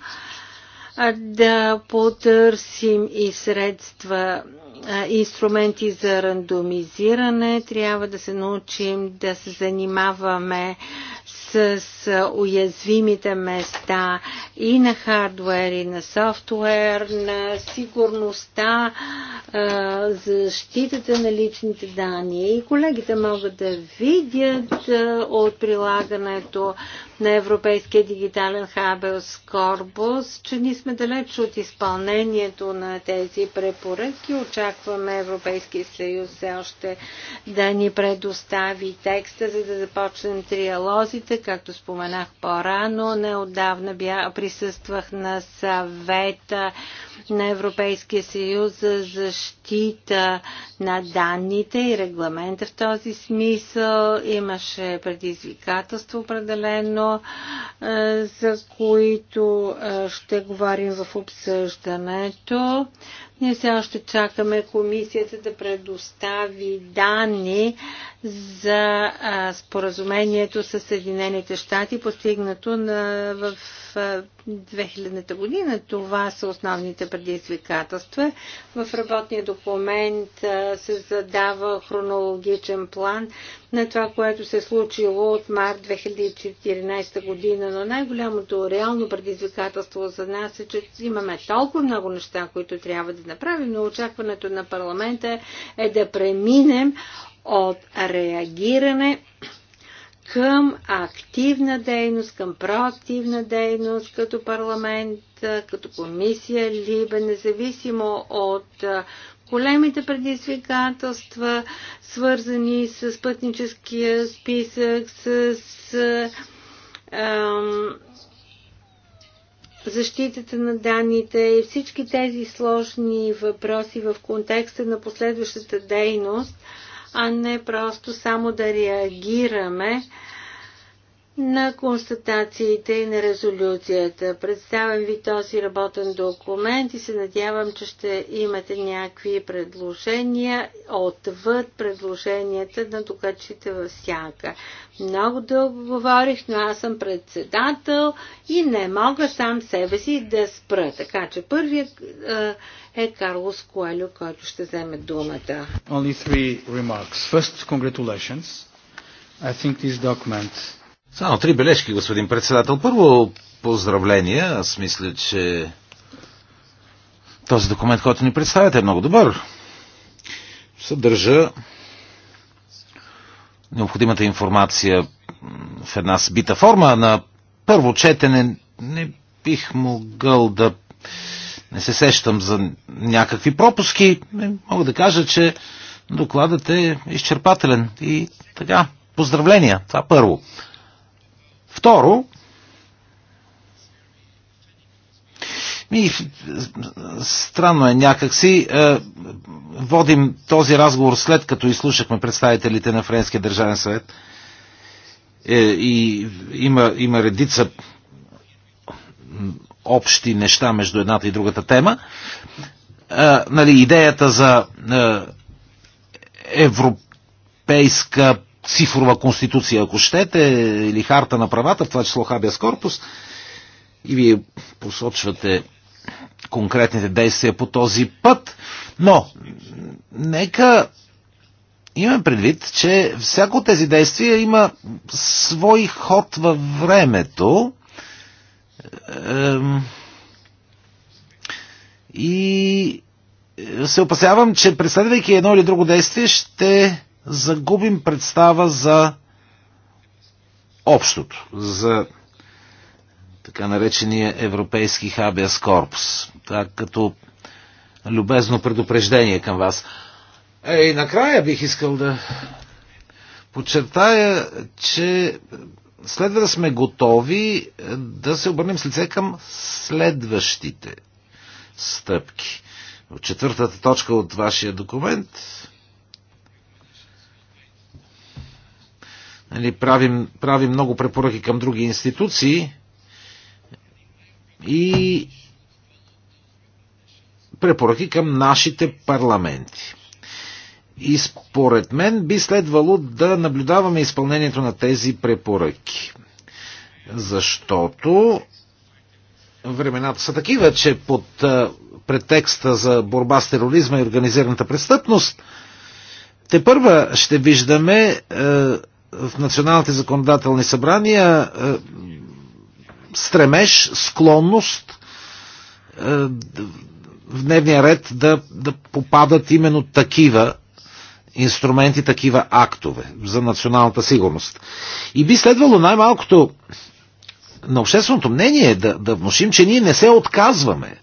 да потърсим и средства инструменти за рандомизиране. Трябва да се научим да се занимаваме с уязвимите места и на хардвер, и на софтуер, на сигурността, защитата на личните данни. И колегите могат да видят от прилагането на Европейския дигитален хабел Корбус, че ние сме далеч от изпълнението на тези препоръки. Очакваме очакваме Европейския съюз все още да ни предостави текста, за да започнем триалозите. Както споменах по-рано, неодавна бя, присъствах на съвета на Европейския съюз за защита на данните и регламента в този смисъл. Имаше предизвикателство определено, е, за които е, ще говорим в обсъждането. Ние все още чакаме комисията да предостави данни за а, споразумението с Съединените щати, постигнато на, в а, 2000-та година. Това са основните предизвикателства. В работния документ а, се задава хронологичен план на това, което се е случило от март 2014 година, но най-голямото реално предизвикателство за нас е, че имаме толкова много неща, които трябва да направим, но очакването на парламента е да преминем от реагиране към активна дейност, към проактивна дейност като парламент, като комисия, либе независимо от големите предизвикателства, свързани с пътническия списък, с ам, защитата на данните и всички тези сложни въпроси в контекста на последващата дейност, а не просто само да реагираме на констатациите и на резолюцията. Представям ви този работен документ и се надявам, че ще имате някакви предложения отвъд предложенията на докачите във всяка. Много дълго говорих, но аз съм председател и не мога сам себе си да спра. Така че първият е, е Карлос Коелю, който ще вземе думата. Only three remarks. First, congratulations. I think this document само три бележки, господин председател. Първо, поздравления. Аз мисля, че този документ, който ни представяте, е много добър. Съдържа необходимата информация в една сбита форма. На първо четене не бих могъл да не се сещам за някакви пропуски. Мога да кажа, че докладът е изчерпателен. И така, поздравления. Това първо. Второ, ми, странно е някакси. Е, водим този разговор след като изслушахме представителите на Френския държавен съвет. Е, и има, има редица общи неща между едната и другата тема. Е, нали, идеята за е, европейска цифрова конституция, ако щете, или харта на правата, в това число Хабиас Корпус, и вие посочвате конкретните действия по този път. Но, нека имаме предвид, че всяко от тези действия има свой ход във времето. Ем... И се опасявам, че преследвайки едно или друго действие, ще загубим представа за общото, за така наречения европейски хабиас корпус. Това е като любезно предупреждение към вас. Е, и накрая бих искал да подчертая, че следва да сме готови да се обърнем с лице към следващите стъпки. Четвъртата точка от вашия документ нали, правим, правим много препоръки към други институции и препоръки към нашите парламенти. И според мен би следвало да наблюдаваме изпълнението на тези препоръки. Защото времената са такива, че под претекста за борба с тероризма и организираната престъпност, те първа ще виждаме в националните законодателни събрания е, стремеш склонност е, в дневния ред да, да попадат именно такива инструменти, такива актове за националната сигурност. И би следвало най-малкото на общественото мнение да, да внушим, че ние не се отказваме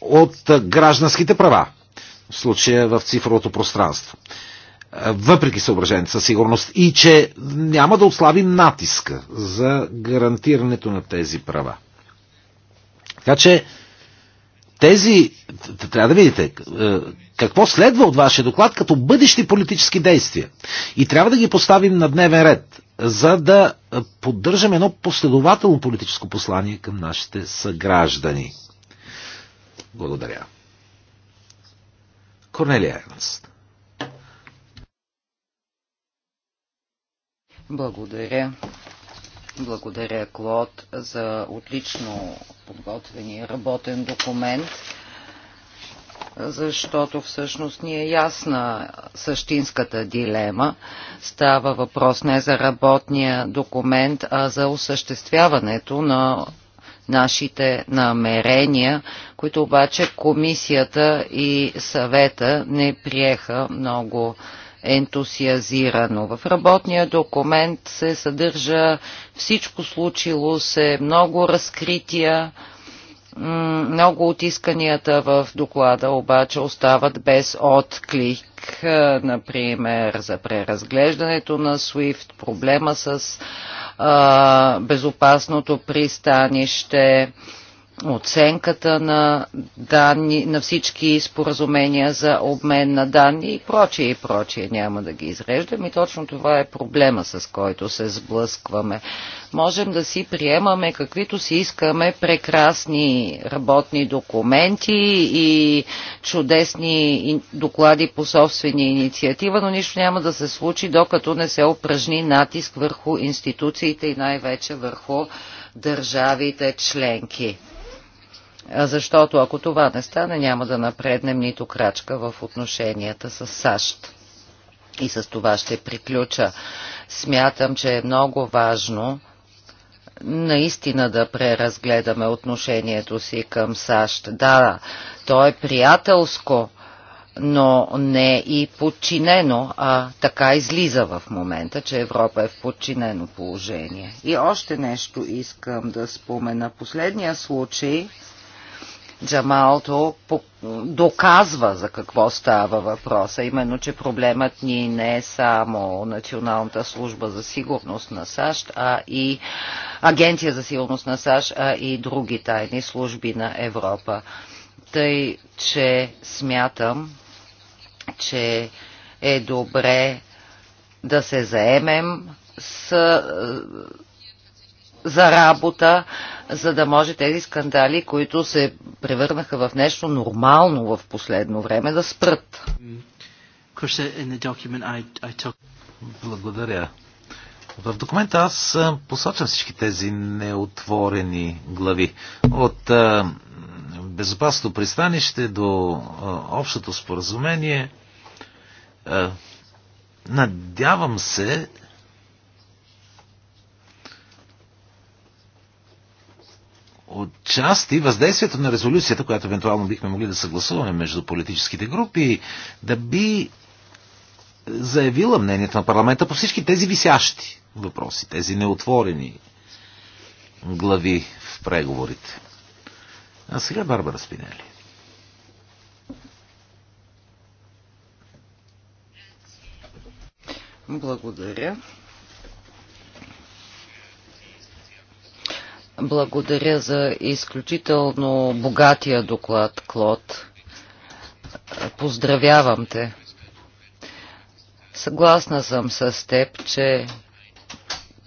от гражданските права, в случая в цифровото пространство въпреки съображението със сигурност, и че няма да отслаби натиска за гарантирането на тези права. Така че, тези, трябва да видите, е, какво следва от вашия доклад като бъдещи политически действия. И трябва да ги поставим на дневен ред, за да поддържаме едно последователно политическо послание към нашите съграждани. Благодаря. Корнелия Ернст. Благодаря. Благодаря, Клод, за отлично подготвения работен документ, защото всъщност ни е ясна същинската дилема. Става въпрос не за работния документ, а за осъществяването на нашите намерения, които обаче комисията и съвета не приеха много ентусиазирано. В работния документ се съдържа всичко случило се, много разкрития, много от исканията в доклада обаче остават без отклик, е, например за преразглеждането на SWIFT, проблема с а, безопасното пристанище, оценката на, данни, на всички споразумения за обмен на данни и прочие и прочие. Няма да ги изреждам и точно това е проблема, с който се сблъскваме. Можем да си приемаме каквито си искаме прекрасни работни документи и чудесни доклади по собствени инициатива, но нищо няма да се случи, докато не се упражни натиск върху институциите и най-вече върху държавите членки защото ако това не стане, няма да напреднем нито крачка в отношенията с САЩ. И с това ще приключа. Смятам, че е много важно наистина да преразгледаме отношението си към САЩ. Да, то е приятелско, но не и подчинено, а така излиза в момента, че Европа е в подчинено положение. И още нещо искам да спомена. Последния случай Джамалто доказва за какво става въпроса, именно, че проблемът ни не е само Националната служба за сигурност на САЩ, а и Агенция за сигурност на САЩ, а и други тайни служби на Европа. Тъй, че смятам, че е добре да се заемем с за работа, за да може тези скандали, които се превърнаха в нещо нормално в последно време, да спрат. Благодаря. В документа аз посочвам всички тези неотворени глави. От безопасното пристанище до общото споразумение. Надявам се, отчасти въздействието на резолюцията, която евентуално бихме могли да съгласуваме между политическите групи, да би заявила мнението на парламента по всички тези висящи въпроси, тези неотворени глави в преговорите. А сега Барбара Спинели. Благодаря. Благодаря за изключително богатия доклад, Клод. Поздравявам те. Съгласна съм с теб, че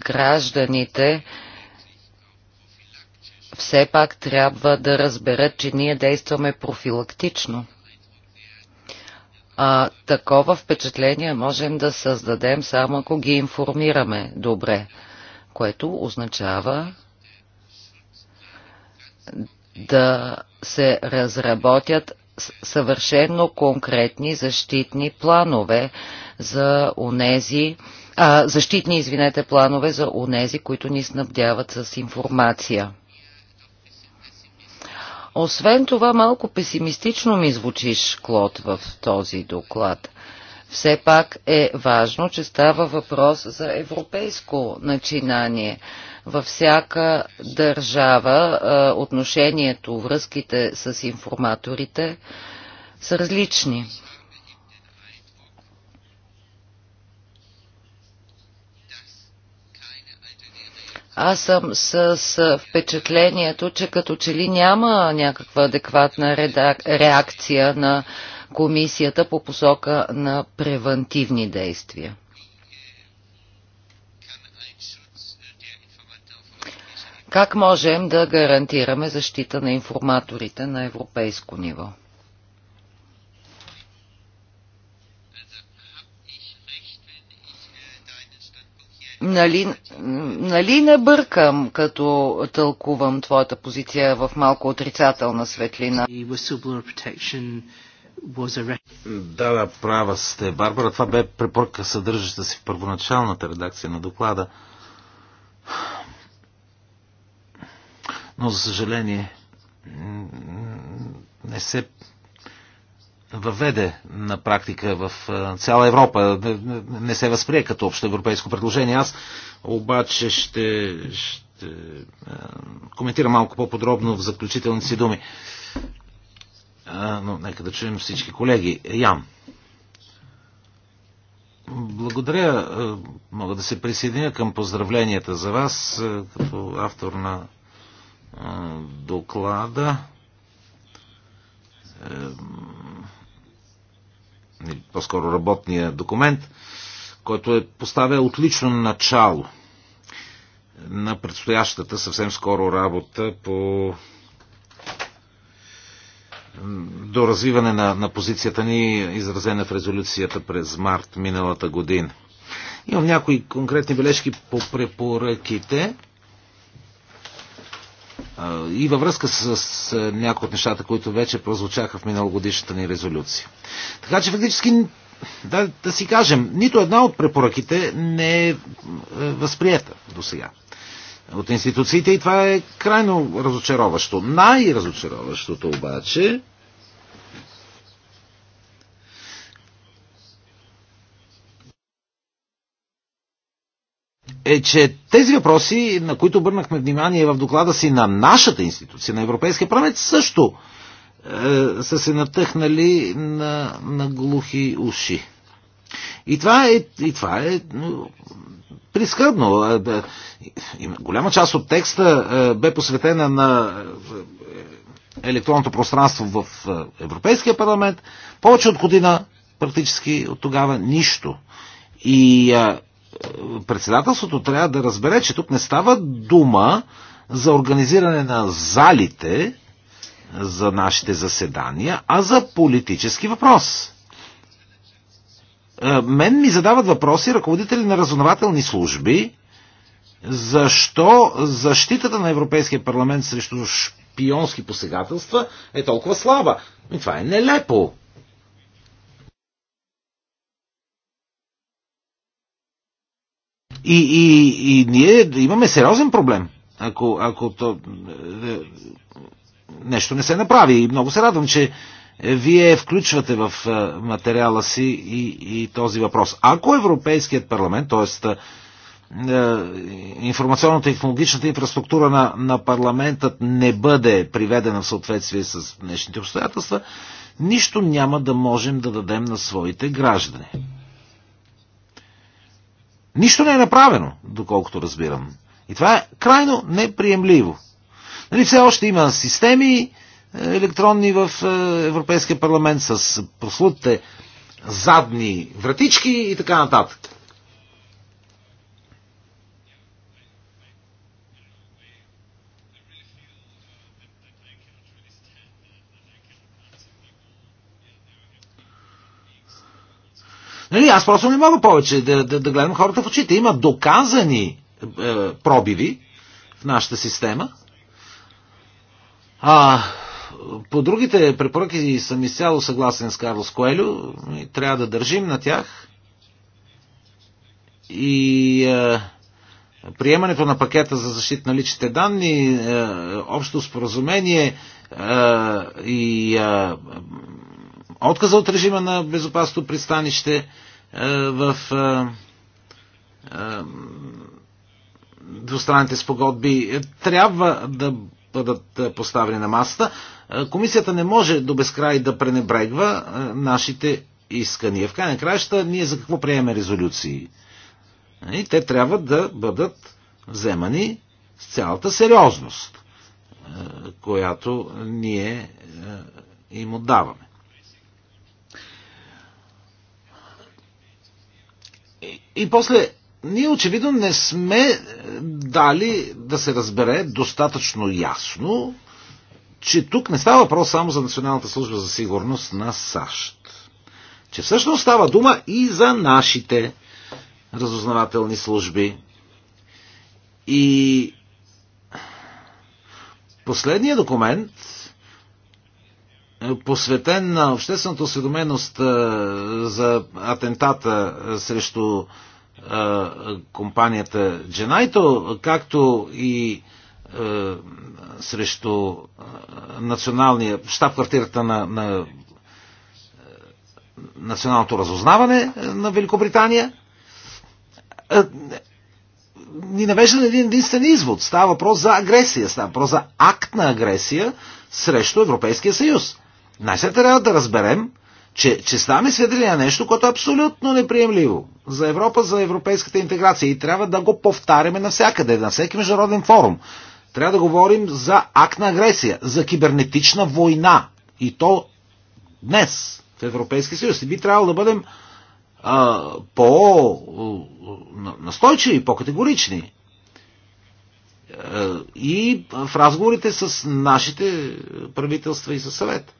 гражданите все пак трябва да разберат, че ние действаме профилактично. А такова впечатление можем да създадем само ако ги информираме добре, което означава да се разработят съвършено конкретни защитни планове за унези, а, защитни, извинете, планове за унези, които ни снабдяват с информация. Освен това, малко песимистично ми звучиш, Клод, в този доклад. Все пак е важно, че става въпрос за европейско начинание – във всяка държава отношението, връзките с информаторите са различни. Аз съм с, впечатлението, че като че ли няма някаква адекватна реакция на комисията по посока на превентивни действия. Как можем да гарантираме защита на информаторите на европейско ниво? Нали, нали не бъркам, като тълкувам твоята позиция в малко отрицателна светлина? Да, да, права сте, Барбара. Това бе препоръка, съдържаща се в първоначалната редакция на доклада но за съжаление не се въведе на практика в цяла Европа. Не се възприе като общо европейско предложение. Аз обаче ще, ще коментирам малко по-подробно в заключителните си думи. Но нека да чуем всички колеги. Ян. Благодаря. Мога да се присъединя към поздравленията за вас като автор на доклада по-скоро работния документ, който е поставя отлично начало на предстоящата съвсем скоро работа по до развиване на, на позицията ни, изразена в резолюцията през март миналата година. Имам някои конкретни бележки по препоръките и във връзка с, с е, някои от нещата, които вече прозвучаха в миналогодишната ни резолюция. Така че фактически, да, да си кажем, нито една от препоръките не е, е възприета до сега от институциите и това е крайно разочароващо. Най-разочароващото обаче е, че тези въпроси, на които обърнахме внимание в доклада си на нашата институция, на Европейския парламент, също е, са се натъхнали на, на глухи уши. И това е, и това е ну, прискърбно. Е, голяма част от текста е, бе посветена на е, електронното пространство в е, Европейския парламент. Повече от година, практически от тогава, нищо. И е, председателството трябва да разбере, че тук не става дума за организиране на залите за нашите заседания, а за политически въпрос. Е, мен ми задават въпроси ръководители на разузнавателни служби, защо защитата на Европейския парламент срещу шпионски посегателства е толкова слаба. И това е нелепо. И, и, и ние имаме сериозен проблем, ако, ако то, е, нещо не се направи. И много се радвам, че вие включвате в е, материала си и, и този въпрос. Ако Европейският парламент, т.е. Е, информационно-технологичната инфраструктура на, на парламентът не бъде приведена в съответствие с днешните обстоятелства, нищо няма да можем да дадем на своите граждани. Нищо не е направено, доколкото разбирам. И това е крайно неприемливо. Нали, все още има системи е, електронни в е, Европейския парламент с прослутите задни вратички и така нататък. Нали, аз просто не мога повече да, да, да гледам хората в очите. Има доказани е, пробиви в нашата система. А, по другите препоръки съм изцяло съгласен с Карлос Коелю. Трябва да държим на тях. И е, приемането на пакета за защита на личните данни, е, общо споразумение е, и е, отказа от режима на безопасното пристанище е, в е, е, двустранните спогодби трябва да бъдат поставени на масата. Комисията не може до безкрай да пренебрегва нашите искания. В крайна краища, ние за какво приеме резолюции? И те трябва да бъдат вземани с цялата сериозност, която ние им отдаваме. И, после, ние очевидно не сме е, дали да се разбере достатъчно ясно, че тук не става въпрос само за Националната служба за сигурност на САЩ. Че всъщност става дума и за нашите разузнавателни служби. И последният документ, посветен на обществената осведоменост за атентата срещу компанията Дженайто, както и срещу националния штаб-квартирата на, на националното разузнаване на Великобритания, ни навежда на един единствен извод. Става въпрос за агресия, става въпрос за акт на агресия срещу Европейския съюз. Най-сетне трябва да разберем, че, че ставаме свидетели на нещо, което е абсолютно неприемливо за Европа, за европейската интеграция и трябва да го повтаряме навсякъде, на всеки международен форум. Трябва да говорим за акт на агресия, за кибернетична война и то днес в Европейския съюз. И би трябвало да бъдем а, по-настойчиви, по-категорични. И в разговорите с нашите правителства и със съвет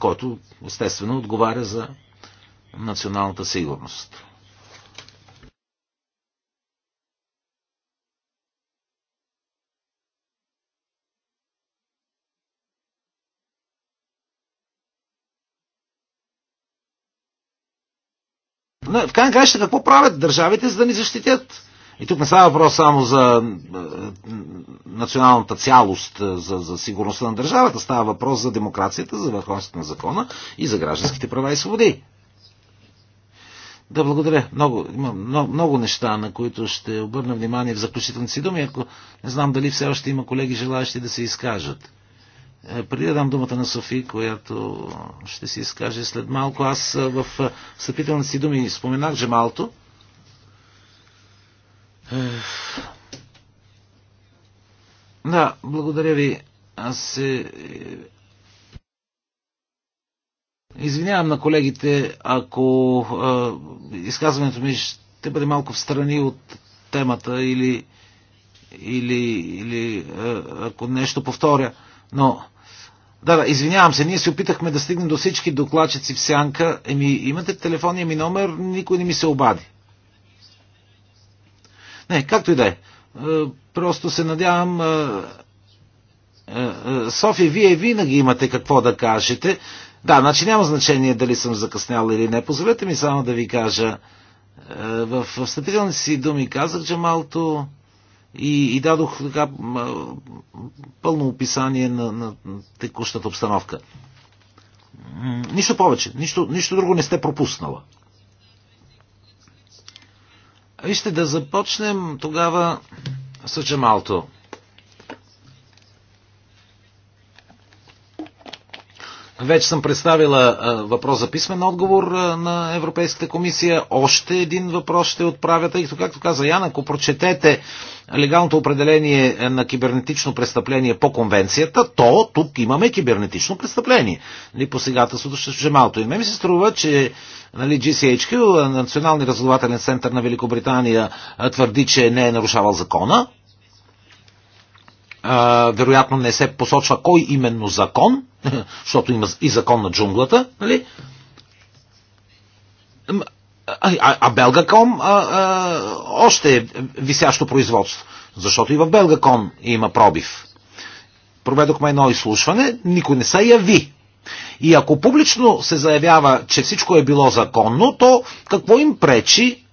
който естествено отговаря за националната сигурност. в крайна какво правят държавите, за да ни защитят? И тук не става въпрос само за е, националната цялост, е, за, за сигурността на държавата, става въпрос за демокрацията, за върховенството на закона и за гражданските права и свободи. Да, благодаря. Много, има много, много неща, на които ще обърна внимание в заключителните си думи, ако не знам дали все още има колеги желаящи да се изкажат. Е, преди да дам думата на Софи, която ще си изкаже след малко, аз в встъпителните си думи споменах же малто да, благодаря ви. Аз се е, Извинявам на колегите, ако е, изказването ми ще бъде малко в страни от темата или, или, или е, ако нещо повторя. Но, да, да, извинявам се, ние се опитахме да стигнем до всички докладчици в сянка. Еми, имате телефонния ми номер, никой не ми се обади. Не, както и да е. е просто се надявам. Е, е, София, вие винаги имате какво да кажете. Да, значи няма значение дали съм закъснял или не. Позволете ми само да ви кажа. В встъпителните си думи казах, че малко и, и дадох така пълно описание на, на текущата обстановка. Нищо повече, нищо, нищо друго не сте пропуснала. Вижте да започнем тогава с Джамалто. Вече съм представила въпрос за писмен отговор на Европейската комисия. Още един въпрос ще отправя, тъй като, както каза Ян, ако прочетете легалното определение на кибернетично престъпление по конвенцията, то тук имаме кибернетично престъпление. Нали, посегателството ще малко. И ме ми се струва, че нали, GCHQ, Националния разузнавателен център на Великобритания, твърди, че не е нарушавал закона вероятно не се посочва кой именно закон, защото има и закон на джунглата, нали? А, а Белгаком а, а, още е висящо производство, защото и в Белгаком има пробив. Проведохме едно изслушване, никой не се яви. И ако публично се заявява, че всичко е било законно, то какво им пречи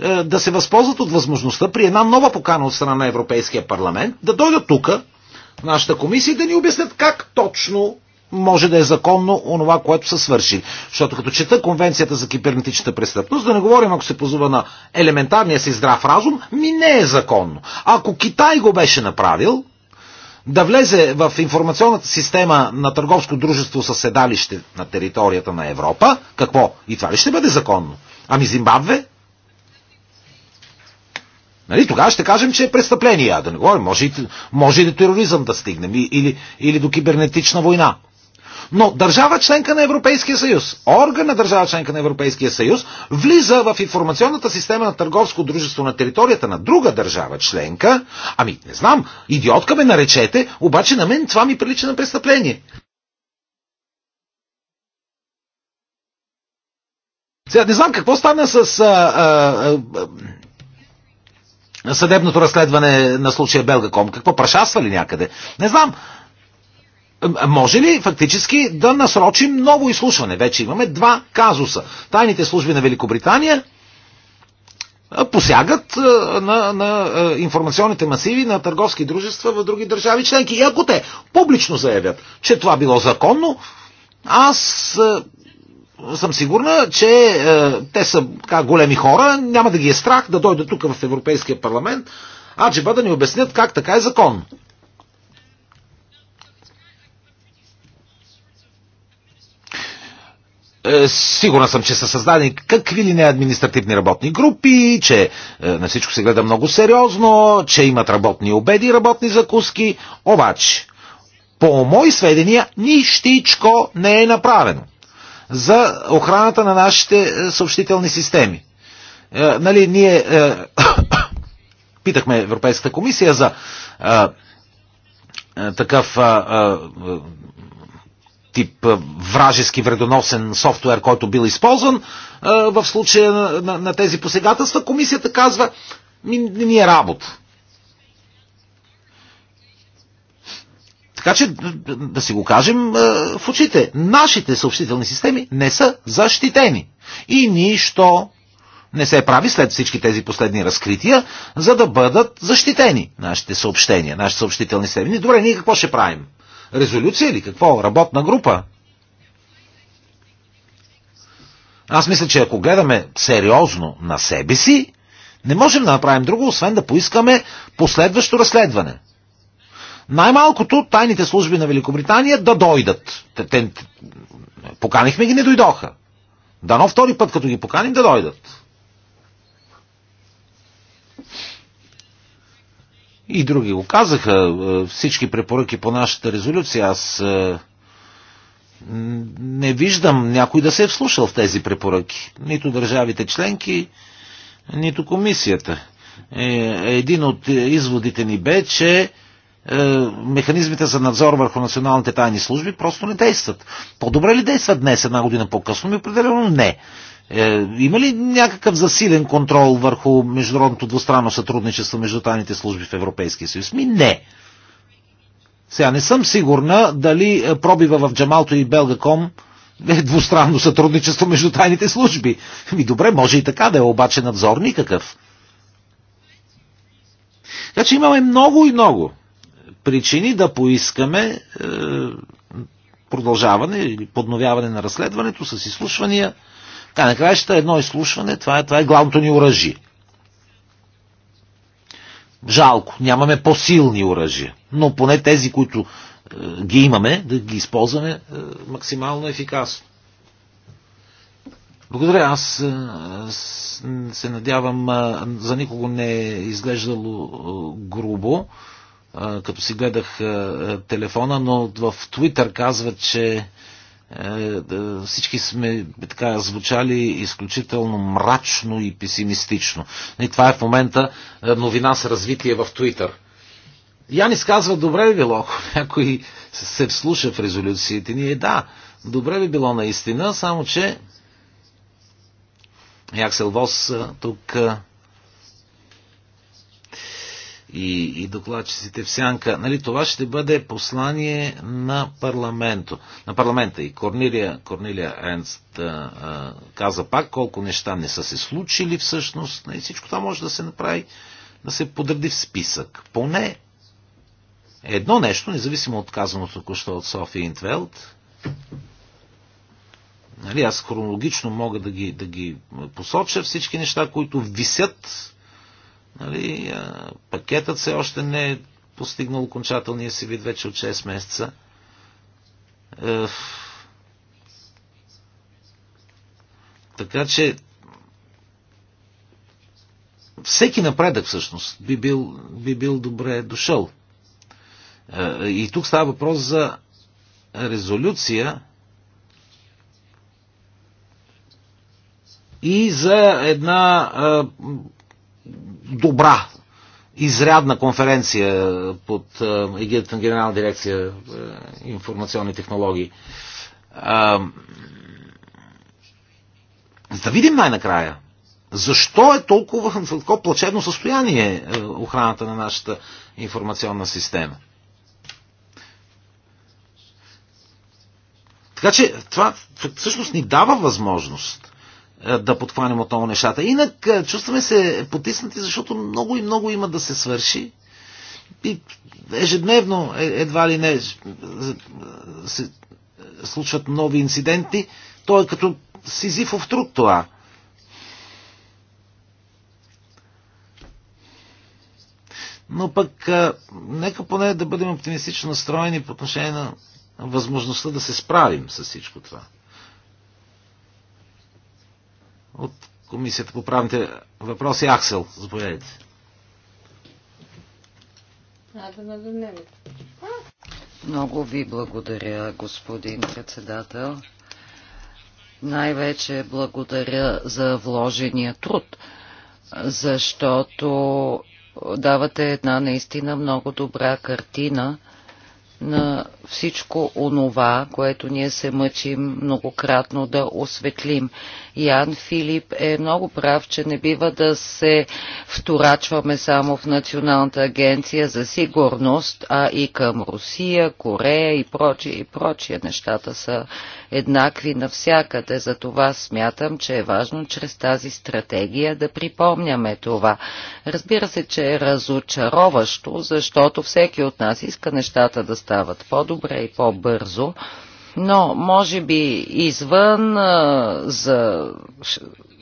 е, да се възползват от възможността при една нова покана от страна на Европейския парламент да дойдат тук, в нашата комисия, да ни обяснят как точно може да е законно онова, което са свършили. Защото като чета Конвенцията за кибернетичната престъпност, да не говорим ако се позова на елементарния си здрав разум, ми не е законно. Ако Китай го беше направил, да влезе в информационната система на търговско дружество със седалище на територията на Европа, какво? И това ли ще бъде законно? Ами Зимбабве? Нали, тогава ще кажем, че е престъпление. А да не говорим, може и, може и до тероризъм да стигнем или, или до кибернетична война. Но държава членка на Европейския съюз, орган на държава членка на Европейския съюз, влиза в информационната система на търговско дружество на територията на друга държава членка. Ами, не знам, идиотка ме наречете, обаче на мен това ми прилича на престъпление. Сега не знам какво стана с а, а, а, съдебното разследване на случая Белгаком? Какво прашасва ли някъде? Не знам. Може ли фактически да насрочим ново изслушване? Вече имаме два казуса. Тайните служби на Великобритания посягат на, на информационните масиви на търговски дружества в други държави членки. И ако те публично заявят, че това било законно, аз съм сигурна, че е, те са така, големи хора, няма да ги е страх да дойдат тук в Европейския парламент, а че да ни обяснят как така е закон. Е, сигурна съм, че са създадени какви ли не административни работни групи, че е, на всичко се гледа много сериозно, че имат работни обеди и работни закуски, обаче, по мои сведения, нищичко не е направено за охраната на нашите е, съобщителни системи. Е, нали, ние е, питахме Европейската комисия за е, е такъв е, е, тип е, вражески вредоносен софтуер, който бил използван в случая на, на, на тези посегателства. Комисията казва, ние ни е работа. Така че да си го кажем в очите. Нашите съобщителни системи не са защитени. И нищо не се прави след всички тези последни разкрития, за да бъдат защитени нашите съобщения, нашите съобщителни системи. Добре, ние какво ще правим? Резолюция или какво? Работна група? Аз мисля, че ако гледаме сериозно на себе си, не можем да направим друго, освен да поискаме последващо разследване. Най-малкото тайните служби на Великобритания да дойдат. Те, те, поканихме ги, не дойдоха. Дано втори път, като ги поканим, да дойдат. И други го казаха. Е, всички препоръки по нашата резолюция. Аз е, не виждам някой да се е вслушал в тези препоръки. Нито държавите членки, нито комисията. Е, един от изводите ни бе, че е, механизмите за надзор върху националните тайни служби просто не действат. По-добре ли действат днес, една година по-късно? Ми определено не. Е, има ли някакъв засилен контрол върху международното двустранно сътрудничество между тайните служби в Европейския съюз? Ми не. Сега не съм сигурна дали е, пробива в Джамалто и Белгаком е двустранно сътрудничество между тайните служби. Ми добре, може и така да е, обаче надзор никакъв. Така че имаме много и много причини да поискаме е, продължаване или подновяване на разследването с изслушвания. Та накрая ще е едно изслушване, това е, това е главното ни оръжие. Жалко, нямаме по-силни оръжия, но поне тези, които е, ги имаме, да ги използваме е, максимално ефикасно. Благодаря. Аз е, се надявам, за никого не е изглеждало грубо като си гледах телефона, но в Твитър казват, че е, всички сме така звучали изключително мрачно и песимистично. И това е в момента е, новина с развитие в Твитър. Янис казва, добре би било, ако някой се вслуша в резолюциите ни. Е, да, добре би било наистина, само че Яксел Вос тук и, и докладчиците в сянка. Нали, това ще бъде послание на, парламенто, на парламента. И Корнилия, Корнилия Енст а, а, каза пак колко неща не са се случили всъщност. Нали, всичко това може да се направи, да се подреди в списък. Поне едно нещо, независимо от казаното току-що от София Интвелд, Нали, аз хронологично мога да ги, да ги посоча всички неща, които висят Нали, пакетът все още не е постигнал окончателния си вид вече от 6 месеца. Е, така че всеки напредък всъщност би бил, би бил добре дошъл. Е, и тук става въпрос за резолюция и за една е, добра, изрядна конференция под егидата на Генерална дирекция информационни технологии. Да видим най-накрая. Защо е толкова в такова плачевно състояние е, охраната на нашата информационна система? Така че това всъщност ни дава възможност е, да подхванем отново нещата. Инак е, чувстваме се потиснати, защото много и много има да се свърши. И ежедневно, е, едва ли не, се случват нови инциденти. Той е като сизифов труд това. Но пък, нека поне да бъдем оптимистично настроени по отношение на възможността да се справим с всичко това. От Комисията по правните въпроси Аксел, заповядайте. Много ви благодаря, господин председател. Най-вече благодаря за вложения труд, защото давате една наистина много добра картина на всичко онова, което ние се мъчим многократно да осветлим. Ян Филип е много прав, че не бива да се вторачваме само в Националната агенция за сигурност, а и към Русия, Корея и прочие, и прочие. Нещата са еднакви навсякъде. За това смятам, че е важно чрез тази стратегия да припомняме това. Разбира се, че е разочароващо, защото всеки от нас иска нещата да стават по-добре и по-бързо, но може би извън а, за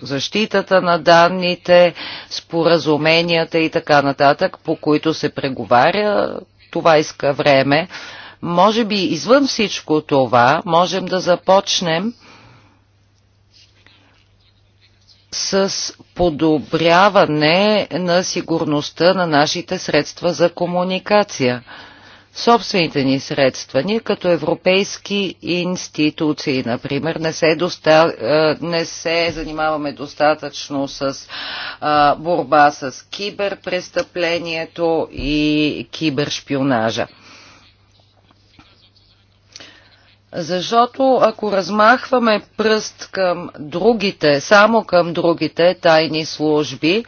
защитата на данните, споразуменията и така нататък, по които се преговаря, това иска време. Може би извън всичко това можем да започнем с подобряване на сигурността на нашите средства за комуникация. Собствените ни средства, ние като европейски институции, например, не се, доста, е, не се занимаваме достатъчно с а, е, борба с киберпрестъплението и кибершпионажа. Защото ако размахваме пръст към другите, само към другите тайни служби,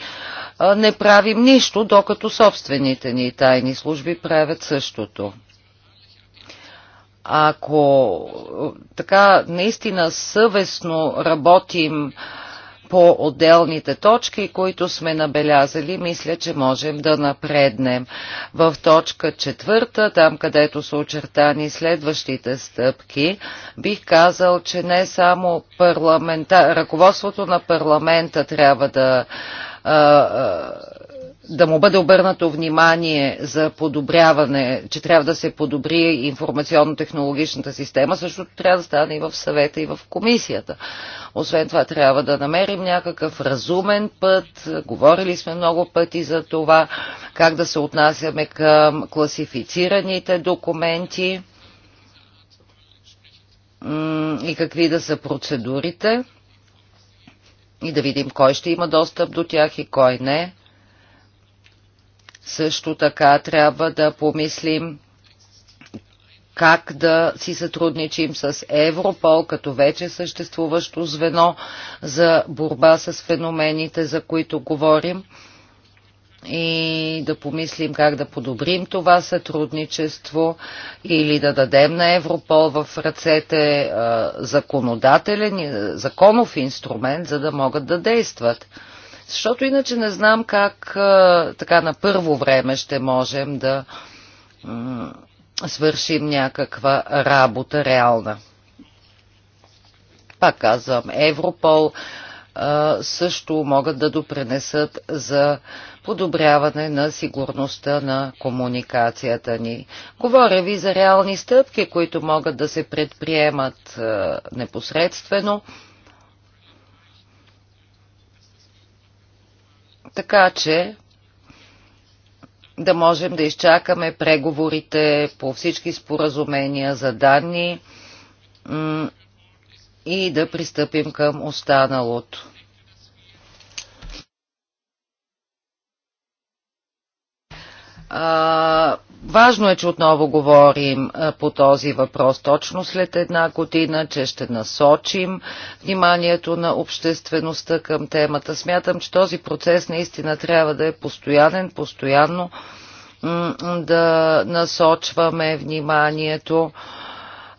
не правим нищо, докато собствените ни тайни служби правят същото. Ако така наистина съвестно работим, по отделните точки, които сме набелязали, мисля, че можем да напреднем. В точка четвърта, там където са очертани следващите стъпки, бих казал, че не само парламента, ръководството на парламента трябва да а, а, да му бъде обърнато внимание за подобряване, че трябва да се подобри информационно-технологичната система, също трябва да стане и в съвета, и в комисията. Освен това трябва да намерим някакъв разумен път, говорили сме много пъти за това, как да се отнасяме към класифицираните документи и какви да са процедурите и да видим кой ще има достъп до тях и кой не. Също така трябва да помислим как да си сътрудничим с Европол като вече съществуващо звено за борба с феномените, за които говорим и да помислим как да подобрим това сътрудничество или да дадем на Европол в ръцете законодателен, законов инструмент, за да могат да действат защото иначе не знам как така на първо време ще можем да свършим някаква работа реална. Пак казвам, Европол също могат да допренесат за подобряване на сигурността на комуникацията ни. Говоря ви за реални стъпки, които могат да се предприемат непосредствено така че да можем да изчакаме преговорите по всички споразумения за данни и да пристъпим към останалото. А, Важно е, че отново говорим по този въпрос точно след една година, че ще насочим вниманието на обществеността към темата. Смятам, че този процес наистина трябва да е постоянен, постоянно да насочваме вниманието.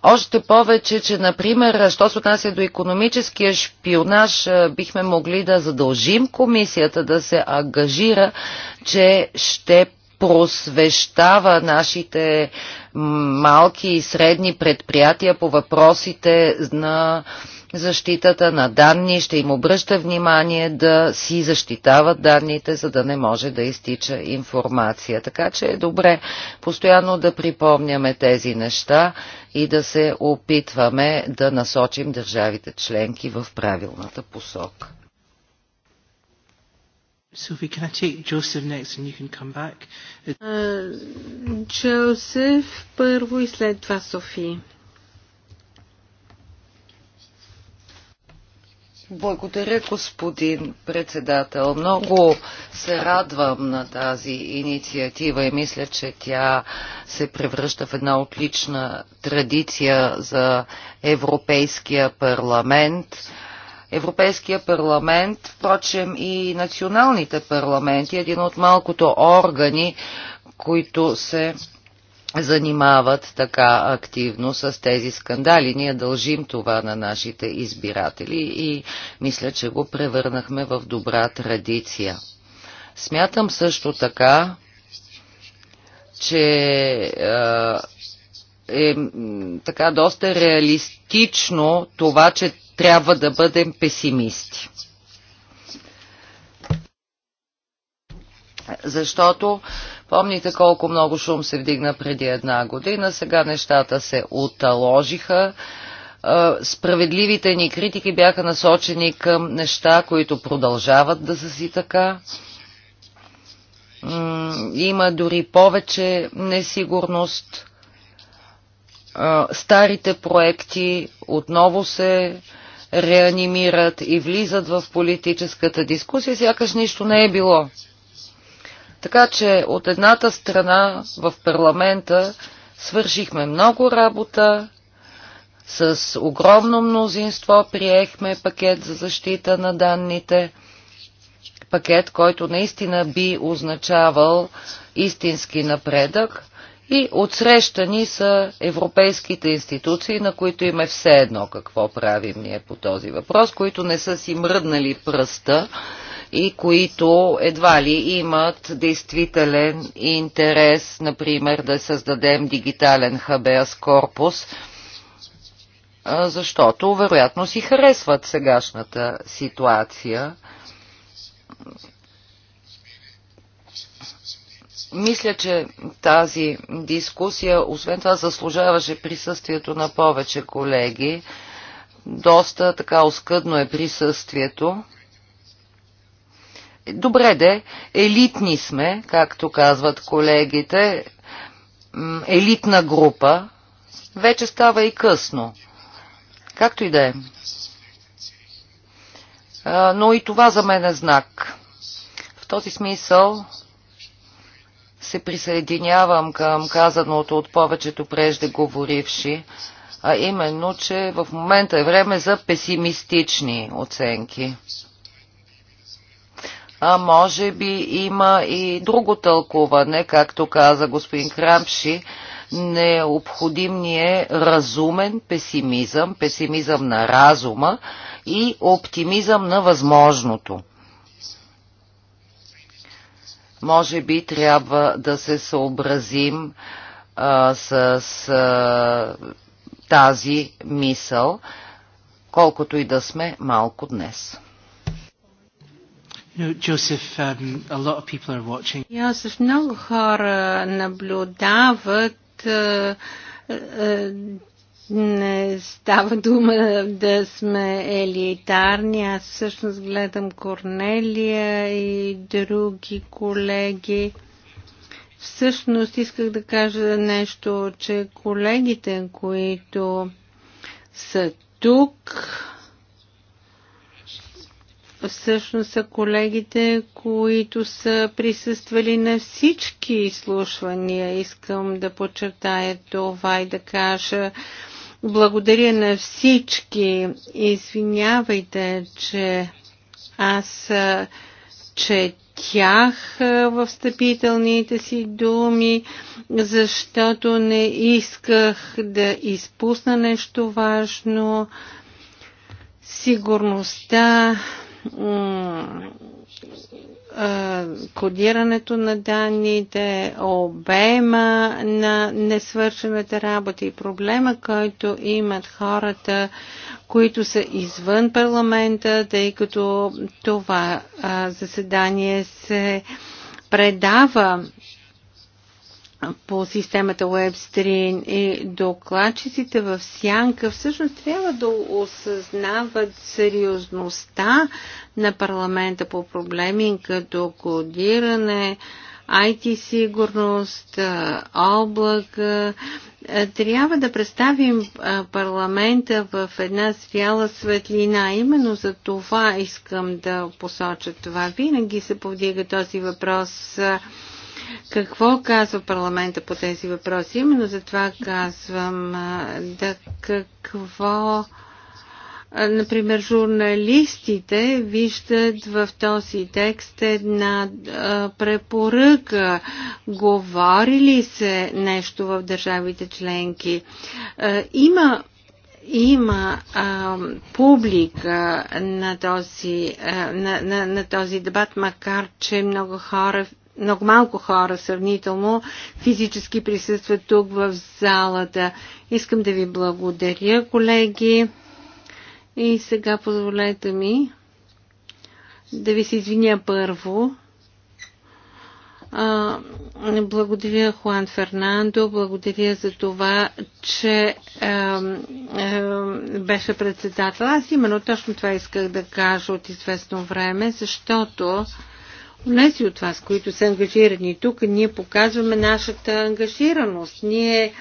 Още повече, че, например, що се отнася до економическия шпионаж, бихме могли да задължим комисията да се ангажира, че ще просвещава нашите малки и средни предприятия по въпросите на защитата на данни, ще им обръща внимание да си защитават данните, за да не може да изтича информация. Така че е добре постоянно да припомняме тези неща и да се опитваме да насочим държавите членки в правилната посока. Sophie, can I take Joseph next and you can come back? Джозеф uh, първо и след това Софи. Благодаря, господин председател. Много се радвам на тази инициатива и мисля, че тя се превръща в една отлична традиция за Европейския парламент Европейския парламент, впрочем и националните парламенти, един от малкото органи, които се занимават така активно с тези скандали. Ние дължим това на нашите избиратели и мисля, че го превърнахме в добра традиция. Смятам също така, че е така доста реалистично това, че трябва да бъдем песимисти. Защото помните колко много шум се вдигна преди една година, сега нещата се оталожиха е, справедливите ни критики бяха насочени към неща, които продължават да са си така. Има дори повече несигурност. Е, старите проекти отново се реанимират и влизат в политическата дискусия, сякаш нищо не е било. Така че от едната страна в парламента свършихме много работа, с огромно мнозинство приехме пакет за защита на данните, пакет, който наистина би означавал истински напредък, и отсрещани са европейските институции, на които им е все едно какво правим ние по този въпрос, които не са си мръднали пръста и които едва ли имат действителен интерес, например, да създадем дигитален хабеас корпус, защото вероятно си харесват сегашната ситуация мисля, че тази дискусия, освен това, заслужаваше присъствието на повече колеги. Доста така оскъдно е присъствието. Добре де, елитни сме, както казват колегите, елитна група. Вече става и късно. Както и да е. Но и това за мен е знак. В този смисъл се присъединявам към казаното от повечето преждеговоривши, а именно, че в момента е време за песимистични оценки. А може би има и друго тълкуване, както каза господин Крамши, необходим ни е разумен песимизъм, песимизъм на разума и оптимизъм на възможното. Може би трябва да се съобразим а, с а, тази мисъл, колкото и да сме малко днес. Джозеф, um, много хора наблюдават не става дума да сме елитарни. Аз всъщност гледам Корнелия и други колеги. Всъщност исках да кажа нещо, че колегите, които са тук, всъщност са колегите, които са присъствали на всички изслушвания. Искам да подчертая това и да кажа, благодаря на всички. Извинявайте, че аз четях в встъпителните си думи, защото не исках да изпусна нещо важно. Сигурността кодирането на данните, обема на несвършената работа и проблема, който имат хората, които са извън парламента, тъй като това заседание се предава по системата WebStream и докладчиците в сянка всъщност трябва да осъзнават сериозността на парламента по проблеми като кодиране, IT-сигурност, облак. Трябва да представим парламента в една свяла светлина. Именно за това искам да посоча това. Винаги се повдига този въпрос какво казва парламента по тези въпроси? Именно за това казвам да какво Например, журналистите виждат в този текст една препоръка. Говори ли се нещо в държавите членки? Има има а, публика на този, а, на, на, на този дебат, макар че много хора много малко хора сравнително физически присъстват тук в залата. Искам да ви благодаря, колеги. И сега позволете ми да ви се извиня първо. А, благодаря Хуан Фернандо, благодаря за това, че а, а, беше председател. Аз именно точно това исках да кажа от известно време, защото Унеси от вас, които са ангажирани тук, ние показваме нашата ангажираност. Ние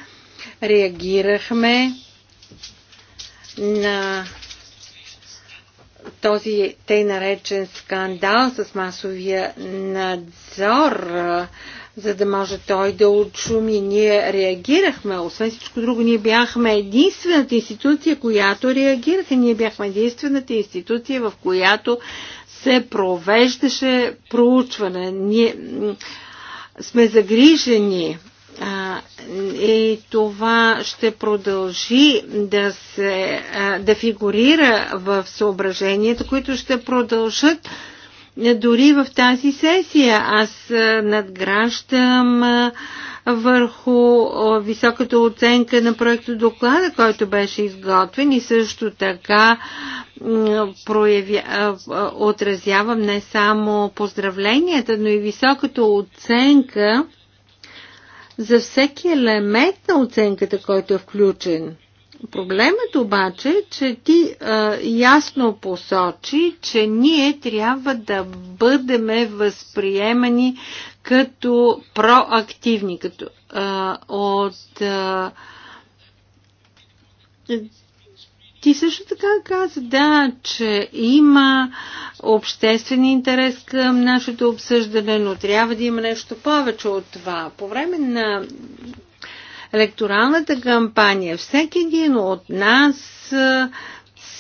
реагирахме на този тъй наречен скандал с масовия надзор, за да може той да отшуми. Ние реагирахме, освен всичко друго, ние бяхме единствената институция, която реагираха. Ние бяхме единствената институция, в която се провеждаше проучване. Ние сме загрижени и това ще продължи да, се, да фигурира в съображенията, които ще продължат дори в тази сесия. Аз надграждам а, върху високата оценка на проекта доклада, който беше изготвен и също така проявя, отразявам не само поздравленията, но и високата оценка за всеки елемент на оценката, който е включен. Проблемът обаче е, че ти а, ясно посочи, че ние трябва да бъдеме възприемани като проактивни, като а, от. А, ти също така каза, да, че има обществен интерес към нашето обсъждане, но трябва да има нещо повече от това. По време на електоралната кампания всеки един от нас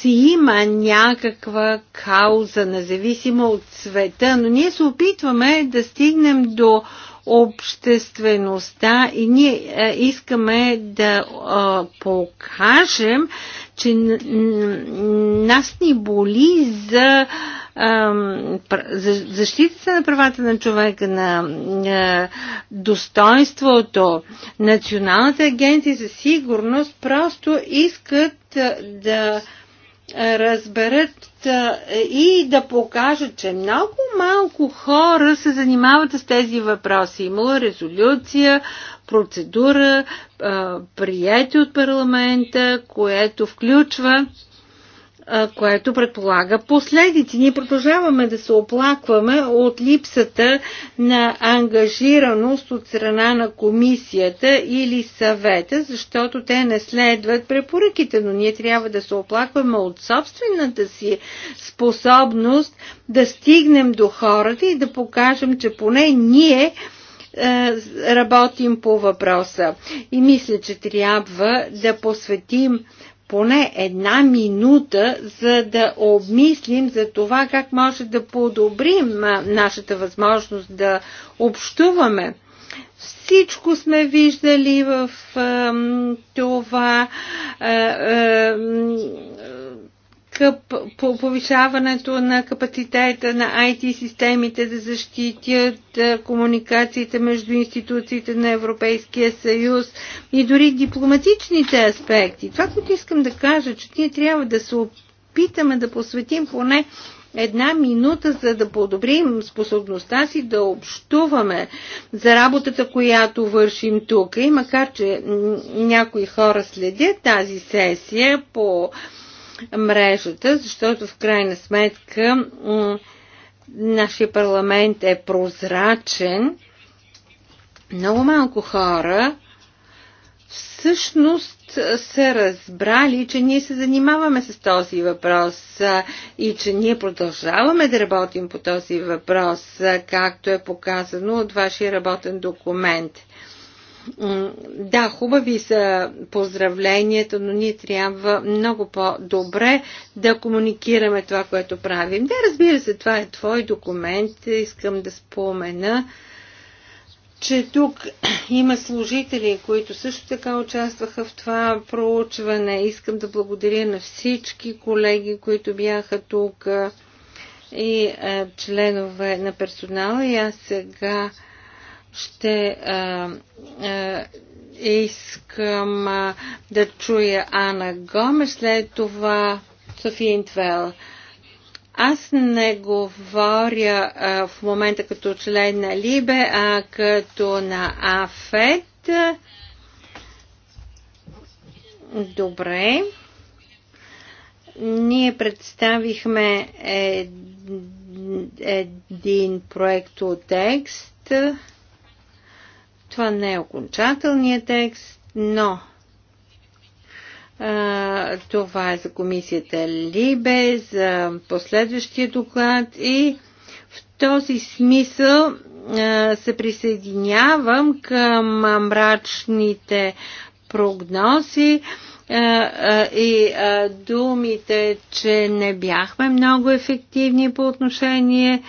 си има някаква кауза, независимо от света, но ние се опитваме да стигнем до обществеността и ние а, е, искаме да а, е, покажем, че нас ни боли за, а, за защитата на правата на човека, на а, е, достоинството. Националната агенция за сигурност просто искат да разберат и да покажат, че много малко хора се занимават с тези въпроси. Имало резолюция, процедура, прияти от парламента, което включва което предполага последици. Ние продължаваме да се оплакваме от липсата на ангажираност от страна на комисията или съвета, защото те не следват препоръките, но ние трябва да се оплакваме от собствената си способност да стигнем до хората и да покажем, че поне ние работим по въпроса. И мисля, че трябва да посветим поне една минута, за да обмислим за това как може да подобрим нашата възможност да общуваме. Всичко сме виждали в е, това. Е, е, по повишаването на капацитета на IT системите да защитят комуникациите между институциите на Европейския съюз и дори дипломатичните аспекти. Това, което искам да кажа, че ние трябва да се опитаме да посветим поне една минута, за да подобрим способността си да общуваме за работата, която вършим тук. И макар, че някои хора следят тази сесия по мрежата, защото в крайна сметка нашия парламент е прозрачен. Много малко хора всъщност са разбрали, че ние се занимаваме с този въпрос и че ние продължаваме да работим по този въпрос, както е показано от вашия работен документ. Да, хубави са поздравленията, но ние трябва много по-добре да комуникираме това, което правим. Да, разбира се, това е твой документ. Искам да спомена, че тук има служители, които също така участваха в това проучване. Искам да благодаря на всички колеги, които бяха тук и е, членове на персонала. И аз сега ще а, а, искам а, да чуя Ана Гомеш, след това София Интвел. Аз не говоря а, в момента като член на Либе, а като на Афет. Добре. Ние представихме един проект от текст. Това не е окончателният текст, но а, това е за комисията Либе, за последващия доклад и в този смисъл а, се присъединявам към мрачните прогнози. А, е, е, и е, думите, че не бяхме много ефективни по отношение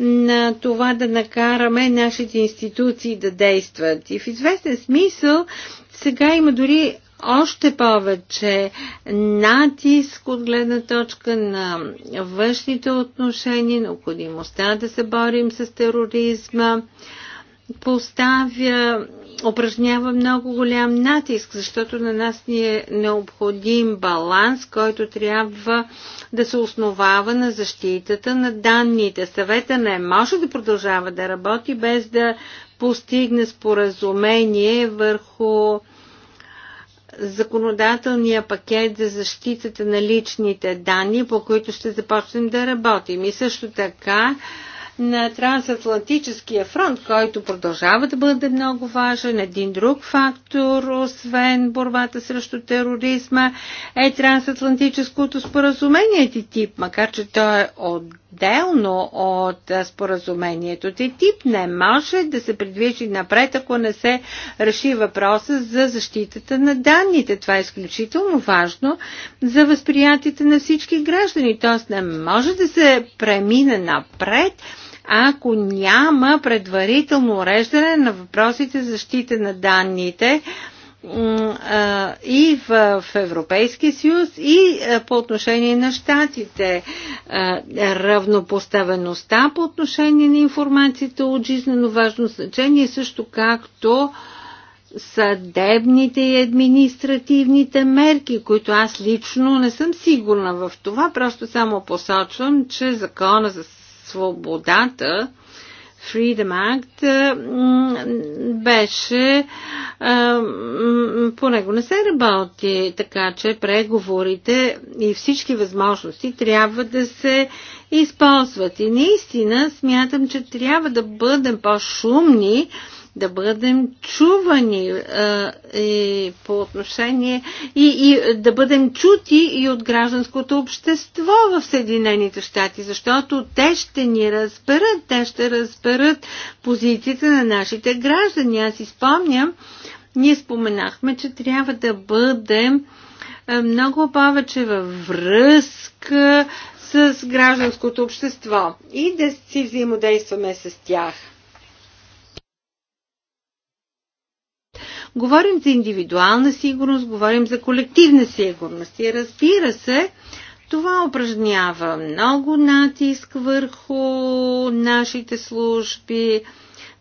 на това да накараме нашите институции да действат. И в известен смисъл сега има дори още повече натиск от гледна точка на външните отношения, необходимостта да се борим с тероризма, поставя упражнява много голям натиск, защото на нас ни е необходим баланс, който трябва да се основава на защитата на данните. Съвета не може да продължава да работи без да постигне споразумение върху законодателния пакет за защитата на личните данни, по които ще започнем да работим. И също така на трансатлантическия фронт, който продължава да бъде много важен. Един друг фактор, освен борбата срещу тероризма, е трансатлантическото споразумение ТИТИП, макар че то е отделно от споразумението ТИТИП, не може да се придвижи напред, ако не се реши въпроса за защитата на данните. Това е изключително важно за възприятите на всички граждани, т.е. не може да се премине напред, ако няма предварително уреждане на въпросите за защита на данните и в Европейския съюз, и по отношение на щатите. Равнопоставеността по отношение на информацията е от жизнено важно значение, също както съдебните и административните мерки, които аз лично не съм сигурна в това, просто само посочвам, че закона за свободата, Freedom Act беше по него не се работи, така че преговорите и всички възможности трябва да се използват. И наистина смятам, че трябва да бъдем по-шумни, да бъдем чувани а, и е, по отношение и, и да бъдем чути и от гражданското общество в Съединените щати, защото те ще ни разберат, те ще разберат позицията на нашите граждани. Аз изпомням, ние споменахме, че трябва да бъдем много повече във връзка с гражданското общество и да си взаимодействаме с тях. Говорим за индивидуална сигурност, говорим за колективна сигурност. И разбира се, това упражнява много натиск върху нашите служби.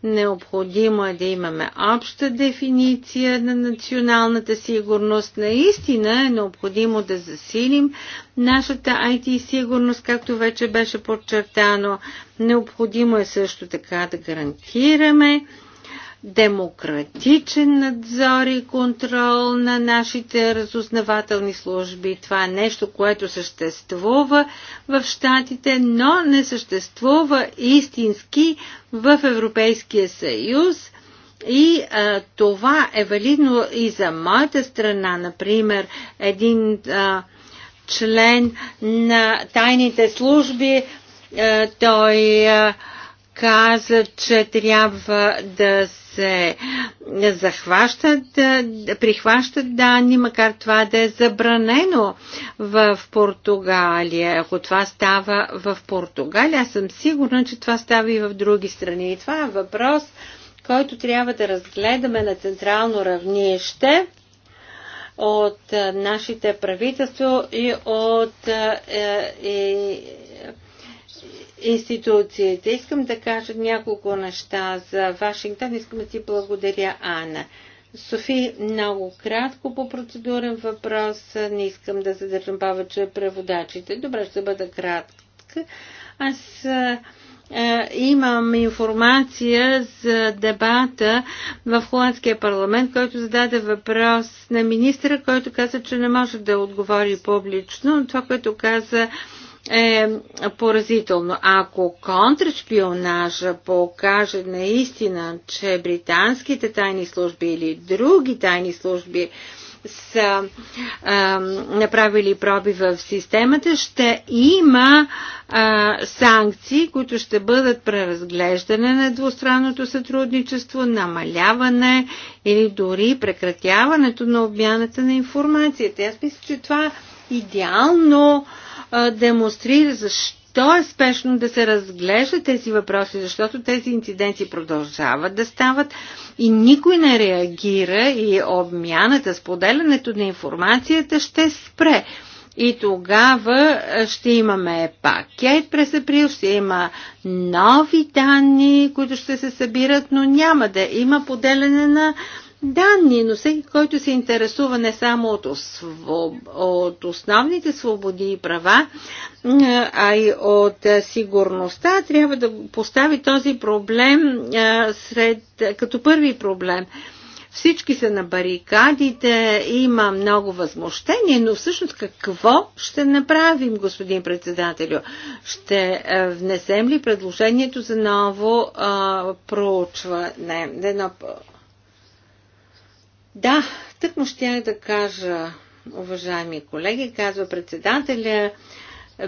Необходимо е да имаме обща дефиниция на националната сигурност. Наистина е необходимо да засилим нашата IT сигурност, както вече беше подчертано. Необходимо е също така да гарантираме демократичен надзор и контрол на нашите разузнавателни служби. Това е нещо, което съществува в Штатите, но не съществува истински в Европейския съюз. И а, това е валидно и за моята страна. Например, един а, член на тайните служби, а, той а, каза, че трябва да се захващат, е, прихващат данни, макар това да е забранено в Португалия. Ако това става в Португалия, аз съм сигурна, че това става и в други страни. И това е въпрос, който трябва да разгледаме на централно равнище от е, нашите правителства и от е, е, институциите. Искам да кажа няколко неща за Вашингтон. Искам да ти благодаря, Ана. Софи, много кратко по процедурен въпрос. Не искам да задържам повече преводачите. Добре, ще бъда кратка. Аз имам информация за дебата в Холандския парламент, който зададе въпрос на министра, който каза, че не може да отговори публично. Това, което каза е поразително. Ако контршпионажа покаже наистина, че британските тайни служби или други тайни служби са а, направили проби в системата, ще има а, санкции, които ще бъдат преразглеждане на двустранното сътрудничество, намаляване или дори прекратяването на обмяната на информацията. Аз мисля, че това идеално а, демонстрира защо то е спешно да се разглежда тези въпроси, защото тези инциденти продължават да стават и никой не реагира и обмяната, споделянето на информацията ще спре. И тогава ще имаме пакет през април, ще има нови данни, които ще се събират, но няма да има поделяне на данни, но всеки, който се интересува не само от, освоб... от основните свободи и права, а и от сигурността, трябва да постави този проблем сред... като първи проблем. Всички са на барикадите, има много възмущение, но всъщност какво ще направим, господин председателю? Ще е, внесем ли предложението за ново а, проучване? Да, тък му щях да кажа, уважаеми колеги, казва председателя,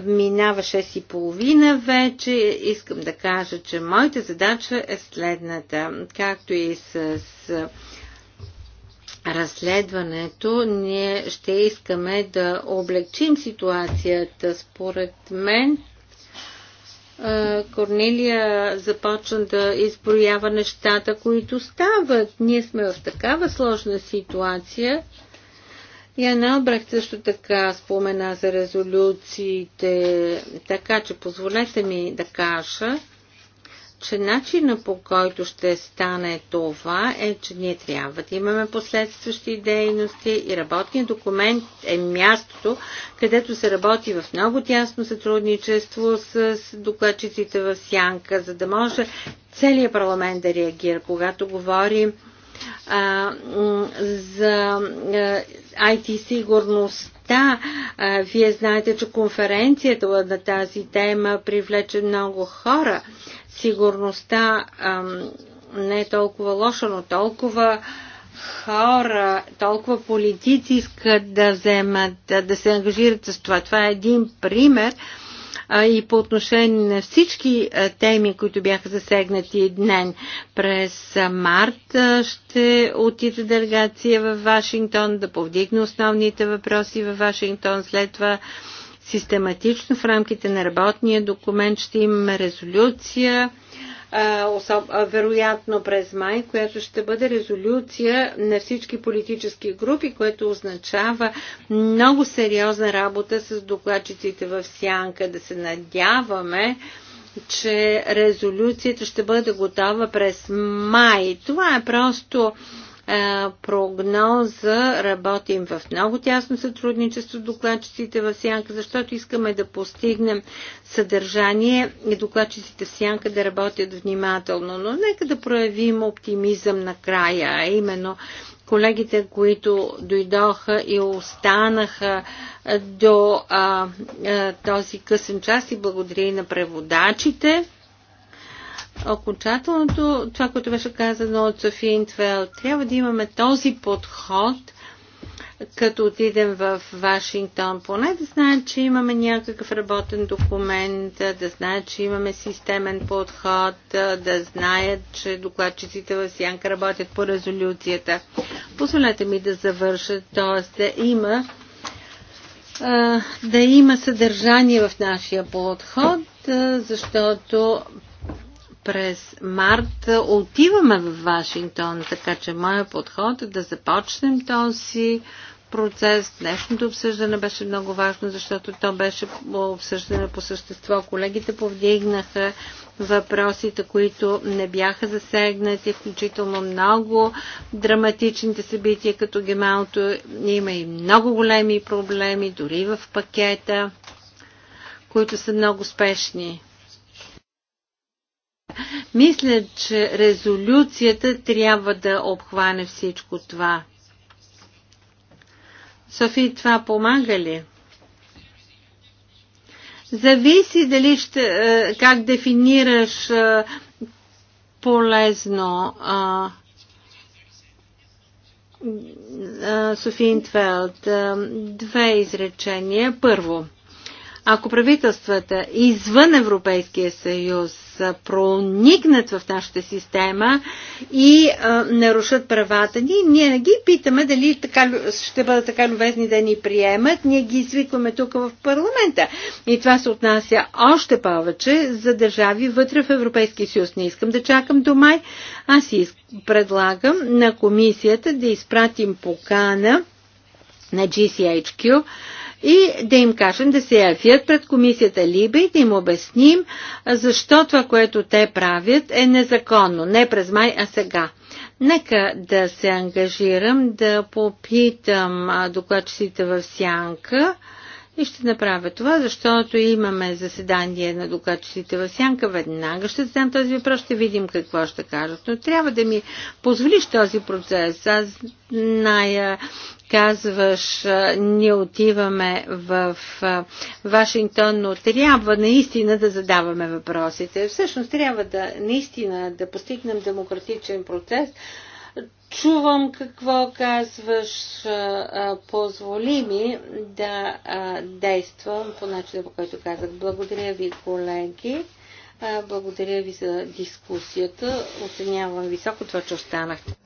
минава 6 и половина вече. Искам да кажа, че моята задача е следната. Както и с разследването, ние ще искаме да облегчим ситуацията. Според мен, Корнелия започна да изброява нещата, които стават. Ние сме в такава сложна ситуация. Яна обрех също така спомена за резолюциите, така че позволете ми да кажа, че начина по който ще стане това е, че ние трябва да имаме последстващи дейности и работният документ е мястото, където се работи в много тясно сътрудничество с докладчиците в Сянка, за да може целият парламент да реагира, когато говорим а, за IT сигурността. А, вие знаете, че конференцията на тази тема привлече много хора сигурността не е толкова лоша, но толкова хора, толкова политици искат да вземат, да се ангажират с това. Това е един пример и по отношение на всички теми, които бяха засегнати днен. През март ще отида делегация в Вашингтон да повдигне основните въпроси в Вашингтон. След това систематично в рамките на работния документ. Ще имаме резолюция, вероятно през май, която ще бъде резолюция на всички политически групи, което означава много сериозна работа с докладчиците в Сянка. Да се надяваме, че резолюцията ще бъде готова през май. Това е просто прогноза работим в много тясно сътрудничество с докладчиците в Сянка, защото искаме да постигнем съдържание и докладчиците в Сянка да работят внимателно. Но нека да проявим оптимизъм накрая, а именно колегите, които дойдоха и останаха до а, а, този късен час и благодаря и на преводачите окончателното, това, което беше казано от София Интвел, трябва да имаме този подход, като отидем в Вашингтон, поне да знаят, че имаме някакъв работен документ, да знаят, че имаме системен подход, да знаят, че докладчиците в Сянка работят по резолюцията. Позволете ми да завърша, т.е. да има да има съдържание в нашия подход, защото през март отиваме в Вашингтон, така че моят подход е да започнем този процес. Днешното обсъждане беше много важно, защото то беше обсъждане по същество. Колегите повдигнаха въпросите, които не бяха засегнати, включително много драматичните събития, като Гемалто. Има и много големи проблеми, дори в пакета, които са много спешни. Мисля, че резолюцията трябва да обхване всичко това. Софи, това помага ли? Зависи дали ще, е, как дефинираш е, полезно е, Софи Интвелд. Две изречения. Първо – ако правителствата извън Европейския съюз проникнат в нашата система и а, нарушат правата ни, ние не ги питаме дали така, ще бъдат така любезни да ни приемат, ние ги извикваме тук в парламента. И това се отнася още повече за държави вътре в Европейския съюз. Не искам да чакам до май. Аз предлагам на комисията да изпратим покана на GCHQ и да им кажем да се явят пред комисията Либе и да им обясним защо това, което те правят е незаконно. Не през май, а сега. Нека да се ангажирам да попитам докладчиците в сянка и ще направя това, защото имаме заседание на докладчиците в Сянка. Веднага ще задам този въпрос, ще видим какво ще кажат. Но трябва да ми позволиш този процес. Аз зная, казваш, ние отиваме в Вашингтон, но трябва наистина да задаваме въпросите. Всъщност трябва да наистина да постигнем демократичен процес, чувам какво казваш, позволи ми да действам по начина, по който казах. Благодаря ви, колеги. Благодаря ви за дискусията. Оценявам високо това, че останахте.